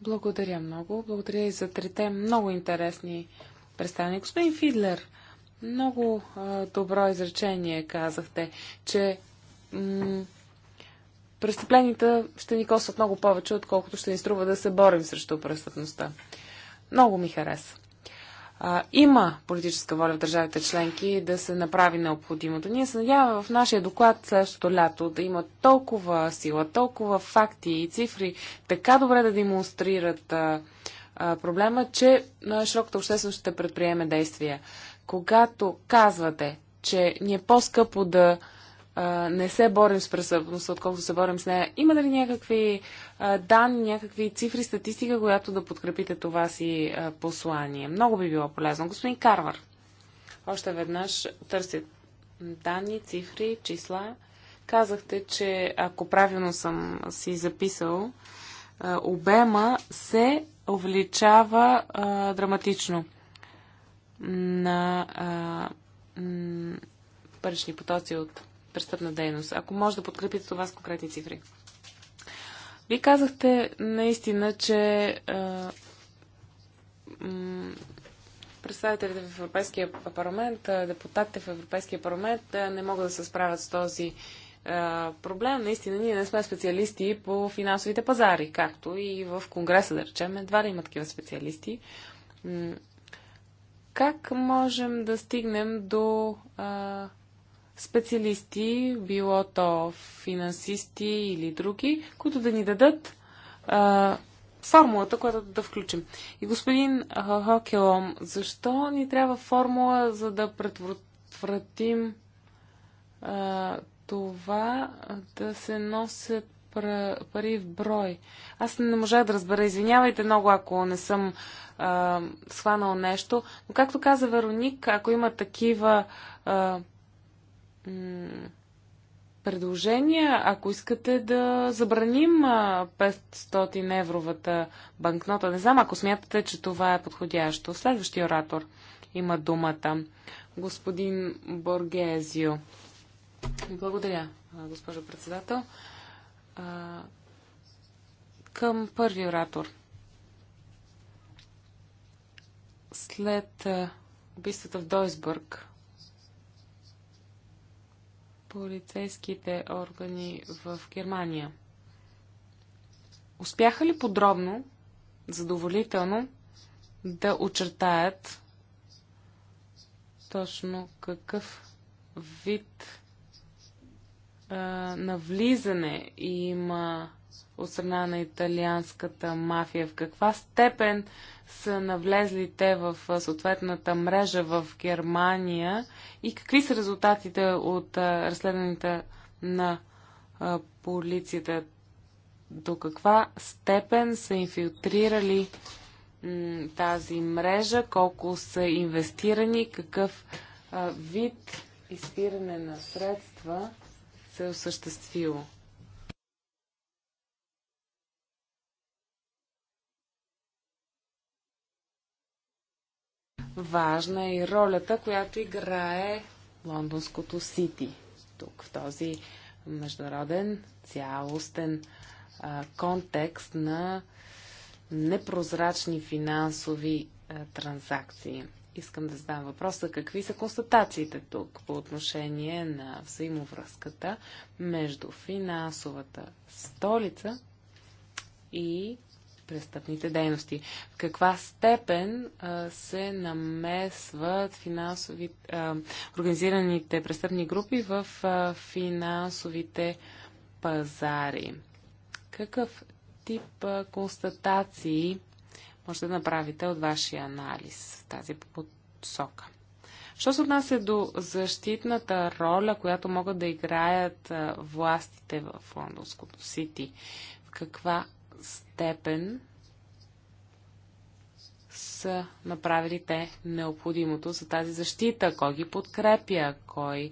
Благодаря много. Благодаря и за трите много интересни представяния. Господин Фидлер, много а, добро изречение казахте, че престъпленията ще ни косват много повече, отколкото ще ни струва да се борим срещу престъпността. Много ми хареса а, има политическа воля в държавите членки да се направи необходимото. Ние се надяваме в нашия доклад следващото лято да има толкова сила, толкова факти и цифри, така добре да демонстрират а, а, проблема, че на широката общественост ще предприеме действия. Когато казвате, че ни е по-скъпо да не се борим с престъпността, отколкото се борим с нея. Има ли някакви а, данни, някакви цифри, статистика, която да подкрепите това си а, послание? Много би било полезно. Господин Карвар, още веднъж търсят данни, цифри, числа. Казахте, че ако правилно съм си записал, обема се увеличава а, драматично на а, парични потоци от престъпна дейност. Ако може да подкрепите това с конкретни цифри. Вие казахте наистина, че представителите в Европейския парламент, депутатите в Европейския парламент не могат да се справят с този проблем. Наистина, ние не сме специалисти по финансовите пазари, както и в Конгреса, да речем, едва ли има такива специалисти. Как можем да стигнем до специалисти, било то финансисти или други, които да ни дадат а, формулата, която да включим. И господин Хокелом, защо ни трябва формула, за да предотвратим това да се носят пари в брой. Аз не можах да разбера. Извинявайте много, ако не съм а, схванал нещо. Но както каза Вероник, ако има такива а, предложения, ако искате да забраним 500 евровата банкнота. Не знам, ако смятате, че това е подходящо. Следващия оратор има думата. Господин Боргезио. Благодаря, госпожо председател. Към първи оратор. След убийствата в Дойсбърг, полицейските органи в Германия. Успяха ли подробно, задоволително, да очертаят точно какъв вид а, навлизане има от страна на италианската мафия? В каква степен са навлезли те в съответната мрежа в Германия и какви са резултатите от разследването на полицията? До каква степен са инфилтрирали тази мрежа, колко са инвестирани, какъв вид изпиране на средства се е осъществило? важна е и ролята, която играе лондонското Сити тук в този международен цялостен а, контекст на непрозрачни финансови а, транзакции. Искам да задам въпроса какви са констатациите тук по отношение на взаимовръзката между финансовата столица и престъпните дейности. В каква степен а, се намесват а, организираните престъпни групи в а, финансовите пазари? Какъв тип а, констатации може да направите от вашия анализ в тази посока? Що се отнася до защитната роля, която могат да играят властите в Лондонското Сити? В каква степен са направили те необходимото за тази защита, кой ги подкрепя, кой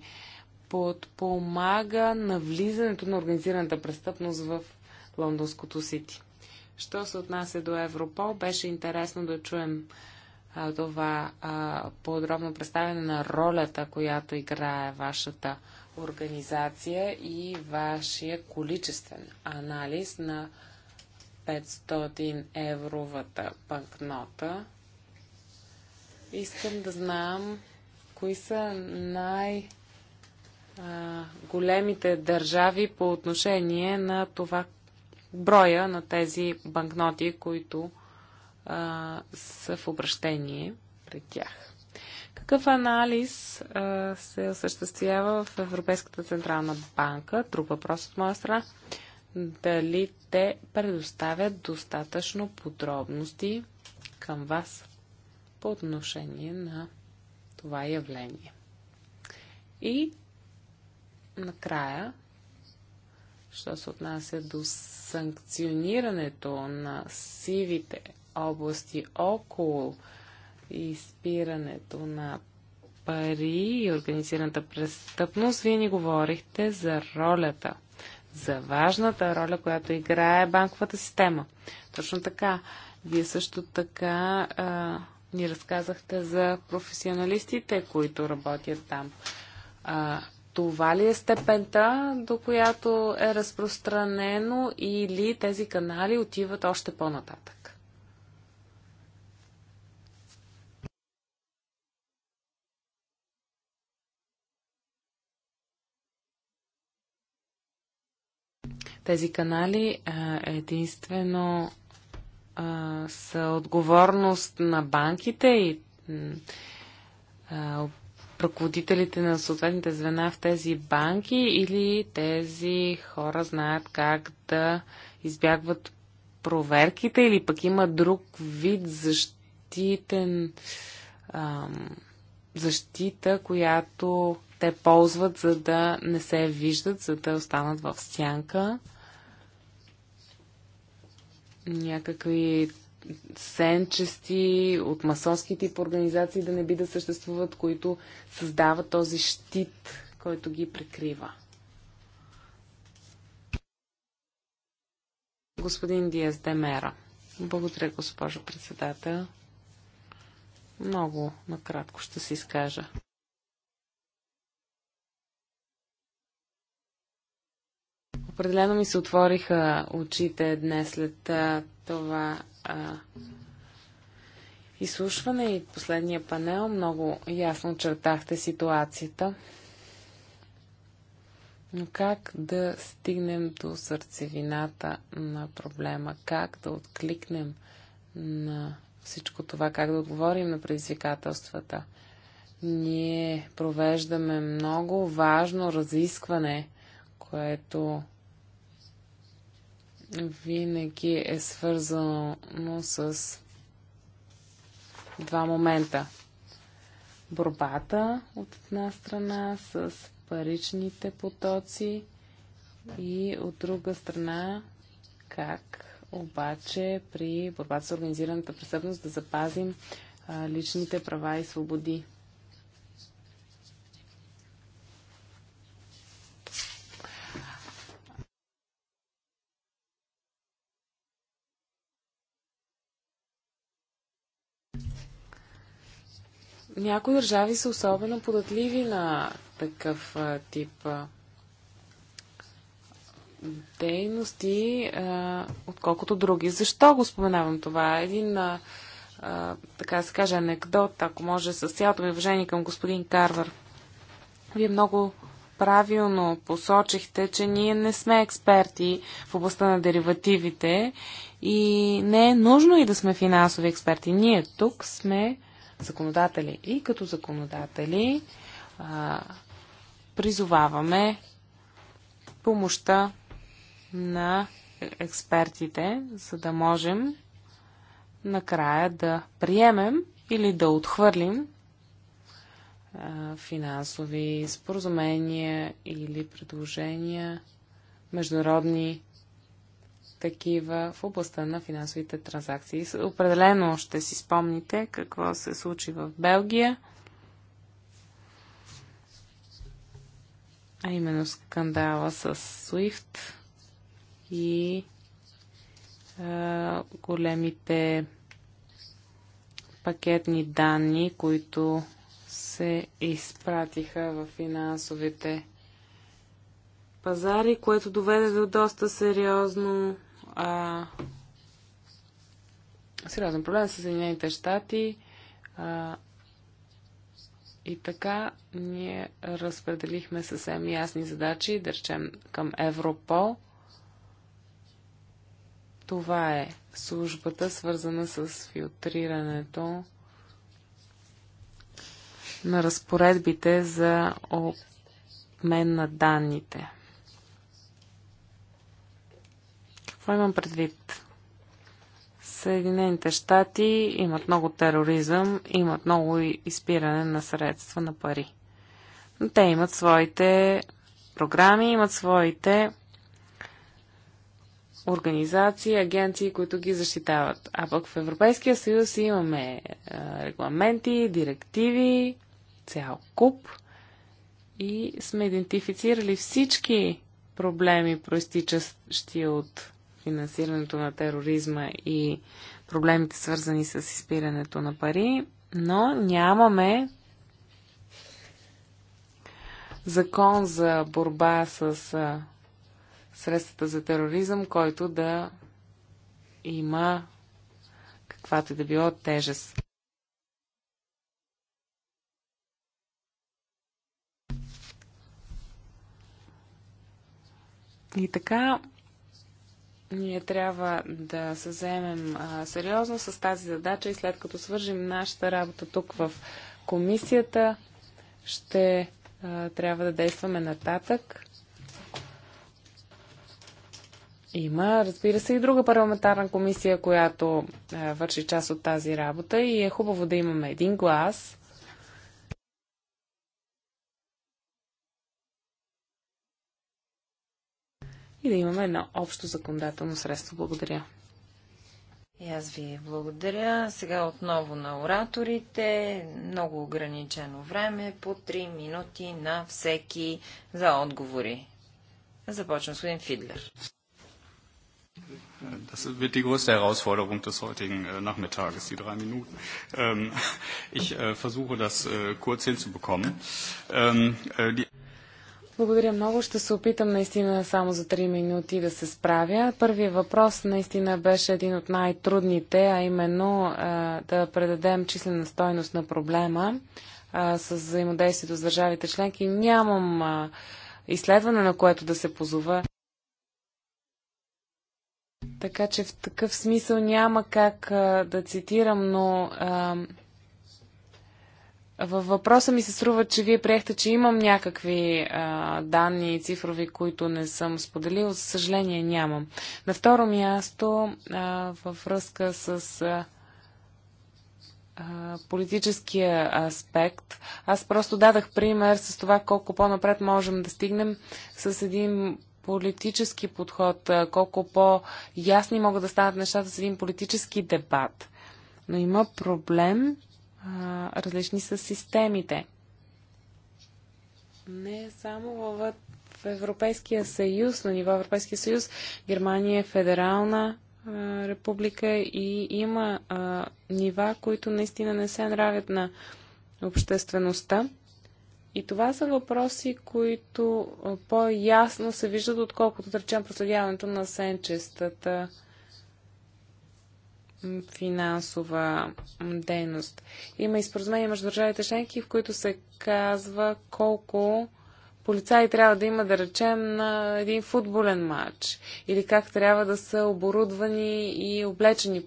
подпомага навлизането на организираната престъпност в лондонското сити. Що се отнася до Европол, беше интересно да чуем а, това а, подробно представяне на ролята, която играе вашата организация и вашия количествен анализ на 500 евровата банкнота. Искам да знам кои са най- големите държави по отношение на това броя на тези банкноти, които а, са в обращение при тях. Какъв анализ а, се осъществява в Европейската централна банка? Друг въпрос от моя страна дали те предоставят достатъчно подробности към вас по отношение на това явление. И накрая, що се отнася до санкционирането на сивите области около изпирането на пари и организираната престъпност, вие ни говорихте за ролята за важната роля, която играе банковата система. Точно така. Вие също така а, ни разказахте за професионалистите, които работят там. А, това ли е степента, до която е разпространено или тези канали отиват още по-нататък? Тези канали единствено са отговорност на банките и ръководителите на съответните звена в тези банки или тези хора знаят как да избягват проверките или пък има друг вид защитен защита, която те ползват, за да не се виждат, за да останат в сянка. Някакви сенчести от масонски тип организации да не би да съществуват, които създават този щит, който ги прикрива. Господин Диас Демера. Благодаря, госпожо председател. Много накратко ще си изкажа. Определено ми се отвориха очите днес след а, това а, изслушване и последния панел. Много ясно чертахте ситуацията. Но как да стигнем до сърцевината на проблема? Как да откликнем на всичко това? Как да отговорим на предизвикателствата? Ние провеждаме много важно разискване, което винаги е свързано с два момента. Борбата от една страна с паричните потоци и от друга страна как обаче при борбата с организираната престъпност да запазим личните права и свободи. Някои държави са особено податливи на такъв а, тип а, дейности, а, отколкото други. Защо го споменавам това? Един, а, а, така да се каже, анекдот, ако може, с цялото ми уважение към господин Карвар. Вие много правилно посочихте, че ние не сме експерти в областта на деривативите и не е нужно и да сме финансови експерти. Ние тук сме законодатели. И като законодатели а, призоваваме помощта на експертите, за да можем накрая да приемем или да отхвърлим а, финансови споразумения или предложения, международни такива в областта на финансовите транзакции. Определено ще си спомните какво се случи в Белгия, а именно скандала с SWIFT и а, големите пакетни данни, които се изпратиха в финансовите пазари, което доведе до доста сериозно а, сериозен проблем с Съединените щати. А, и така ние разпределихме съвсем ясни задачи, да речем към Европол. Това е службата, свързана с филтрирането на разпоредбите за обмен на данните. Какво имам предвид? Съединените щати имат много тероризъм, имат много изпиране на средства на пари. Но те имат своите програми, имат своите организации, агенции, които ги защитават. А пък в Европейския съюз имаме е, регламенти, директиви, цял куп и сме идентифицирали всички проблеми, проистичащи от финансирането на тероризма и проблемите свързани с изпирането на пари, но нямаме закон за борба с средствата за тероризъм, който да има каквато и да било тежест. И така, ние трябва да се заемем а, сериозно с тази задача и след като свържим нашата работа тук в комисията, ще а, трябва да действаме нататък. Има, разбира се, и друга парламентарна комисия, която а, върши част от тази работа и е хубаво да имаме един глас и да имаме едно общо законодателно средство. Благодаря. И аз ви благодаря. Сега отново на ораторите. Много ограничено време, по 3 минути на всеки за отговори. Започвам с господин Фидлер. Das wird die größte Herausforderung des heutigen äh, Nachmittages, die drei Minuten. Ähm, [LAUGHS] ich äh, versuche das äh, kurz hinzubekommen. Ähm, äh, die благодаря много. Ще се опитам наистина само за 3 минути да се справя. Първият въпрос наистина беше един от най-трудните, а именно да предадем числена стойност на проблема с взаимодействието с държавите членки. Нямам изследване, на което да се позова. Така че в такъв смисъл няма как да цитирам, но а, във въпроса ми се струва, че вие приехте, че имам някакви а, данни и цифрови, които не съм споделил. За съжаление нямам. На второ място, а, във връзка с а, а, политическия аспект, аз просто дадах пример с това колко по-напред можем да стигнем с един политически подход, колко по-ясни могат да станат нещата с един политически дебат. Но има проблем различни са системите. Не само в, в Европейския съюз, на ниво Европейския съюз, Германия е федерална а, република и има а, нива, които наистина не се нравят на обществеността. И това са въпроси, които по-ясно се виждат, отколкото, да речем, проследяването на сенчестата. А, финансова дейност. Има и споразумение между държавите членки, в които се казва колко полицаи трябва да има, да речем, на един футболен матч или как трябва да са оборудвани и облечени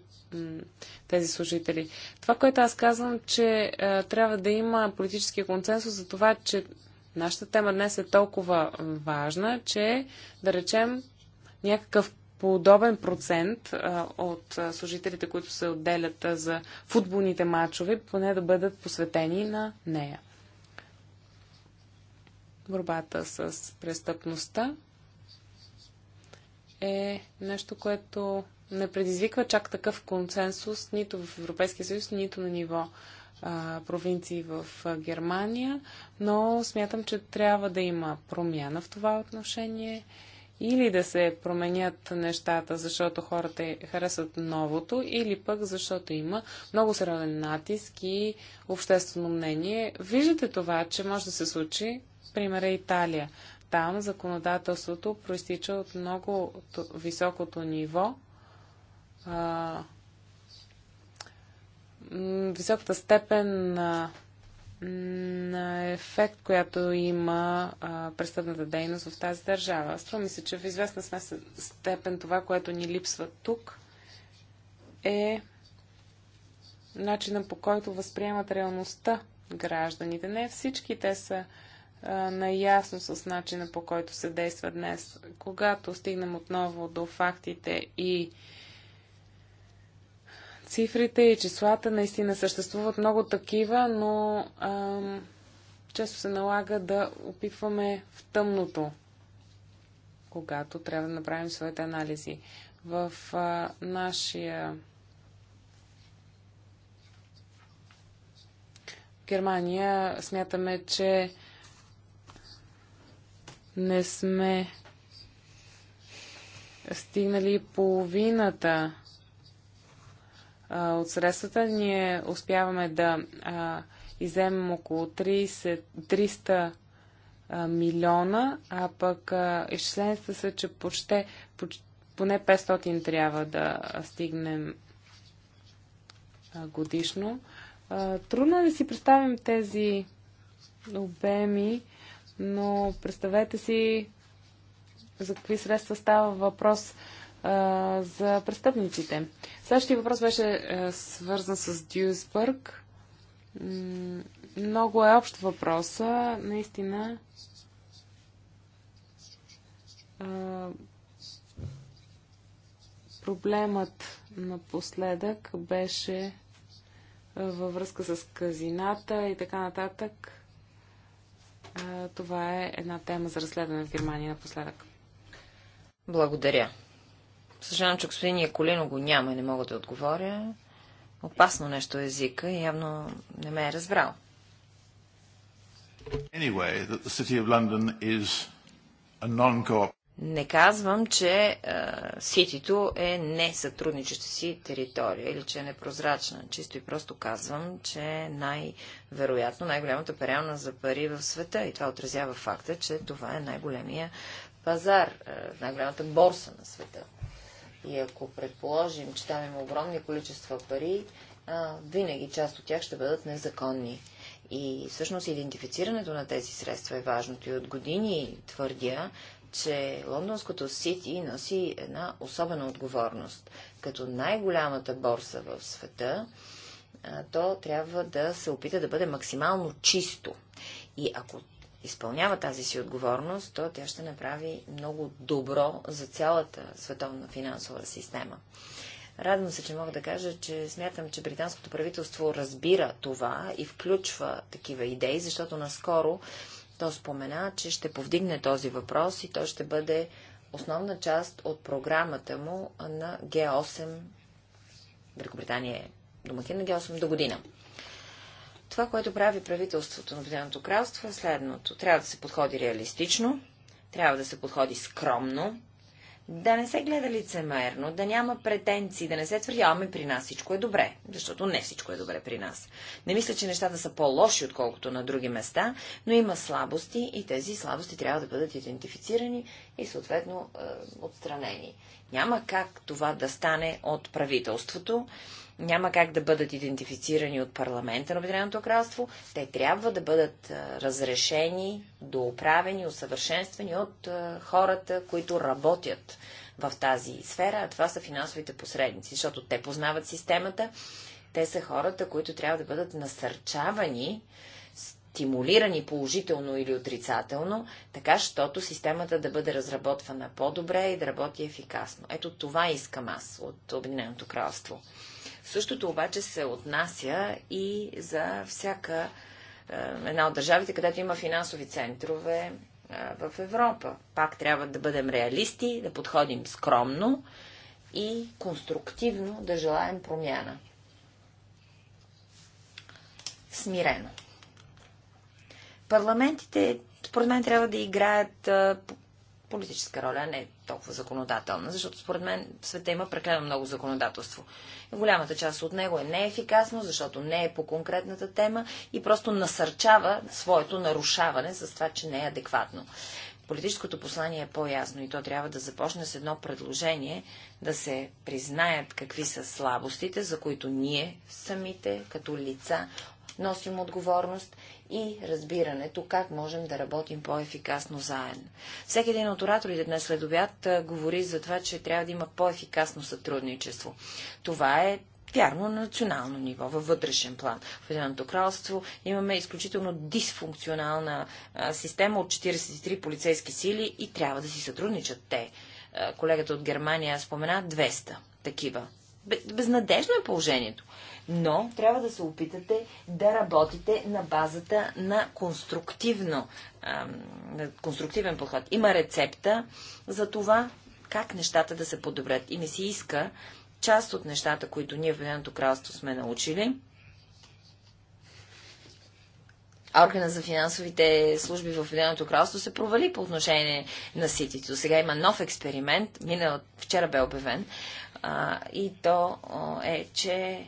тези служители. Това, което аз казвам, че е, трябва да има политически консенсус за това, че нашата тема днес е толкова важна, че, да речем, някакъв подобен процент а, от служителите, които се отделят а, за футболните матчове, поне да бъдат посветени на нея. Борбата с престъпността е нещо, което не предизвиква чак такъв консенсус нито в Европейския съюз, нито на ниво а, провинции в Германия, но смятам, че трябва да има промяна в това отношение или да се променят нещата, защото хората харесват новото, или пък защото има много сериозен натиск и обществено мнение. Виждате това, че може да се случи. Пример е Италия. Там законодателството проистича от много високото ниво, високата степен на на ефект, която има а, престъпната дейност в тази държава. Струва ми се, че в известна степен това, което ни липсва тук, е начина по който възприемат реалността гражданите. Не всички те са а, наясно с начина по който се действа днес. Когато стигнем отново до фактите и Цифрите и числата наистина съществуват много такива, но ам, често се налага да опитваме в тъмното, когато трябва да направим своите анализи. В а, нашия Германия смятаме, че не сме стигнали половината а, от средствата. Ние успяваме да а, иземем около 30, 300 а, милиона, а пък изчисленията са, че почти, почти, поне 500 трябва да стигнем а, годишно. А, трудно е да си представим тези обеми, но представете си за какви средства става въпрос за престъпниците. Следващия въпрос беше а, свързан с Дюсбърг. много е общ въпроса. Наистина. А, проблемът напоследък беше във връзка с казината и така нататък. Това е една тема за разследване в Германия напоследък. Благодаря. Съжалявам, че господин Яколино го няма и не мога да отговоря. Опасно нещо е езика и явно не ме е разбрал. Anyway, не казвам, че е, ситито е не сътрудничеща си територия или че е непрозрачна. Чисто и просто казвам, че е най-вероятно най-голямата периална за пари в света и това отразява факта, че това е най-големия пазар, най-голямата борса на света. И ако предположим, че там има огромни количества пари, а, винаги част от тях ще бъдат незаконни. И всъщност идентифицирането на тези средства е важното. И от години твърдя, че Лондонското Сити носи една особена отговорност. Като най-голямата борса в света, то трябва да се опита да бъде максимално чисто. И ако изпълнява тази си отговорност, то тя ще направи много добро за цялата световна финансова система. Радвам се, че мога да кажа, че смятам, че британското правителство разбира това и включва такива идеи, защото наскоро то спомена, че ще повдигне този въпрос и то ще бъде основна част от програмата му на Г8. Великобритания е домакин на Г8 до година. Това, което прави правителството на Обединеното кралство е следното. Трябва да се подходи реалистично, трябва да се подходи скромно, да не се гледа лицемерно, да няма претенции, да не се твърди, ами при нас всичко е добре, защото не всичко е добре при нас. Не мисля, че нещата са по-лоши, отколкото на други места, но има слабости и тези слабости трябва да бъдат идентифицирани и съответно е, отстранени. Няма как това да стане от правителството няма как да бъдат идентифицирани от парламента на Обединеното кралство. Те трябва да бъдат разрешени, доуправени, усъвършенствани от хората, които работят в тази сфера, а това са финансовите посредници, защото те познават системата. Те са хората, които трябва да бъдат насърчавани, стимулирани положително или отрицателно, така, щото системата да бъде разработвана по-добре и да работи ефикасно. Ето това искам аз от Обединеното кралство. Същото обаче се отнася и за всяка е, една от държавите, където има финансови центрове е, в Европа. Пак трябва да бъдем реалисти, да подходим скромно и конструктивно да желаем промяна. Смирено. Парламентите, според мен, трябва да играят е, политическа роля, не е толкова законодателна, защото според мен в света има прекалено много законодателство. Голямата част от него е неефикасно, защото не е по конкретната тема и просто насърчава своето нарушаване с това, че не е адекватно. Политическото послание е по-ясно и то трябва да започне с едно предложение да се признаят какви са слабостите, за които ние самите, като лица, носим отговорност и разбирането как можем да работим по-ефикасно заедно. Всеки един от ораторите днес след обяд говори за това, че трябва да има по-ефикасно сътрудничество. Това е Вярно, на национално ниво, във вътрешен план. В Единното кралство имаме изключително дисфункционална система от 43 полицейски сили и трябва да си сътрудничат те. колегата от Германия спомена 200 такива. Безнадежно е положението но трябва да се опитате да работите на базата на конструктивно, а, конструктивен подход. Има рецепта за това как нещата да се подобрят. И ми се иска част от нещата, които ние в Обединеното кралство сме научили, органа за финансовите служби в Веденото кралство се провали по отношение на ситито. Сега има нов експеримент, минал, вчера бе обявен, а, и то а, е, че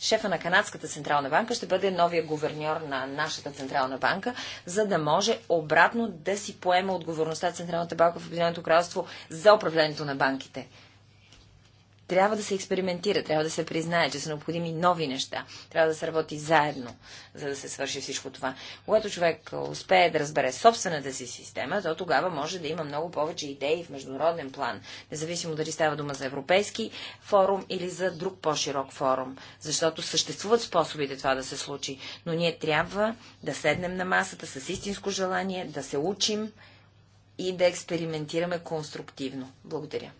шефа на Канадската централна банка ще бъде новия гуверньор на нашата централна банка, за да може обратно да си поема отговорността Централната банка в Обединеното кралство за управлението на банките. Трябва да се експериментира, трябва да се признае, че са необходими нови неща. Трябва да се работи заедно, за да се свърши всичко това. Когато човек успее да разбере собствената си система, то тогава може да има много повече идеи в международен план, независимо дали става дума за европейски форум или за друг по-широк форум, защото съществуват способите това да се случи. Но ние трябва да седнем на масата с истинско желание, да се учим и да експериментираме конструктивно. Благодаря.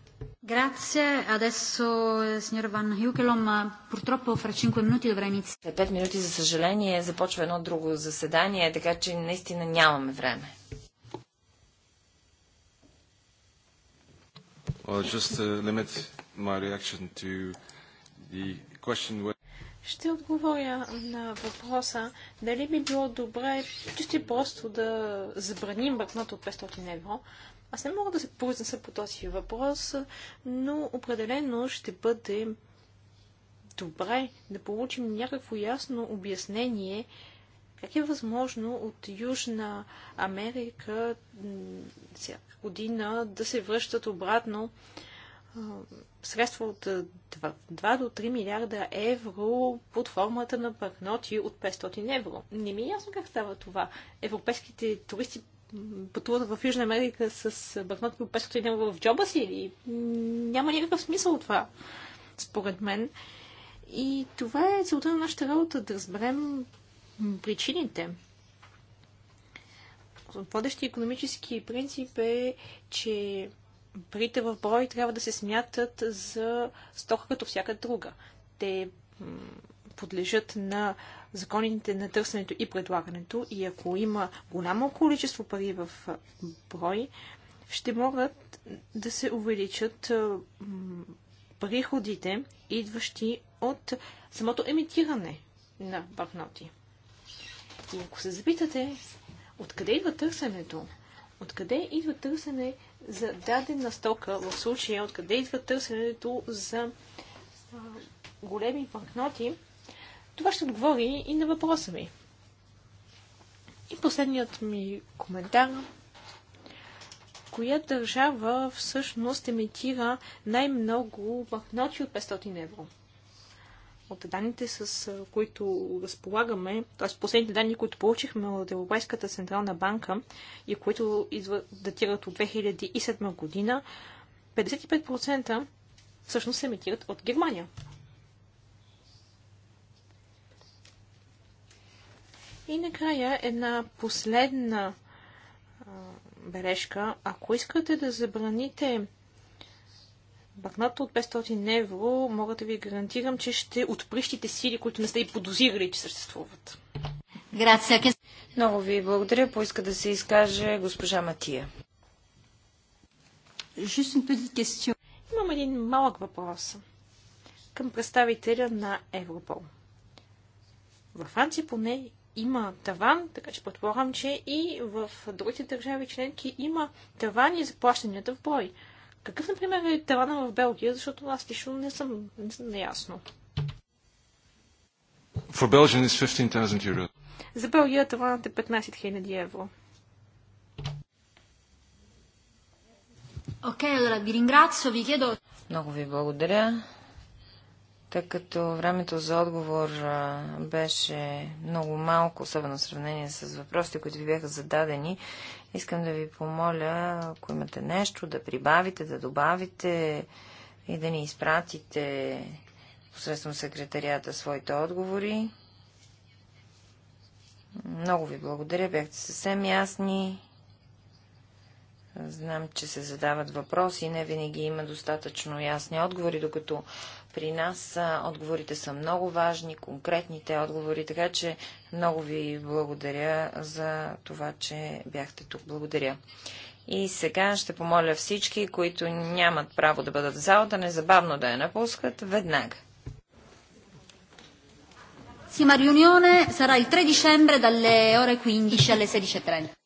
Grazie, adesso eh, signor Van Hukelom, purtroppo fra 5 5 е, минути, за съжаление, започва едно друго заседание, така че наистина нямаме време. Uh, Ще отговоря на въпроса дали би било добре чисто и просто да забраним бракната от 500 евро. Аз не мога да се произнеса по този въпрос, но определено ще бъде добре да получим някакво ясно обяснение как е възможно от Южна Америка всяка година да се връщат обратно средства от 2, до 3 милиарда евро под формата на банкноти от 500 евро. Не ми е ясно как става това. Европейските туристи пътуват в Южна Америка с банкнот по 500 евро в джоба си. И няма никакъв смисъл от това, според мен. И това е целта на нашата работа, да разберем причините. Водещи економически принцип е, че парите в брой трябва да се смятат за стока като всяка друга. Те подлежат на законите на търсенето и предлагането и ако има голямо количество пари в брой, ще могат да се увеличат приходите, идващи от самото емитиране на банкноти. И ако се запитате, откъде идва търсенето? Откъде идва търсене за дадена стока, в случая откъде идва търсенето за големи банкноти, това ще отговори и на въпроса ми. И последният ми коментар. Коя държава всъщност емитира най-много банкноти значи от 500 евро? От данните, с които разполагаме, т.е. последните данни, които получихме от Европейската Централна банка и които датират от 2007 година, 55% всъщност се емитират от Германия. И накрая една последна а, бележка. Ако искате да забраните бакната от 500 евро, мога да ви гарантирам, че ще отприщите сили, които не сте и подозирали, че съществуват. Грация. Много ви благодаря. Поиска да се изкаже госпожа Матия. Имам един малък въпрос към представителя на Европол. Във Франция поне има таван, така че предполагам, че и в другите държави членки има тавани за плащанията в брой. Какъв, например, е тавана в Белгия, защото аз лично не съм, неясно. наясно. For Belgium is euro. За Белгия таванът е 15 000 евро. Окей, okay, allora ви ringrazio, ви chiedo... Много ви благодаря. Тъй като времето за отговор беше много малко, особено в сравнение с въпросите, които ви бяха зададени, искам да ви помоля, ако имате нещо, да прибавите, да добавите и да ни изпратите посредством секретарията своите отговори. Много ви благодаря, бяхте съвсем ясни. Знам, че се задават въпроси и не винаги има достатъчно ясни отговори, докато при нас отговорите са много важни, конкретните отговори, така че много ви благодаря за това, че бяхте тук. Благодаря. И сега ще помоля всички, които нямат право да бъдат в залата, незабавно да я напускат веднага. Сима riunione сара il 3 dicembre dalle ore 15 alle 16.30.